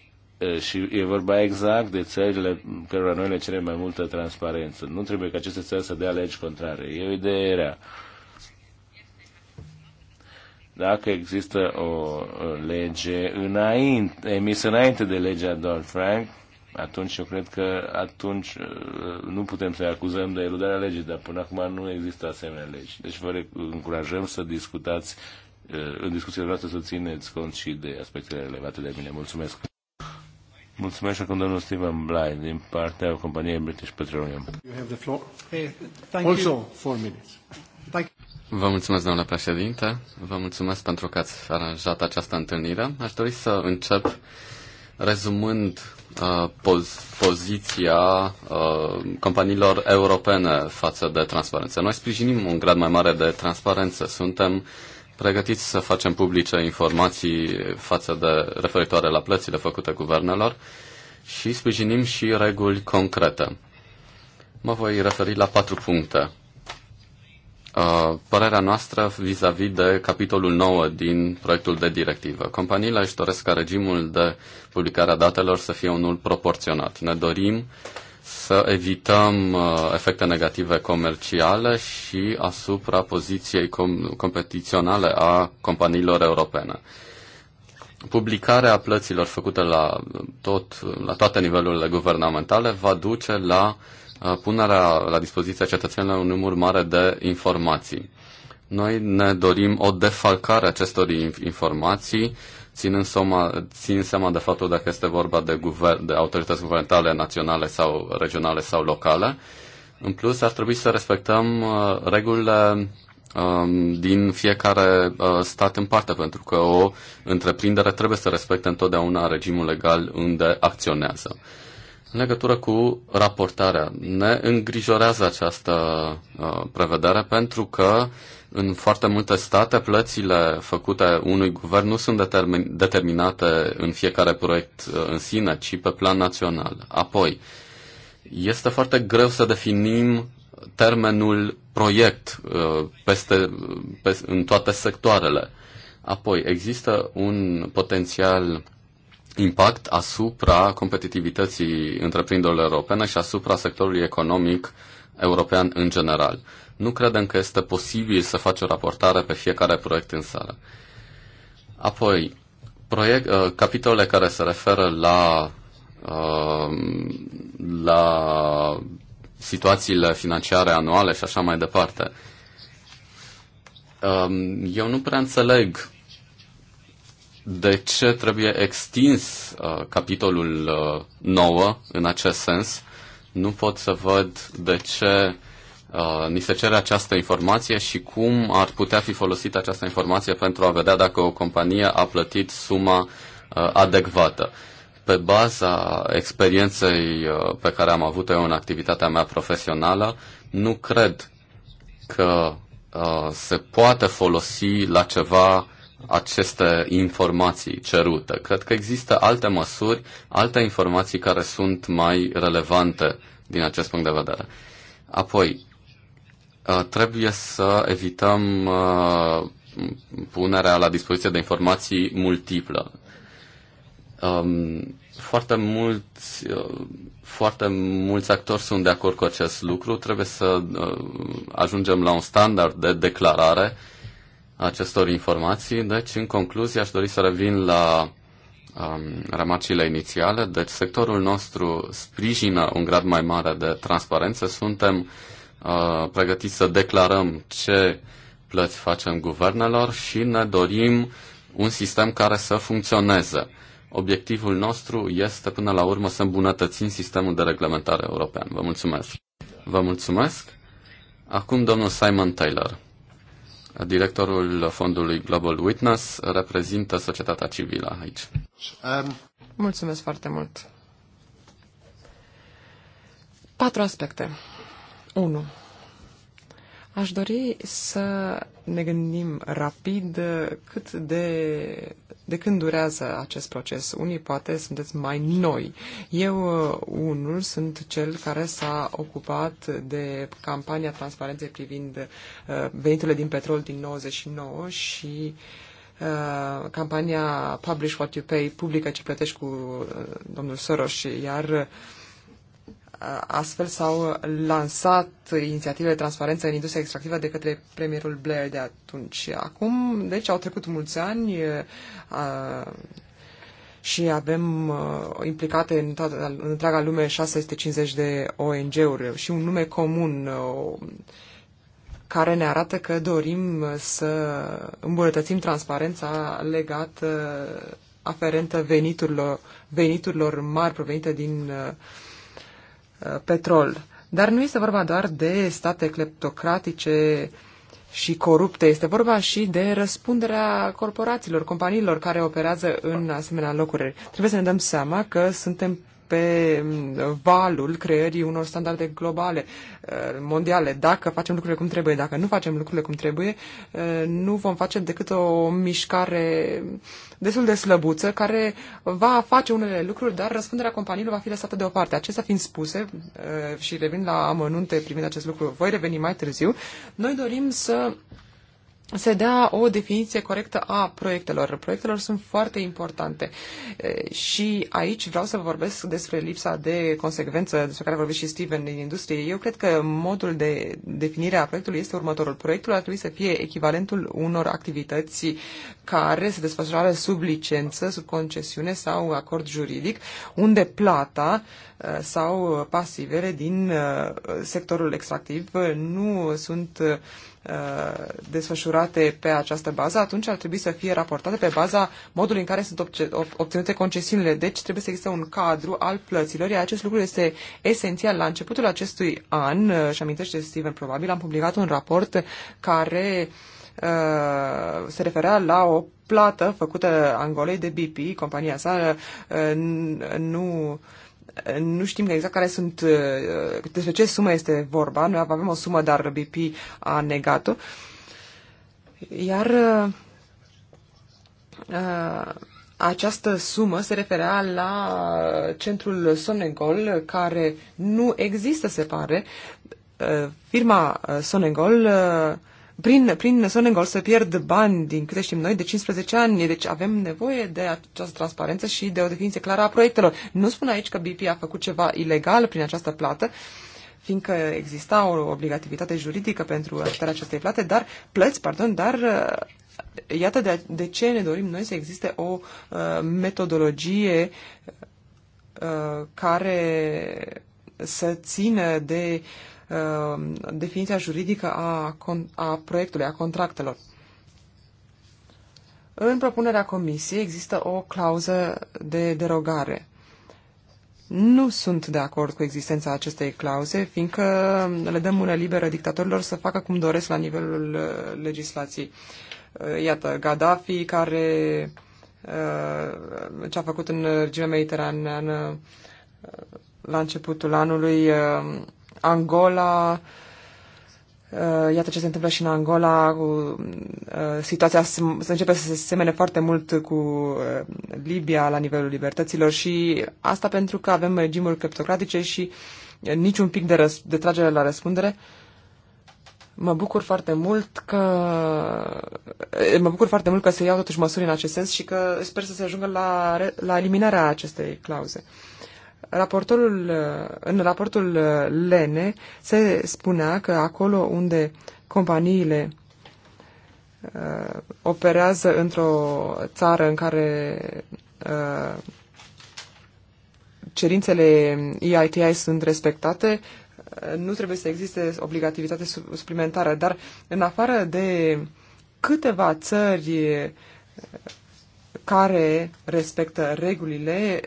și e vorba exact de țările cărora noi le cerem mai multă transparență. Nu trebuie ca aceste țări să dea legi contrare. E o idee rea. Dacă există o lege înainte, emisă înainte de legea Don frank atunci eu cred că atunci nu putem să-i acuzăm de eludarea legii, dar până acum nu există asemenea legi. Deci vă încurajăm să discutați, în discuțiile noastre să țineți cont și de aspectele relevate de mine. Mulțumesc! Mulțumesc acum domnul Steven Bly din partea companiei British Petroleum. You have the floor. also, four minutes. Thank Vă mulțumesc, domnule președinte. Vă mulțumesc pentru că ați aranjat această întâlnire. Aș dori să încep rezumând uh, poz- poziția uh, companiilor europene față de transparență. Noi sprijinim un grad mai mare de transparență. Suntem uh, pregătiți să facem publice informații față de referitoare la plățile făcute guvernelor și sprijinim și reguli concrete. Mă voi referi la patru puncte. Uh, părerea noastră vis-a-vis -vis de capitolul 9 din proiectul de directivă. Companiile își doresc ca regimul de publicare a datelor să fie unul proporționat. Ne dorim să evităm uh, efecte negative comerciale și asupra poziției com- competiționale a companiilor europene. Publicarea plăților făcute la, tot, la toate nivelurile guvernamentale va duce la uh, punerea la dispoziția cetățenilor un număr mare de informații. Noi ne dorim o defalcare acestor informații ținând, soma, țin seama de faptul dacă este vorba de, guver, de autorități guvernamentale naționale sau regionale sau locale. În plus, ar trebui să respectăm uh, regulile um, din fiecare uh, stat în parte, pentru că o întreprindere trebuie să respecte întotdeauna regimul legal unde acționează. În legătură cu raportarea, ne îngrijorează această uh, prevedere pentru că în foarte multe state, plățile făcute unui guvern nu sunt determin- determinate în fiecare proiect uh, în sine, ci pe plan național. Apoi, este foarte greu să definim termenul proiect uh, peste, peste, în toate sectoarele. Apoi, există un potențial impact asupra competitivității întreprinderilor europene și asupra sectorului economic european în general nu credem că este posibil să faci o raportare pe fiecare proiect în sală. Apoi, proiect, uh, capitolele care se referă la, uh, la situațiile financiare anuale și așa mai departe. Uh, eu nu prea înțeleg de ce trebuie extins uh, capitolul uh, 9 în acest sens. Nu pot să văd de ce Uh, ni se cere această informație și cum ar putea fi folosită această informație pentru a vedea dacă o companie a plătit suma uh, adecvată. Pe baza experienței uh, pe care am avut-o eu în activitatea mea profesională, nu cred că uh, se poate folosi la ceva aceste informații cerute. Cred că există alte măsuri, alte informații care sunt mai relevante din acest punct de vedere. Apoi, Uh, trebuie să evităm uh, punerea la dispoziție de informații multiplă. Um, foarte mulți, uh, foarte mulți actori sunt de acord cu acest lucru. Trebuie să ajungem la un standard de declarare acestor informații. Deci, în concluzie, aș dori să revin la um, remarcile inițiale. Deci, sectorul nostru sprijină un grad mai mare de transparență. Suntem uh, Uh, pregătiți să declarăm ce plăți facem guvernelor și ne dorim un sistem care să funcționeze. Obiectivul nostru este până la urmă să îmbunătățim sistemul de reglementare european. Vă mulțumesc. Vă mulțumesc. Acum domnul Simon Taylor, directorul fondului Global Witness, reprezintă societatea civilă aici. Um, mulțumesc foarte mult. Patru aspecte. 1. Aș dori să ne gândim rapid uh, cât de, de când durează acest proces. Unii poate sunteți mai noi. Eu, uh, unul, sunt cel care s-a ocupat de campania transparenței privind uh, veniturile din petrol din 99 și uh, campania Publish What You Pay, publică ce plătești cu uh, domnul Soros, iar uh, Uh, astfel s-au lansat inițiative de transparență în industria extractivă de către premierul Blair de atunci. Acum, deci, au trecut mulți ani a, uh, și avem a, uh, implicate în, toată, în întreaga lume 650 de ONG-uri și un nume comun a, care ne arată că dorim să îmbunătățim transparența legată aferentă veniturilor, veniturilor mari provenite din uh, Uh, petrol. Dar nu este vorba doar de state cleptocratice și corupte, este vorba și de răspunderea corporațiilor, companiilor care operează în asemenea locuri. Trebuie să ne dăm seama că suntem pe valul creării unor standarde globale, eh, mondiale. Dacă facem lucrurile cum trebuie, dacă nu facem lucrurile cum trebuie, eh, nu vom face decât o mișcare destul de slăbuță care va face unele lucruri, dar răspunderea companiilor va fi lăsată deoparte. Acestea fiind spuse, eh, și revin la amănunte privind acest lucru, voi reveni mai târziu, noi dorim să se dea o definiție corectă a proiectelor. Proiectelor sunt foarte importante și aici vreau să vorbesc despre lipsa de consecvență despre care vorbește și Steven din industrie. Eu cred că modul de definire a proiectului este următorul. Proiectul ar trebui să fie echivalentul unor activități care se desfășoară sub licență, sub concesiune sau acord juridic, unde plata sau pasivele din sectorul extractiv nu sunt Uh, desfășurate pe această bază, atunci ar trebui să fie raportate pe baza modului în care sunt obținute concesiunile. Deci trebuie să existe un cadru al plăților, iar acest lucru este esențial. La începutul acestui an, uh, și amintește Steven probabil, am publicat un raport care uh, se referea la o plată făcută Angolei de BP, compania sa nu nu știm exact care sunt, uh, despre ce sumă este vorba. Noi avem o sumă, dar BP a negat-o. Iar uh, uh, această sumă se referea la centrul Sonegol, care nu există, se pare. Firma Sonegol prin, prin Sonengol să pierd bani, din câte știm noi, de 15 ani. Deci avem nevoie de această transparență și de o definiție clară a proiectelor. Nu spun aici că BP a făcut ceva ilegal prin această plată, fiindcă exista o obligativitate juridică pentru achitarea acestei plate, dar plăți, pardon, dar uh, iată de, de ce ne dorim noi să existe o uh, metodologie uh, care să țină de uh, Uh, definiția juridică a, a proiectului, a contractelor. În propunerea comisiei există o clauză de derogare. Nu sunt de acord cu existența acestei clauze, fiindcă le dăm mână liberă dictatorilor să facă cum doresc la nivelul uh, legislației. Uh, iată, Gaddafi, care ce a făcut în regiunea mediteraneană la începutul anului, Angola, uh, iată ce se întâmplă și în Angola, cu, uh, situația se începe să se semene foarte mult cu uh, Libia la nivelul libertăților și asta pentru că avem regimuri cleptocratice și niciun pic de, răs- de tragere la răspundere. Mă bucur foarte mult că mă bucur foarte mult că se iau totuși măsuri în acest sens și că sper să se ajungă la, la eliminarea acestei clauze. Raportorul, în raportul uh, Lene se spunea că acolo unde companiile uh, operează într-o țară în care uh, cerințele EITI sunt respectate, uh, nu trebuie să existe obligativitate suplimentară, dar în afară de câteva țări uh, care respectă regulile,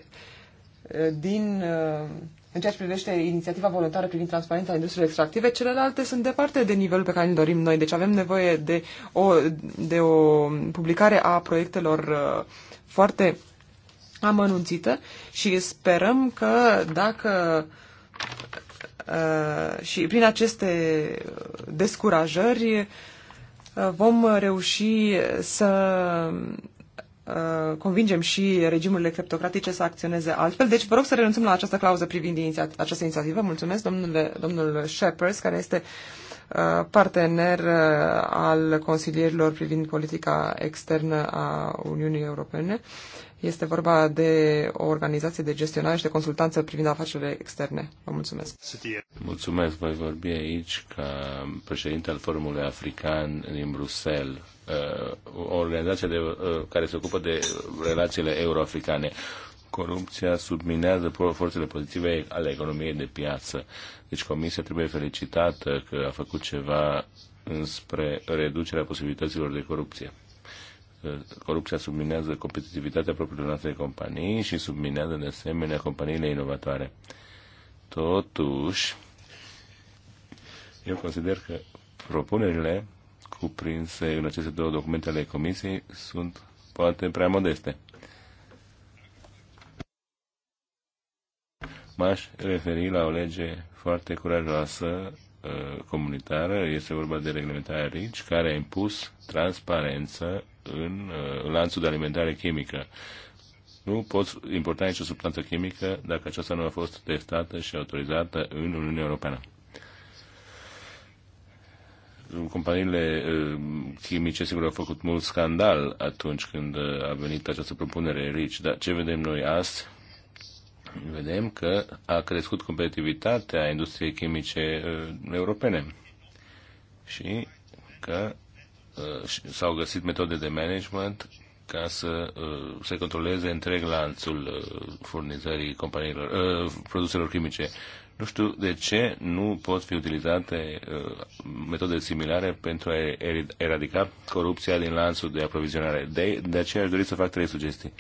Uh, din, uh, în ceea ce privește inițiativa voluntară privind transparența industriei extractive, celelalte sunt departe de nivelul pe care îl dorim noi. Deci avem nevoie de o, de o publicare a proiectelor uh, foarte amănunțită și sperăm că dacă și prin aceste descurajări vom reuși să Uh, convingem și regimurile cleptocratice să acționeze altfel. Deci vă rog să renunțăm la această clauză privind inițiat- această inițiativă. Mulțumesc, domnule, domnul Shepers, care este uh, partener uh, al consilierilor privind politica externă a Uniunii Europene. Este vorba de o organizație de gestionare și de consultanță privind afacerile externe. Vă mulțumesc. Mulțumesc. Voi vorbi aici ca președinte al Forumului African din Bruxelles Uh, o organizație de, uh, care se ocupă de relațiile euroafricane. Corupția subminează forțele pozitive ale economiei de piață. Deci Comisia trebuie felicitată că a făcut ceva înspre reducerea posibilităților de corupție. Uh, corupția subminează competitivitatea propriilor noastre companii și subminează de asemenea companiile inovatoare. Totuși, eu consider că propunerile cuprinse în aceste două documente ale Comisiei sunt poate prea modeste. M-aș referi la o lege foarte curajoasă uh, comunitară, este vorba de reglementarea RICI, care a impus transparență uh, în lanțul de alimentare chimică. Nu poți importa nicio substanță chimică dacă aceasta nu a fost testată și autorizată în Uniunea Europeană companiile uh, chimice sigur au făcut mult scandal atunci când uh, a venit această propunere RICI, dar ce vedem noi azi? Vedem că a crescut competitivitatea industriei chimice uh, europene și că s-au găsit metode de management ca să se controleze întreg lanțul furnizării companiilor, produselor chimice nu știu de ce nu pot fi utilizate uh, metode similare pentru a eradica corupția din lanțul de aprovizionare. De, de aceea aș dori să fac trei sugestii.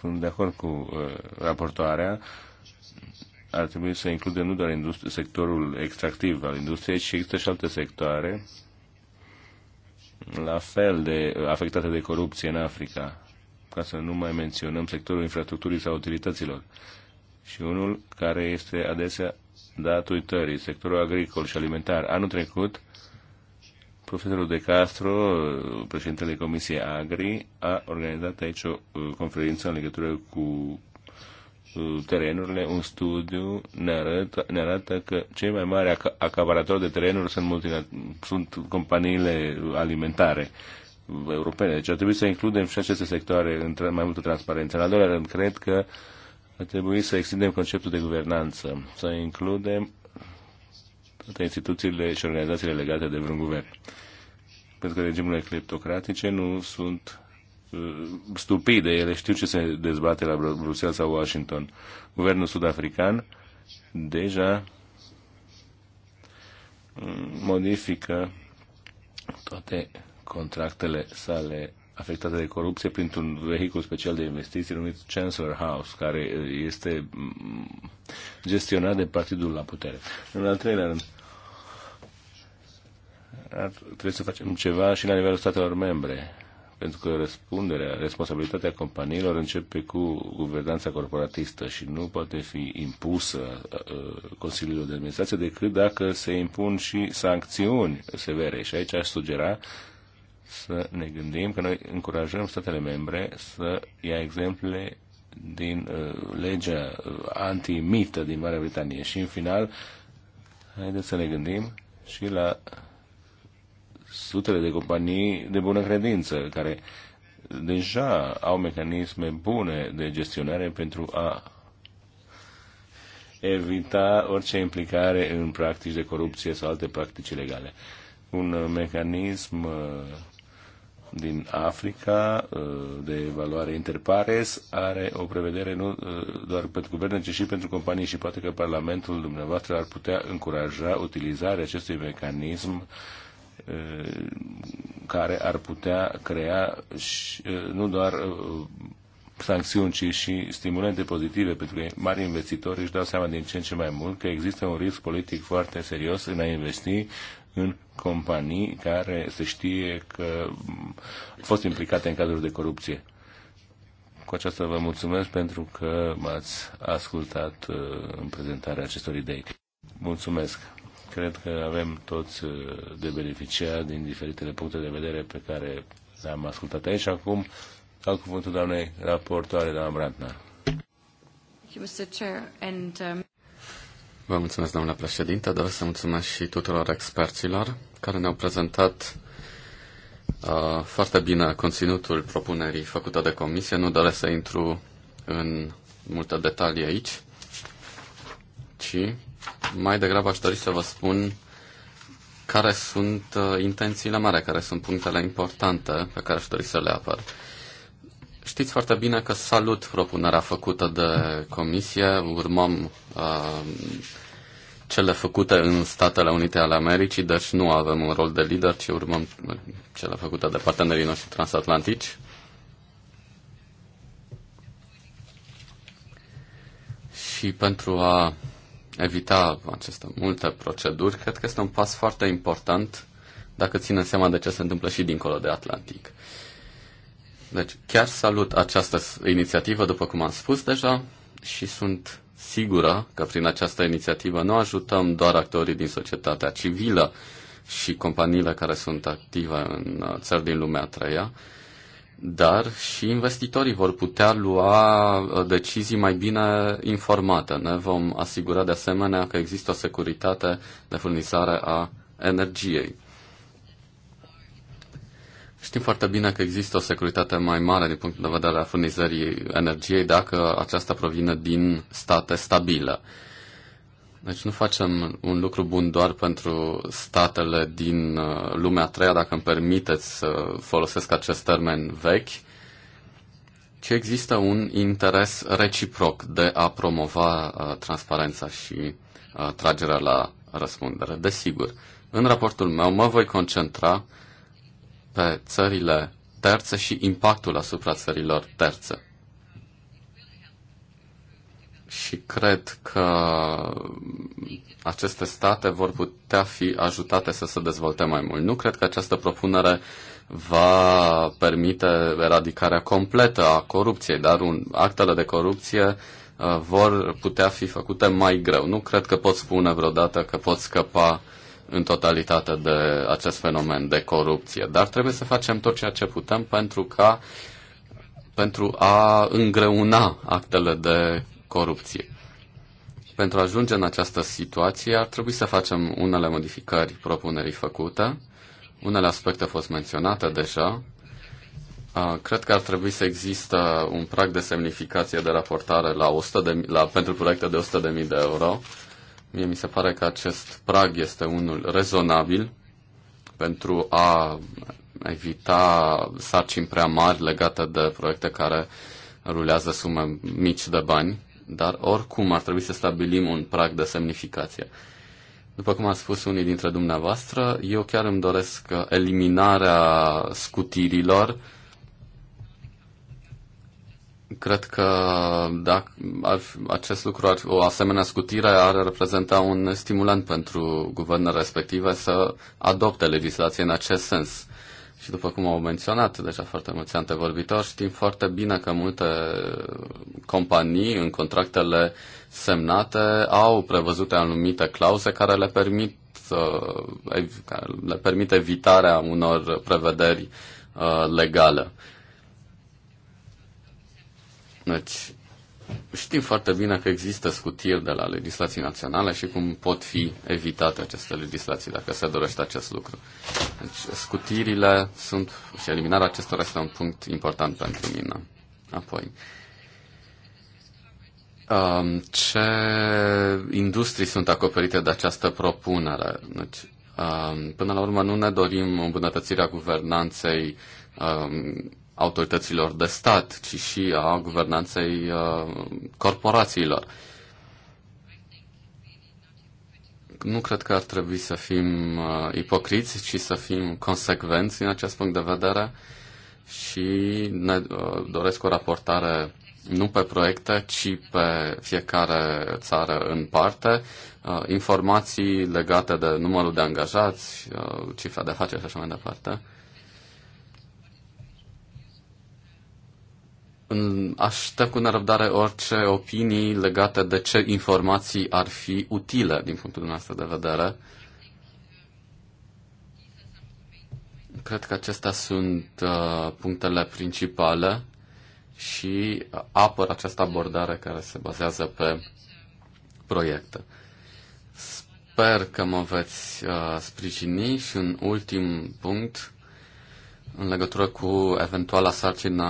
Sunt de acord cu uh, raportoarea ar trebui să includem nu doar sectorul extractiv al industriei, ci există și alte sectoare la fel de uh, afectate de corupție în Africa ca să nu mai menționăm sectorul infrastructurii sau utilităților, și unul care este adesea dat uitării, sectorul agricol și alimentar. Anul trecut, profesorul De Castro, președintele Comisiei Agri, a organizat aici o uh, conferință în legătură cu uh, terenurile, un studiu ne arată, ne arată că cei mai mari acaparatori de terenuri sunt, sunt companiile alimentare europene. Deci ar trebui să includem și aceste sectoare în mai multă transparență. În al doilea rând, cred că ar trebui să extindem conceptul de guvernanță, să includem toate instituțiile și organizațiile legate de vreun guvern. Pentru că regimurile cleptocratice nu sunt uh, stupide, ele știu ce se dezbate la Bruxelles sau Washington. Guvernul sud-african deja mm, modifică toate contractele sale afectate de corupție printr-un vehicul special de investiții numit Chancellor House, care uh, este mm, gestionat de partidul la putere. În al treilea rând, trebuie să facem ceva și la nivelul statelor membre, pentru că răspunderea, responsabilitatea companiilor începe cu guvernanța corporatistă și nu poate fi impusă uh, Consiliului de Administrație decât dacă se impun și sancțiuni severe. Și aici aș sugera să ne gândim că noi încurajăm statele membre să ia exemple din uh, legea uh, antimită din Marea Britanie. Și în final, haideți să ne gândim și la sutele de companii de bună credință care deja au mecanisme bune de gestionare pentru a evita orice implicare în practici de corupție sau alte practici legale. Un mecanism uh, din Africa uh, de evaluare interpares are o prevedere nu uh, doar pentru guverne, ci și pentru companii și poate că Parlamentul dumneavoastră ar putea încuraja utilizarea acestui mecanism uh, care ar putea crea și, nu doar sancțiuni, ci și stimulente pozitive, pentru că mari investitori își dau seama din ce în ce mai mult că există un risc politic foarte serios în a investi în companii care se știe că au fost implicate în cazuri de corupție. Cu aceasta vă mulțumesc pentru că m-ați ascultat uh, în prezentarea acestor idei. Mulțumesc! Cred că avem toți uh, de beneficiat din diferitele puncte de vedere pe care le-am ascultat aici. Acum al cuvântul doamnei raportoare, doamna Brantner. Mr. Chair, and, um... Vă mulțumesc, domnule președinte. Doresc să mulțumesc și tuturor experților care ne-au prezentat uh, foarte bine conținutul propunerii făcute de comisie. Nu doresc să intru în multe detalii aici, ci mai degrabă aș dori să vă spun care sunt uh, intențiile mari, care sunt punctele importante pe care aș dori să le apăr. Știți foarte bine că salut propunerea făcută de comisie, urmăm uh, cele făcute în Statele Unite ale Americii, deci nu avem un rol de lider, ci urmăm cele făcute de partenerii noștri transatlantici. Și pentru a evita aceste multe proceduri, cred că este un pas foarte important dacă ținem seama de ce se întâmplă și dincolo de Atlantic. Deci chiar salut această inițiativă, după cum am spus deja, și sunt sigură că prin această inițiativă nu ajutăm doar actorii din societatea civilă și companiile care sunt active în uh, țări din lumea a treia, dar și investitorii vor putea lua uh, decizii mai bine informate. Ne vom asigura de asemenea că există o securitate de furnizare a energiei. Știm foarte bine că există o securitate mai mare din punctul de vedere a furnizării energiei dacă aceasta provine din state stabile. Deci nu facem un lucru bun doar pentru statele din uh, lumea a treia, dacă îmi permiteți să folosesc acest termen vechi, ci există un interes reciproc de a promova uh, transparența și uh, tragerea la răspundere. Desigur, în raportul meu mă voi concentra pe țările terțe și impactul asupra țărilor terțe. Și cred că aceste state vor putea fi ajutate să se dezvolte mai mult. Nu cred că această propunere va permite eradicarea completă a corupției, dar un, actele de corupție uh, vor putea fi făcute mai greu. Nu cred că pot spune vreodată că pot scăpa în totalitate de acest fenomen de corupție, dar trebuie să facem tot ceea ce putem pentru ca pentru a îngreuna actele de corupție. Pentru a ajunge în această situație ar trebui să facem unele modificări propunerii făcute. Unele aspecte au fost menționate deja. Cred că ar trebui să există un prag de semnificație de raportare la 100 de, la, pentru proiecte de 100.000 de euro Mie mi se pare că acest prag este unul rezonabil pentru a evita sarcini prea mari legate de proiecte care rulează sume mici de bani, dar oricum ar trebui să stabilim un prag de semnificație. După cum a spus unii dintre dumneavoastră, eu chiar îmi doresc eliminarea scutirilor Cred că dacă ar, acest lucru, ar, o asemenea scutire ar reprezenta un stimulant pentru guvernele respective să adopte legislație în acest sens. Și după cum au menționat deja foarte mulți antevorbitori, știm foarte bine că multe companii în contractele semnate au prevăzute anumite clauze care le permit, care le permit evitarea unor prevederi uh, legale. Deci, știm foarte bine că există scutiri de la legislații naționale și cum pot fi evitate aceste legislații dacă se dorește acest lucru. Deci, scutirile sunt și eliminarea acestora este un punct important pentru mine. Apoi, um, ce industrii sunt acoperite de această propunere? Deci, um, până la urmă, nu ne dorim îmbunătățirea guvernanței um, autorităților de stat, ci și a guvernanței uh, corporațiilor. Nu cred că ar trebui să fim uh, ipocriți, ci să fim consecvenți în acest punct de vedere și ne uh, doresc o raportare nu pe proiecte, ci pe fiecare țară în parte, informații legate de numărul de angajați, cifra de afaceri și așa mai departe. aștept cu nerăbdare orice opinii legate de ce informații ar fi utile din punctul nostru de vedere. Cred că acestea sunt uh, punctele principale și apăr această abordare care se bazează pe proiecte. Sper că mă veți uh, sprijini și un ultim punct în legătură cu eventuala sarcină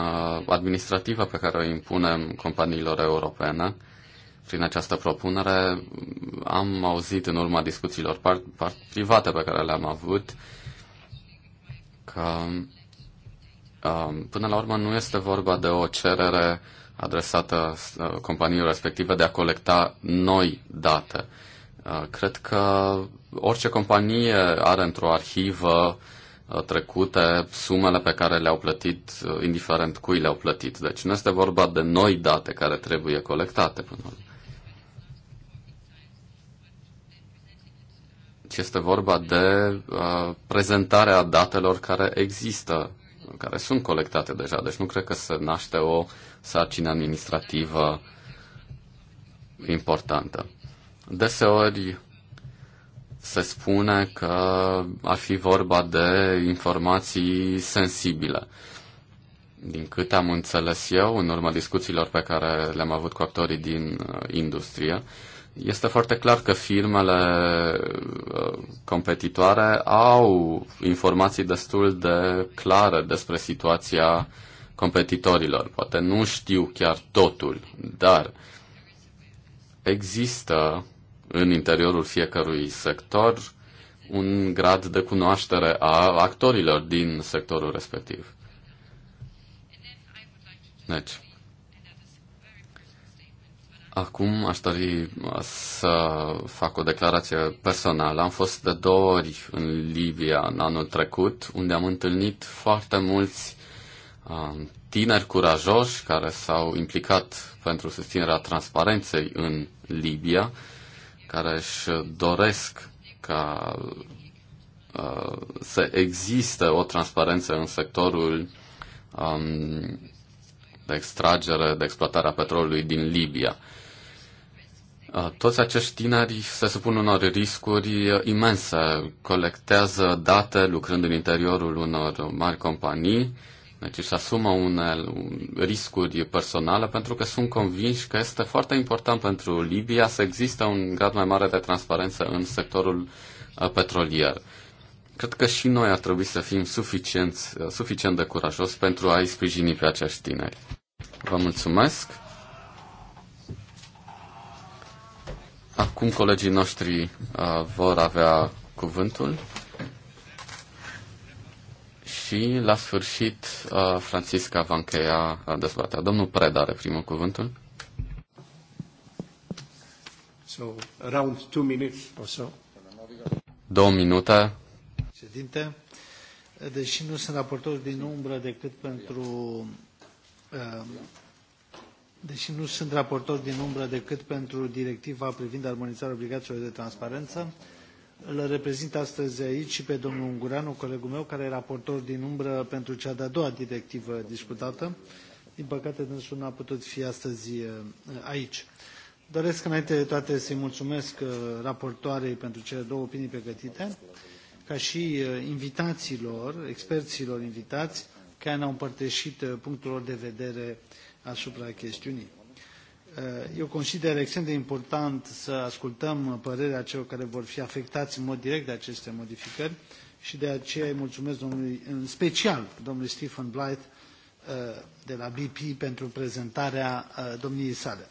administrativă pe care o impunem companiilor europene prin această propunere, am auzit în urma discuțiilor part, part, private pe care le-am avut că um, până la urmă nu este vorba de o cerere adresată uh, companiilor respective de a colecta noi date. Uh, cred că orice companie are într-o arhivă uh, Uh, trecute sumele pe care le-au plătit, uh, indiferent cui le-au plătit. Deci nu este vorba de noi date care trebuie colectate până la ci este vorba de uh, prezentarea datelor care există, care sunt colectate deja. Deci nu cred că se naște o sarcină administrativă importantă. Deseori se spune că ar fi vorba de informații sensibile. Din câte am înțeles eu, în urma discuțiilor pe care le-am avut cu actorii din uh, industrie, este foarte clar că firmele uh, competitoare au informații destul de clare despre situația competitorilor. Poate nu știu chiar totul, dar există în interiorul fiecărui sector un grad de cunoaștere a actorilor din sectorul respectiv. Deci, acum aș dori uh, să fac o declarație personală. Am fost de două ori în Libia în anul trecut, unde am întâlnit foarte mulți uh, tineri curajoși care s-au implicat pentru susținerea transparenței în Libia care își doresc ca uh, să existe o transparență în sectorul um, de extragere, de exploatare a petrolului din Libia. Uh, toți acești tineri se supun unor riscuri imense, colectează date lucrând în interiorul unor mari companii deci își asumă un riscuri personale pentru că sunt convinși că este foarte important pentru Libia să există un grad mai mare de transparență în sectorul uh, petrolier. Cred că și noi ar trebui să fim suficient, uh, suficient de curajos pentru a-i sprijini pe acești tineri. Vă mulțumesc! Acum colegii noștri uh, vor avea cuvântul și la sfârșit uh, Francisca va încheia uh, dezbaterea. Domnul Preda are primul cuvântul. So, around two minutes or so. Două minute. Ședinte, deși nu sunt raportor din umbră decât pentru uh, deși nu sunt raportor din umbră decât pentru directiva privind armonizarea obligațiilor de transparență, îl reprezint astăzi aici și pe domnul Ungureanu, colegul meu, care e raportor din umbră pentru cea de-a doua directivă discutată. Din păcate, dânsul nu a putut fi astăzi uh, aici. Doresc înainte de toate să-i mulțumesc uh, raportoarei pentru cele două opinii pregătite, ca și uh, invitațiilor, experților invitați, care ne-au împărtășit punctul lor de vedere asupra chestiunii. Eh, eu consider extrem de important să ascultăm părerea celor care vor fi afectați în mod direct de aceste modificări și de aceea îi mulțumesc domnului, în special domnului Stephen Blythe eh, de la BP pentru prezentarea eh, domniei sale.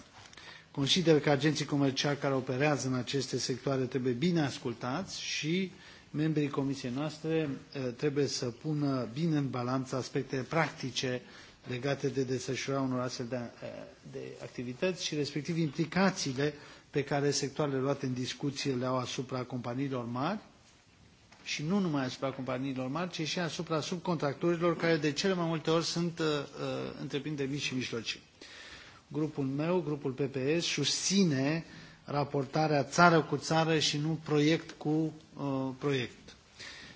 Consider că agenții comerciali care operează în aceste sectoare trebuie bine ascultați și membrii comisiei noastre trebuie să pună bine în balanță aspectele practice legate de desfășurarea unor astfel de, eh, de activități și respectiv implicațiile pe care sectoarele luate în discuție le au asupra companiilor mari și nu numai asupra companiilor mari, ci și asupra subcontractorilor care de cele mai multe ori sunt uh, întreprinderi mici și mijlocii. Grupul meu, grupul PPS, susține raportarea țară cu țară și nu proiect cu uh, proiect.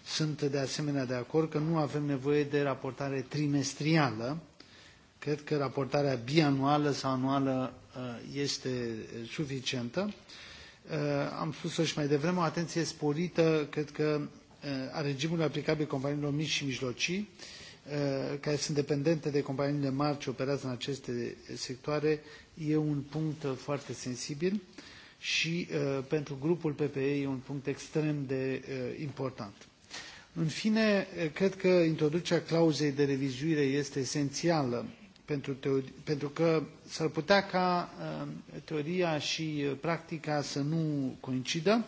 Sunt de asemenea de acord că nu avem nevoie de raportare trimestrială, Cred că raportarea bianuală sau anuală uh, este uh, suficientă. Uh, am spus-o și mai devreme, o atenție sporită, cred că, a regimului aplicabil companiilor mici și mijlocii, care sunt dependente de companiile mari ce operează în aceste sectoare, e un punct foarte sensibil și pentru grupul PPE e un punct extrem de important. În fine, cred că introducerea clauzei de revizuire este esențială pentru, pentru că s-ar putea ca uh, teoria și uh, practica să nu coincidă.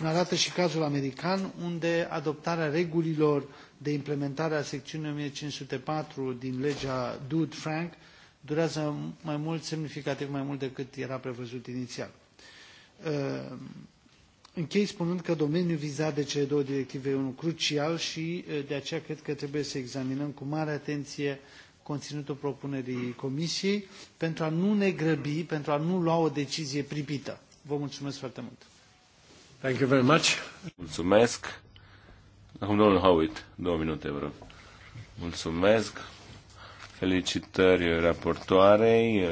Ne arată și cazul american, unde adoptarea regulilor de implementare a secțiunii 1504 din legea Dodd-Frank durează mai mult, semnificativ mai mult decât era prevăzut inițial. Uh, închei spunând că domeniul vizat de cele două directive e unul crucial și de aceea cred că trebuie să examinăm cu mare atenție conținutul propunerii Comisiei pentru a nu ne grăbi, pentru a nu lua o decizie pripită. Vă mulțumesc foarte mult. Thank you very much. Mulțumesc. Acum domnul Howitt, două minute, vă Mulțumesc. Felicitări raportoarei.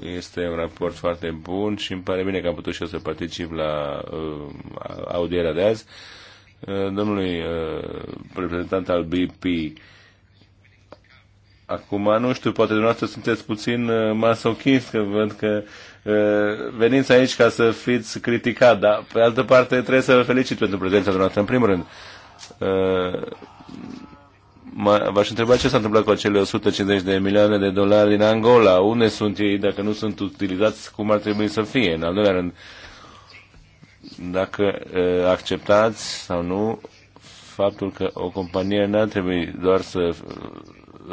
Este un raport foarte bun și îmi pare bine că am putut și eu să particip la uh, audierea de azi. Uh, domnului uh, reprezentant al BP, Acum, nu știu, poate dumneavoastră sunteți puțin uh, masochist, că văd că uh, veniți aici ca să fiți criticat, dar pe altă parte trebuie să vă felicit pentru prezența dumneavoastră, în primul rând. Uh, v-aș întreba ce s-a întâmplat cu acele 150 de milioane de dolari din Angola. Unde sunt ei dacă nu sunt utilizați cum ar trebui să fie? În al doilea rând, dacă acceptați sau nu faptul că o companie n-ar trebui doar să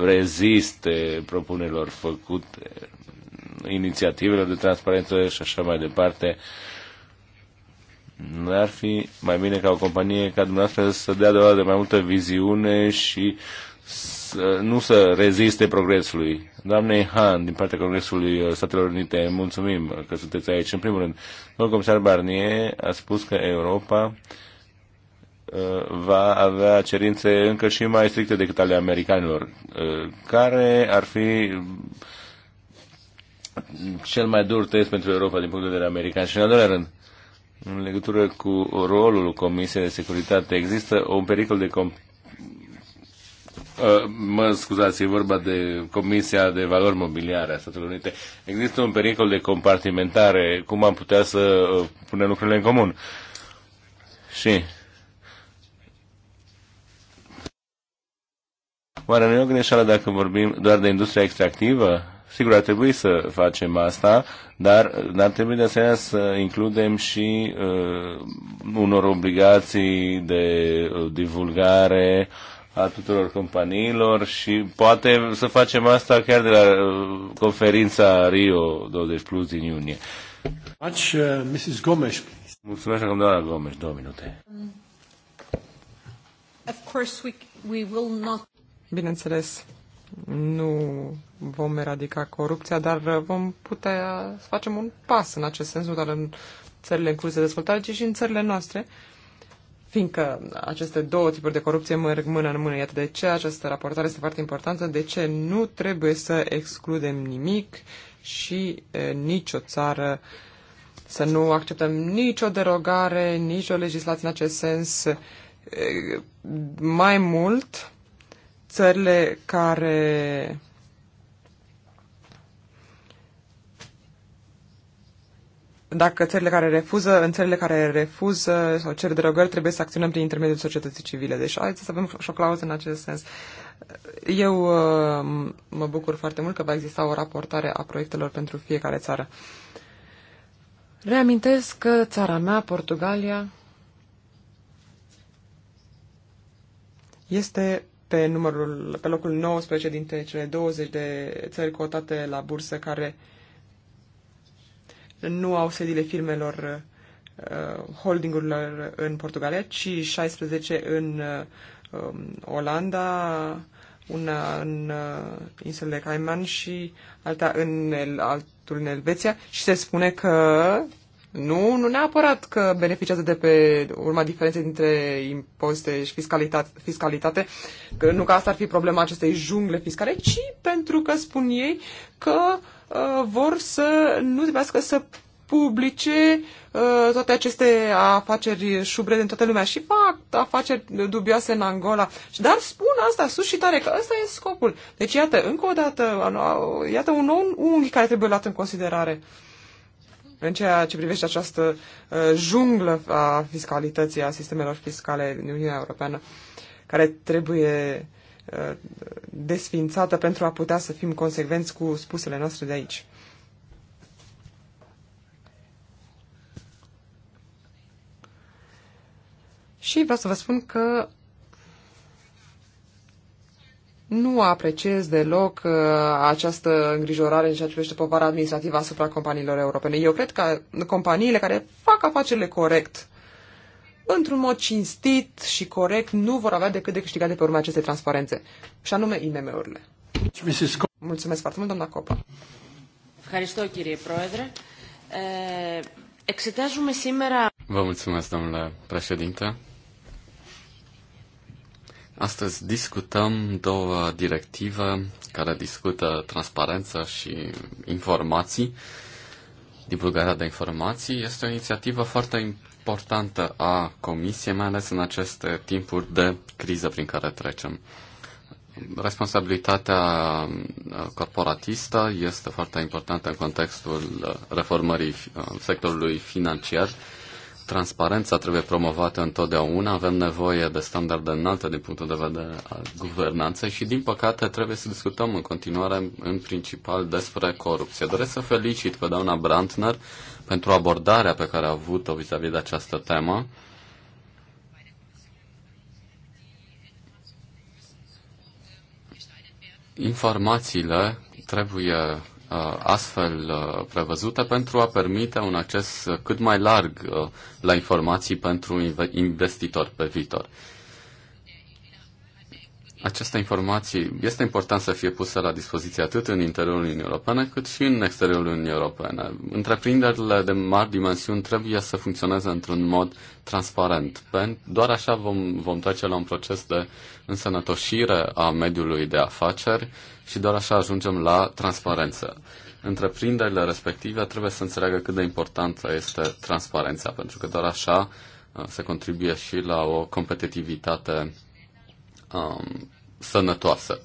reziste propunerilor făcute, inițiativelor de transparență și așa mai departe. nu Ar fi mai bine ca o companie ca dumneavoastră să dea de de mai multă viziune și să, nu să reziste progresului. Doamne Han, din partea Congresului Statelor Unite, mulțumim că sunteți aici. În primul rând, domnul comisar Barnier a spus că Europa uh, Uh, va avea cerințe încă și mai stricte decât ale americanilor. Uh, care ar fi cel mai dur test pentru Europa din punct de vedere american? Și în al doilea rând, în legătură cu rolul Comisiei de Securitate, există un pericol de comp- uh, mă scuzați, e vorba de Comisia de Valori Mobiliare a Statelor Unite. Există un pericol de compartimentare. Cum am putea să punem lucrurile în comun? Și Oare nu e o greșeală dacă vorbim doar de industria extractivă? Sigur, ar trebui să facem asta, dar ar trebui de asemenea să includem și uh, unor obligații de uh, divulgare a tuturor companiilor și poate să facem asta chiar de la uh, conferința Rio 20 Plus din iunie. Much, uh, Mrs. Gomes, Mulțumesc acum doamna Gomes, două minute. Of course we, we will not... Bineînțeles, nu vom eradica corupția, dar vom putea să facem un pas în acest sens, nu doar în țările în curs de dezvoltare, ci și în țările noastre, fiindcă aceste două tipuri de corupție merg mână în mână. Iată de ce această raportare este foarte importantă, de ce nu trebuie să excludem nimic și e, nicio țară, să nu acceptăm nicio derogare, nicio legislație în acest sens. E, mai mult, țările care dacă țările care refuză, în țările care refuză sau cer derogări, trebuie să acționăm prin intermediul societății civile. Deci hai să avem și o clauză în acest sens. Eu uh, mă bucur foarte mult că va exista o raportare a proiectelor pentru fiecare țară. Reamintesc că țara mea, Portugalia, este pe, numărul, pe locul 19 dintre cele 20 de țări cotate la bursă care nu au sediile firmelor uh, holdingurilor în Portugalia, ci 16 în uh, Olanda, una în uh, insulele Cayman și alta în, altul în Elveția și se spune că nu, nu neapărat că beneficiază de pe urma diferenței dintre impozite și fiscalitate, fiscalitate, că nu că asta ar fi problema acestei jungle fiscale, ci pentru că spun ei că uh, vor să nu trebuiască să publice uh, toate aceste afaceri șubre în toată lumea și fac afaceri dubioase în Angola. Dar spun asta sus și tare, că ăsta e scopul. Deci iată, încă o dată, iată un nou unghi care trebuie luat în considerare. Uh, în ceea ce privește această uh, junglă a fiscalității, a sistemelor fiscale din Uniunea Europeană, care trebuie uh, desfințată pentru a putea să fim consecvenți cu spusele noastre de aici. Și vreau să vă spun că nu apreciez deloc uh, această îngrijorare în ceea ce privește povara administrativă asupra companiilor europene. Eu cred că companiile care fac afacerile corect, într-un mod cinstit și corect, nu vor avea decât de câștigat de pe urma acestei transparențe, și anume IMM-urile. Mulțumesc foarte mult, doamna Copa. Vă mulțumesc, domnule președinte. Astăzi discutăm două directive care discută transparență și informații. Divulgarea de informații este o inițiativă foarte importantă a Comisiei, mai ales în aceste timpuri de criză prin care trecem. Responsabilitatea uh, corporatistă este foarte importantă în contextul uh, reformării uh, sectorului financiar transparența trebuie promovată întotdeauna, avem nevoie de standarde înalte din punctul de vedere al guvernanței și, din păcate, trebuie să discutăm în continuare, în principal, despre corupție. Doresc să felicit pe doamna Brandner pentru abordarea pe care a avut-o vis-a-vis de această temă. Informațiile trebuie Uh, astfel uh, prevăzute pentru a permite un acces cât mai larg uh, la informații pentru investitori pe viitor această informație, este important să fie pusă la dispoziție atât în interiorul Uniunii Europene cât și în exteriorul Uniunii Europene. Întreprinderile de mari dimensiuni trebuie să funcționeze într-un mod transparent. Doar așa vom, vom trece la un proces de însănătoșire a mediului de afaceri și doar așa ajungem la transparență. Întreprinderile respective trebuie să înțeleagă cât de importantă este transparența, pentru că doar așa uh, se contribuie și la o competitivitate um, sănătoasă.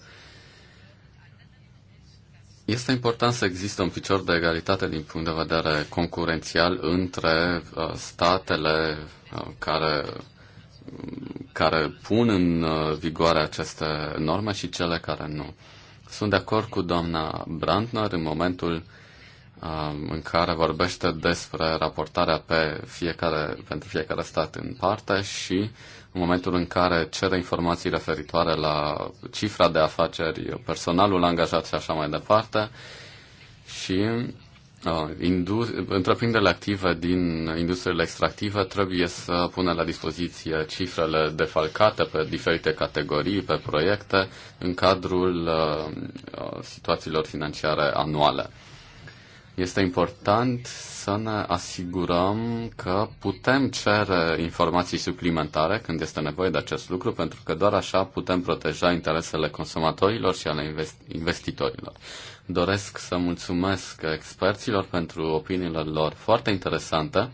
Este important să există un picior de egalitate din punct de vedere concurențial între uh, statele uh, care, care pun în uh, vigoare aceste norme și cele care nu. Sunt de acord cu doamna Brandner în momentul um, în care vorbește despre raportarea pe fiecare, pentru fiecare stat în parte și în momentul în care cere informații referitoare la cifra de afaceri, personalul angajat și așa mai departe. Și uh, întreprinderile active din industriile extractive trebuie să pună la dispoziție cifrele defalcate pe diferite categorii, pe proiecte, în cadrul uh, uh situațiilor financiare anuale. Este important să ne asigurăm că putem cere informații suplimentare când este nevoie de acest lucru, pentru că doar așa putem proteja interesele consumatorilor și ale investitorilor. Doresc să mulțumesc experților pentru opiniile lor foarte interesante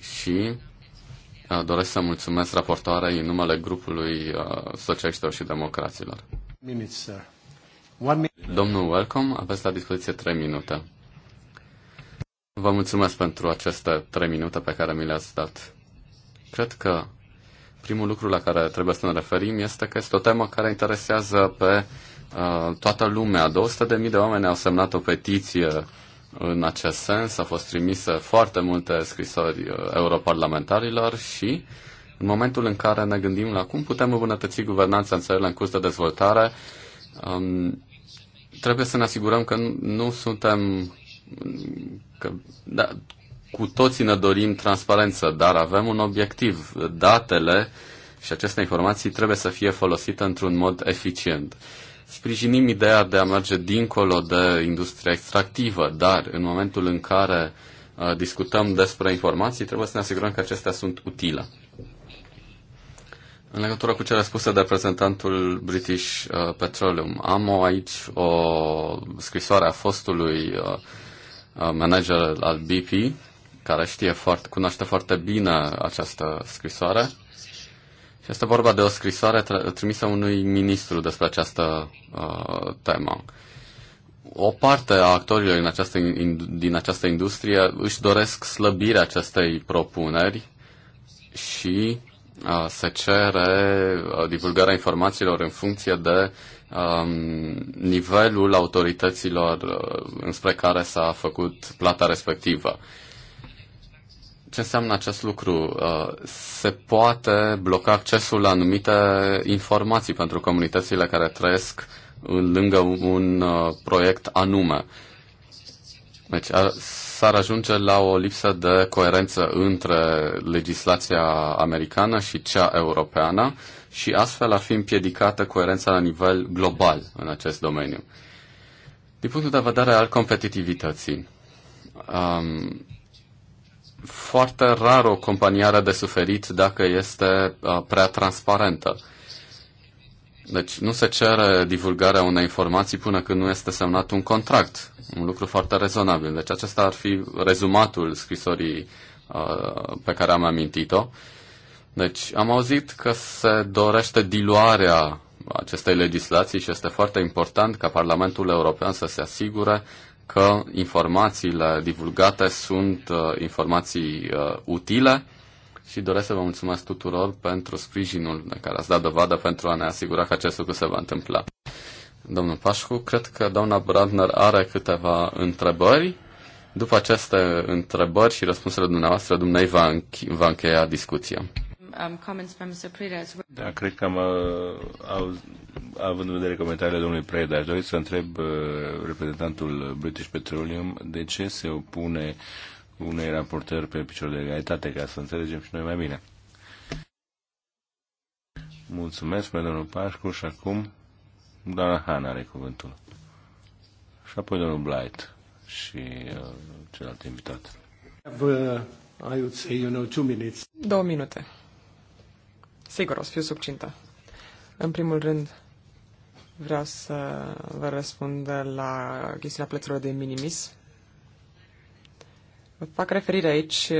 și uh, doresc să mulțumesc raportoarei în numele grupului uh, socialiștilor și democraților. Domnul Welcome, aveți la dispoziție 3 minute. Vă mulțumesc pentru aceste trei minute pe care mi le-ați dat. Cred că primul lucru la care trebuie să ne referim este că este o temă care interesează pe uh, toată lumea. 200.000 de oameni au semnat o petiție în acest sens, au fost trimise foarte multe scrisori uh, europarlamentarilor și în momentul în care ne gândim la cum putem îmbunătăți guvernanța în țările în curs de dezvoltare, um, trebuie să ne asigurăm că nu suntem că, da, cu toții ne dorim transparență, dar avem un obiectiv. Datele și aceste informații trebuie să fie folosite într-un mod eficient. Sprijinim ideea de a merge dincolo de industria extractivă, dar în momentul în care uh, discutăm despre informații, trebuie să ne asigurăm că acestea sunt utile. În legătură cu cele spuse de reprezentantul British uh, Petroleum, am o, aici o scrisoare a fostului uh, Uh, manager al BP, care știe foarte, cunoaște foarte bine această scrisoare. Și este vorba de o scrisoare trimisă unui ministru despre această uh, temă. O parte a actorilor din această, in, din această industrie își doresc slăbirea acestei propuneri și uh, se cere uh, divulgarea informațiilor în funcție de Um, nivelul autorităților uh, înspre care s-a făcut plata respectivă. Ce înseamnă acest lucru? Uh, se poate bloca accesul la anumite informații pentru comunitățile care trăiesc lângă un uh, proiect anume. Deci s-ar ajunge la o lipsă de coerență între legislația americană și cea europeană și astfel ar fi împiedicată coerența la nivel global în acest domeniu. Din punctul de vedere al competitivității, um, foarte rar o companie are de suferit dacă este uh, prea transparentă. Deci nu se cere divulgarea unei informații până când nu este semnat un contract. Un lucru foarte rezonabil. Deci acesta ar fi rezumatul scrisorii uh, pe care am amintit-o. Uh, deci am auzit că se dorește diluarea acestei legislații și este foarte important ca Parlamentul European să se asigure că informațiile divulgate sunt uh, informații uh, utile și doresc să vă mulțumesc tuturor pentru sprijinul de care ați dat dovadă pentru a ne asigura că acest lucru se va întâmpla. Domnul Pașcu, cred că doamna Brandner are câteva întrebări. După aceste întrebări și răspunsurile dumneavoastră, dumneavoastră va, înche- va încheia discuția um, comments from Mr. Preda as well. Da, cred că am uh, avut având în vedere comentariile domnului Preda, aș dori să întreb uh, reprezentantul British Petroleum de ce se opune unei raportări pe picior de legalitate, ca să înțelegem și noi mai bine. Mulțumesc pe domnul Pașcu și acum doamna Han are cuvântul. Și apoi domnul Blight și uh, celălalt invitat. Uh, Două minute. Sigur, o să fiu subcintă. În primul rând, vreau să vă răspund la chestiunea plăților de minimis. Fac referire aici uh,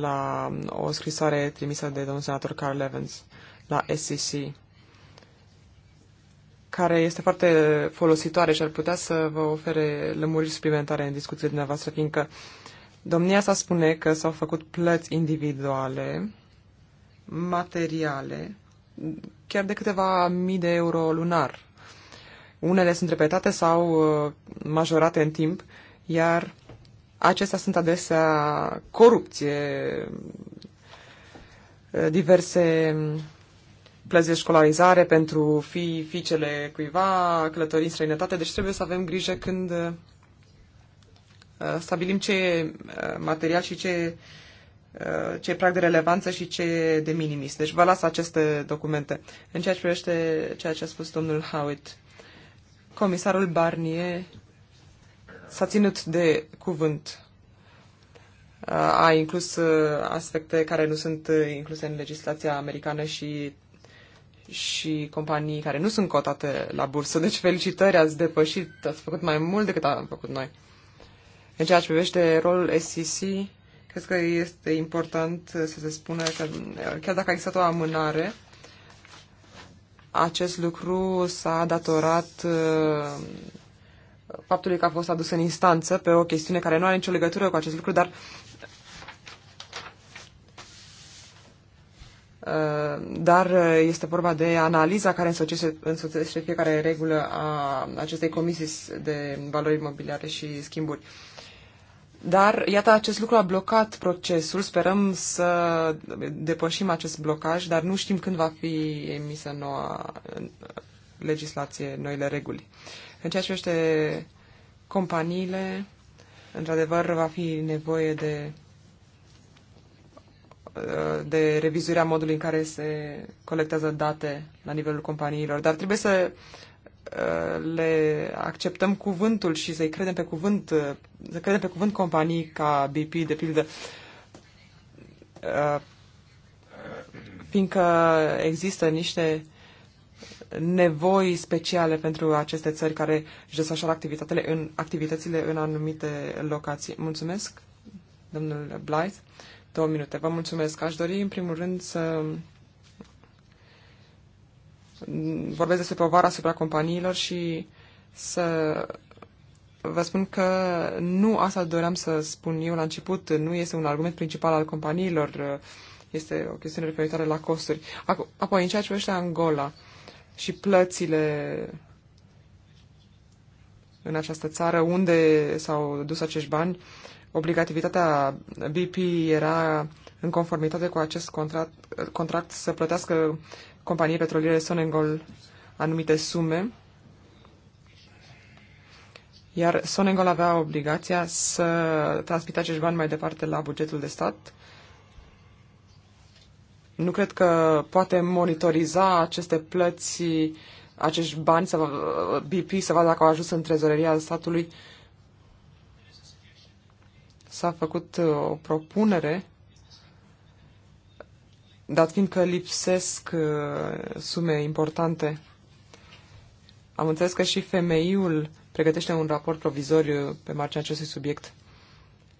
la o scrisoare trimisă de domnul senator Carl Evans la SEC, care este foarte folositoare și ar putea să vă ofere lămuriri suplimentare în discuțiile dumneavoastră, fiindcă domnia sa spune că s-au făcut plăți individuale materiale, chiar de câteva mii de euro lunar. Unele sunt repetate sau uh, majorate în timp, iar acestea sunt adesea corupție, uh, diverse um, plăți de școlarizare pentru fi, fiicele cuiva, călătorii în străinătate, deci trebuie să avem grijă când uh, stabilim ce material și ce Uh, ce e prag de relevanță și ce e de minimis. Deci vă las aceste documente. În ceea ce privește ceea ce a spus domnul Howitt, comisarul Barnier s-a ținut de cuvânt. Uh, a inclus uh, aspecte care nu sunt incluse în legislația americană și și companii care nu sunt cotate la bursă. Deci felicitări, ați depășit, ați făcut mai mult decât am făcut noi. În ceea ce privește rolul SEC, Cred că este important să se spună că chiar dacă a existat o amânare, acest lucru s-a datorat uh, faptului că a fost adus în instanță pe o chestiune care nu are nicio legătură cu acest lucru, dar uh, dar este vorba de analiza care însoțește, însoțește fiecare regulă a acestei comisii de valori imobiliare și schimburi. Dar, iată, acest lucru a blocat procesul. Sperăm să depășim acest blocaj, dar nu știm când va fi emisă noua legislație, noile reguli. În ceea ce privește companiile, într-adevăr, va fi nevoie de, de revizuirea modului în care se colectează date la nivelul companiilor. Dar trebuie să Uh, le acceptăm cuvântul și să-i credem pe cuvânt, uh, să credem pe cuvânt companii ca BP, de pildă, uh, fiindcă există niște nevoi speciale pentru aceste țări care își desfășoară activitățile în, activitățile în anumite locații. Mulțumesc, domnul Blythe. Două minute. Vă mulțumesc. Aș dori, în primul rând, să vorbesc despre povara asupra companiilor și să vă spun că nu asta doream să spun eu la început, nu este un argument principal al companiilor, este o chestiune referitoare la costuri. Apoi, în ceea ce privește Angola și plățile în această țară, unde s-au dus acești bani, obligativitatea BP era în conformitate cu acest contract, contract să plătească companiei petroliere Sonengol anumite sume, iar Sonengol avea obligația să transmită acești bani mai departe la bugetul de stat. Nu cred că poate monitoriza aceste plăți, acești bani, să, BP, să vadă dacă au ajuns în trezoreria statului. S-a făcut uh, o propunere dat fiindcă lipsesc uh, sume importante. Am înțeles că și femeiul pregătește un raport provizoriu pe marginea acestui subiect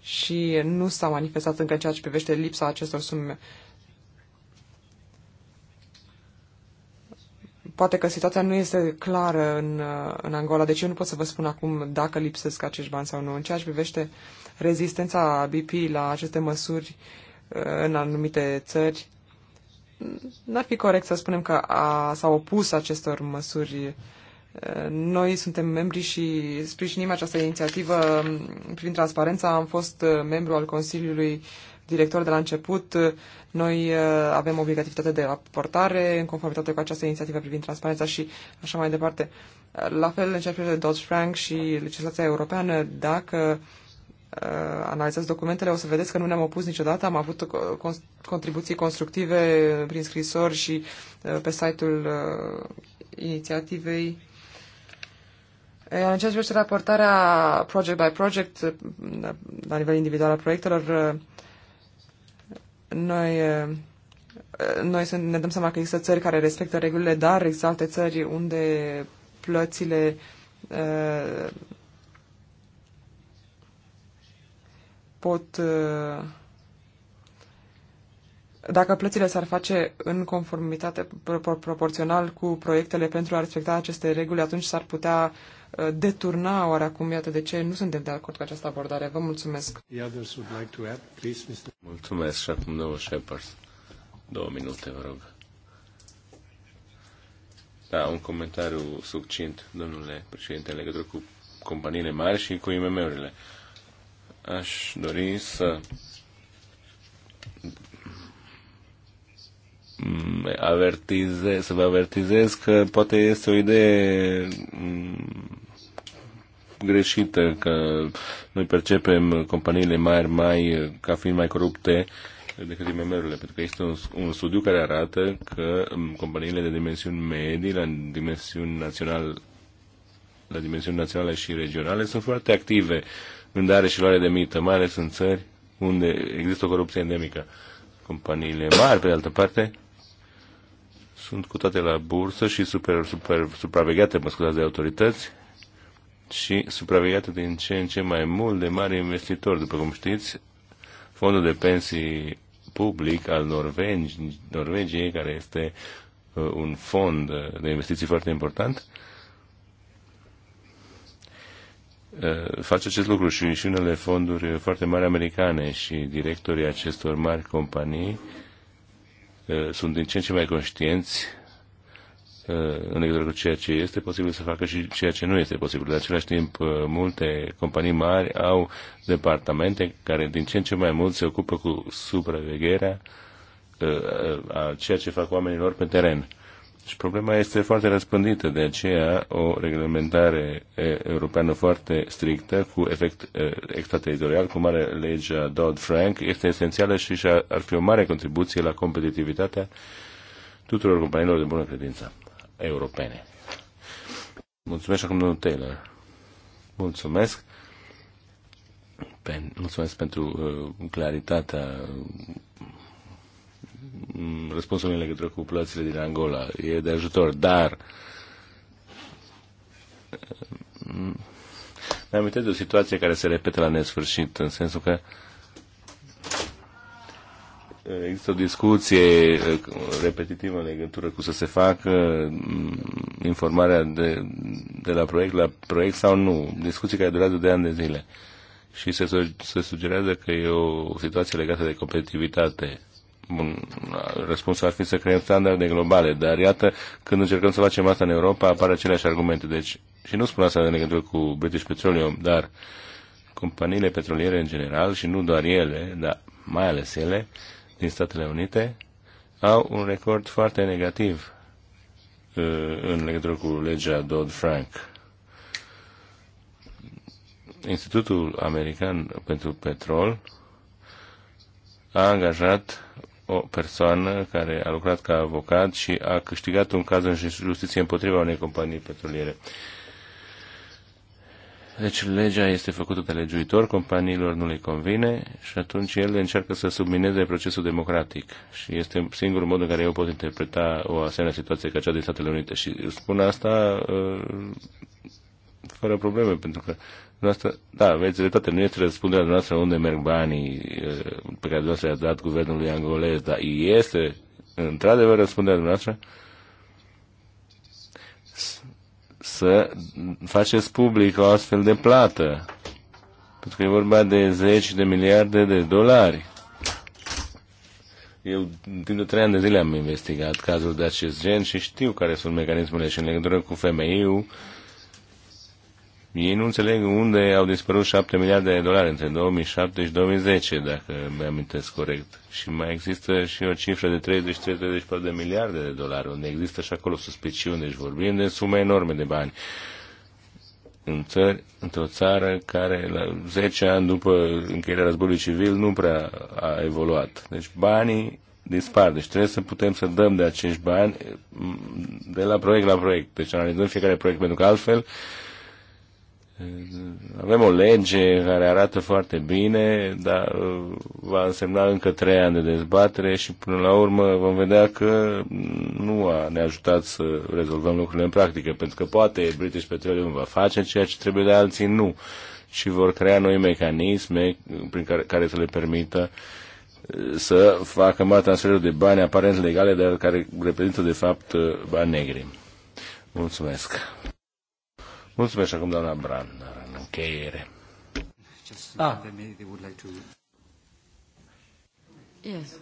și nu s-a manifestat încă în ceea ce privește lipsa acestor sume. Poate că situația nu este clară în, uh, în Angola, deci eu nu pot să vă spun acum dacă lipsesc acești bani sau nu. În ceea ce privește rezistența BP la aceste măsuri uh, în anumite țări, n-ar fi corect să spunem că a, s au opus acestor măsuri. Noi suntem membri și sprijinim această inițiativă prin transparența. Am fost membru al Consiliului director de la început. Noi avem obligativitatea de raportare în conformitate cu această inițiativă privind transparența și așa mai departe. La fel, în ceea ce privește Dodd-Frank și legislația europeană, dacă uh, Uh, analizez documentele, o să vedeți că nu ne-am opus niciodată. Am avut contribuții constructive prin scrisori și uh, pe site-ul uh, inițiativei. În ceea ce privește raportarea project by project, la nivel individual al proiectelor, noi, noi ne dăm seama că există țări care respectă regulile, dar există alte țări unde plățile pot uh, dacă plățile s-ar face în conformitate proporțional cu proiectele pentru a respecta aceste reguli, atunci s-ar putea uh, deturna oarecum, iată de ce nu suntem de acord cu această abordare. Vă mulțumesc. Mulțumesc și acum două Shepard. Două minute, vă rog. Da, un comentariu succint, domnule președinte, în legătură cu companiile mari și cu IMM-urile. Uh, Aș dori să avertize, să vă avertizez că poate este o idee mm, greșită, că noi percepem companiile mai mai ca fiind mai corupte decât IMM-urile, pentru că este un, un studiu care arată că mm, companiile de dimensiuni medii, la dimensiuni național, la dimensiuni naționale și regionale, sunt foarte active vândare și luare de mită, mai ales în țări unde există o corupție endemică. Companiile mari, pe de altă parte, sunt cu toate la bursă și super, super, supravegheate, mă scuzați, de autorități și supravegheate din ce în ce mai mult de mari investitori. După cum știți, fondul de pensii public al Norvegiei, care este uh, un fond de investiții foarte important, Eh, face acest lucru și, și unele fonduri foarte mari americane și directorii acestor mari companii eh, sunt din ce în ce mai conștienți eh, în legătură cu ceea ce este posibil să facă și ceea ce nu este posibil. De același timp, multe companii mari au departamente care din ce în ce mai mult se ocupă cu supravegherea a ceea ce fac oamenilor pe teren. Și problema este foarte răspândită, de aceea o reglementare europeană foarte strictă, cu efect extrateritorial, cum are legea Dodd-Frank, este esențială și ar fi o mare contribuție la competitivitatea tuturor companiilor de bună credință europene. Mulțumesc acum domnul Taylor. Mulțumesc. mulțumesc pentru uh, claritatea Mm, răspunsul în legătură cu populațiile din Angola. E de ajutor, dar mm, mi amintesc de o situație care se repetă la nesfârșit, în sensul că uh, există o discuție uh, repetitivă în legătură cu să se facă mm, informarea de, de la proiect la proiect sau nu. Discuții care durează de ani de zile. Și se, se sugerează că e o situație legată de competitivitate. Bun, răspunsul ar fi să creăm standarde globale, dar iată, când încercăm să facem asta în Europa, apar aceleași argumente. Deci, și nu spun asta în legătură cu British Petroleum, dar companiile petroliere în general, și nu doar ele, dar mai ales ele, din Statele Unite, au un record foarte negativ uh, în legătură cu legea Dodd-Frank. Institutul American pentru Petrol a angajat o persoană care a lucrat ca avocat și a câștigat un caz în justiție împotriva unei companii petroliere. Deci legea este făcută de legiuitor, companiilor nu le convine și atunci el încearcă să submineze procesul democratic. Și este singurul mod în care eu pot interpreta o asemenea situație ca cea din Statele Unite. Și spun asta uh, fără probleme, pentru că noastră, da, veți dreptate, nu este răspunderea noastră unde merg banii eh, pe care dumneavoastră i-ați dat guvernului angolez, dar este într-adevăr răspunderea noastră să faceți public o astfel de plată. Pentru că e vorba de zeci de miliarde de dolari. Eu timp de trei ani de zile am investigat cazuri de acest gen și știu care sunt mecanismele și în legătură cu femeiul ei nu înțeleg unde au dispărut 7 miliarde de dolari între 2007 și 2010, dacă mi-amintesc corect. Și mai există și o cifră de 33-34 de miliarde de dolari, unde există și acolo suspiciuni, deci vorbim de sume enorme de bani în țări, într-o țară care la 10 ani după încheierea războiului civil nu prea a evoluat. Deci banii dispar. Deci trebuie să putem să dăm de acești bani mm, de la proiect la proiect. Deci analizăm fiecare proiect, pentru că altfel avem o lege care arată foarte bine, dar va însemna încă trei ani de dezbatere și până la urmă vom vedea că nu a ne ajutat să rezolvăm lucrurile în practică, pentru că poate British Petroleum va face ceea ce trebuie de alții, nu. Și vor crea noi mecanisme prin care, care să le permită uh, să facă mai transferuri de bani aparent legale, dar care reprezintă de fapt uh, bani negri. Mulțumesc! Mulțumesc acum, doamna Brandner, în încheiere. Ah. Yes.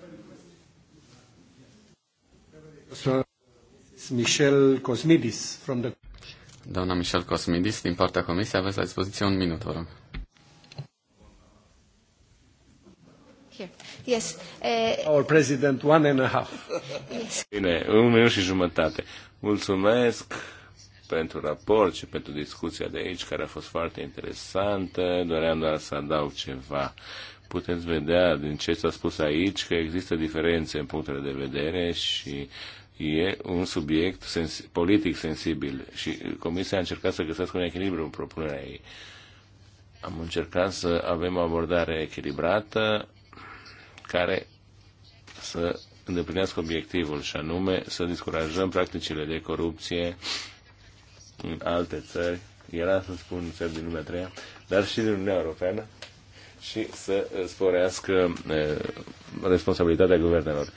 Michel Cosmidis from the... Doamna Michel Cosmidis, din partea Comisiei, aveți la dispoziție un minut, vă rog. Here. Yes. Uh... Our president, one and a half. Yes. Bine, un minut și jumătate. Mulțumesc pentru raport și pentru discuția de aici, care a fost foarte interesantă. Doream doar să adaug ceva. Puteți vedea din ce s-a spus aici că există diferențe în punctele de vedere și e un subiect sens- politic sensibil și Comisia a încercat să găsească un echilibru în propunerea ei. Am încercat să avem o abordare echilibrată care să îndeplinească obiectivul și anume să discurajăm practicile de corupție uh, în alte țări, era să spun țări din lumea treia, dar și din Uniunea Europeană și să sporească responsabilitatea guvernelor.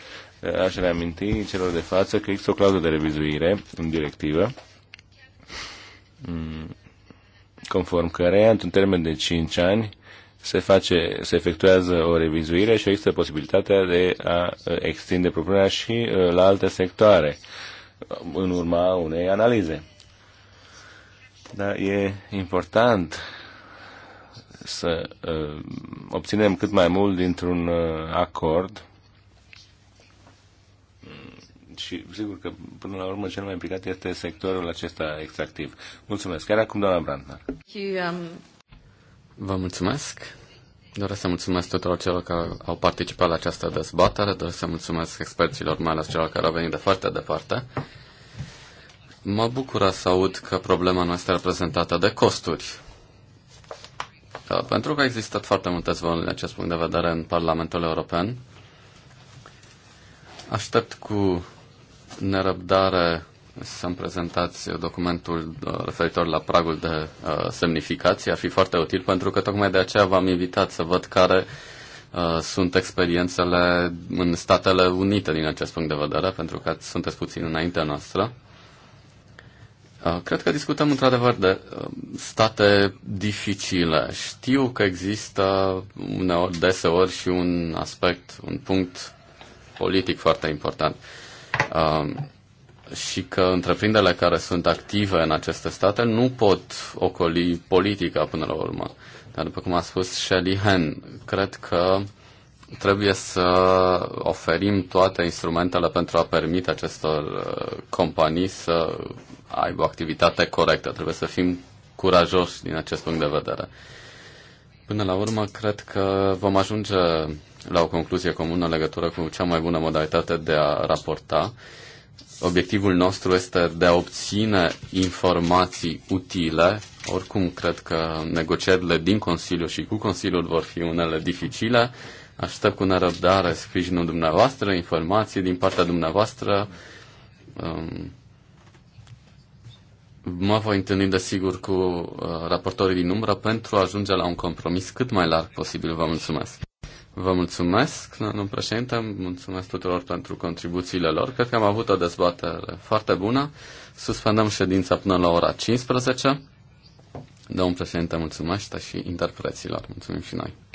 Aș reaminti celor de față că există o clauză de revizuire în directivă mm, conform căreia, într-un termen de 5 ani, se, face, se efectuează o revizuire și există posibilitatea de a extinde propunerea și la alte sectoare în urma unei analize. Da, e important să uh, obținem cât mai mult dintr-un uh, acord și sigur că până la urmă cel mai implicat este sectorul acesta extractiv. Mulțumesc. Chiar acum, doamna Brandner. Um, Vă mulțumesc. Doresc să mulțumesc tuturor celor care au participat la această dezbatere, doresc să mulțumesc experților, mai ales celor care au venit de foarte departe. Mă bucură să aud că problema nu este reprezentată de costuri. Da, pentru că a existat foarte multe zvonuri din acest punct de vedere în Parlamentul European, aștept cu nerăbdare să-mi prezentați documentul uh, referitor la pragul de uh, semnificație. Ar fi foarte util pentru că tocmai de aceea v-am invitat să văd care uh, sunt experiențele în Statele Unite din acest punct de vedere, pentru că sunteți puțin înaintea noastră. Uh, cred că discutăm într-adevăr de uh, state dificile. Știu că există uneori, deseori și un aspect, un punct politic foarte important. Uh, și că întreprinderile care sunt active în aceste state nu pot ocoli politica până la urmă. Dar după cum a spus Shelley Hen, cred că trebuie să oferim toate instrumentele pentru a permite acestor companii să aibă o activitate corectă. Trebuie să fim curajoși din acest punct de vedere. Până la urmă, cred că vom ajunge la o concluzie comună în legătură cu cea mai bună modalitate de a raporta. Obiectivul nostru este de a obține informații utile. Oricum, cred că negocierile din Consiliu și cu Consiliul vor fi unele dificile. Aștept cu nerăbdare sprijinul dumneavoastră, informații din partea dumneavoastră. Um, Mă voi întâlni, desigur, cu uh, raportorii din umbră pentru a ajunge la un compromis cât mai larg posibil. Vă mulțumesc! Vă mulțumesc, domnul președinte, mulțumesc tuturor pentru contribuțiile lor. Cred că am avut o dezbatere foarte bună. Suspendăm ședința până la ora 15. Domnul președinte, mulțumesc și interpreților. Mulțumim și noi.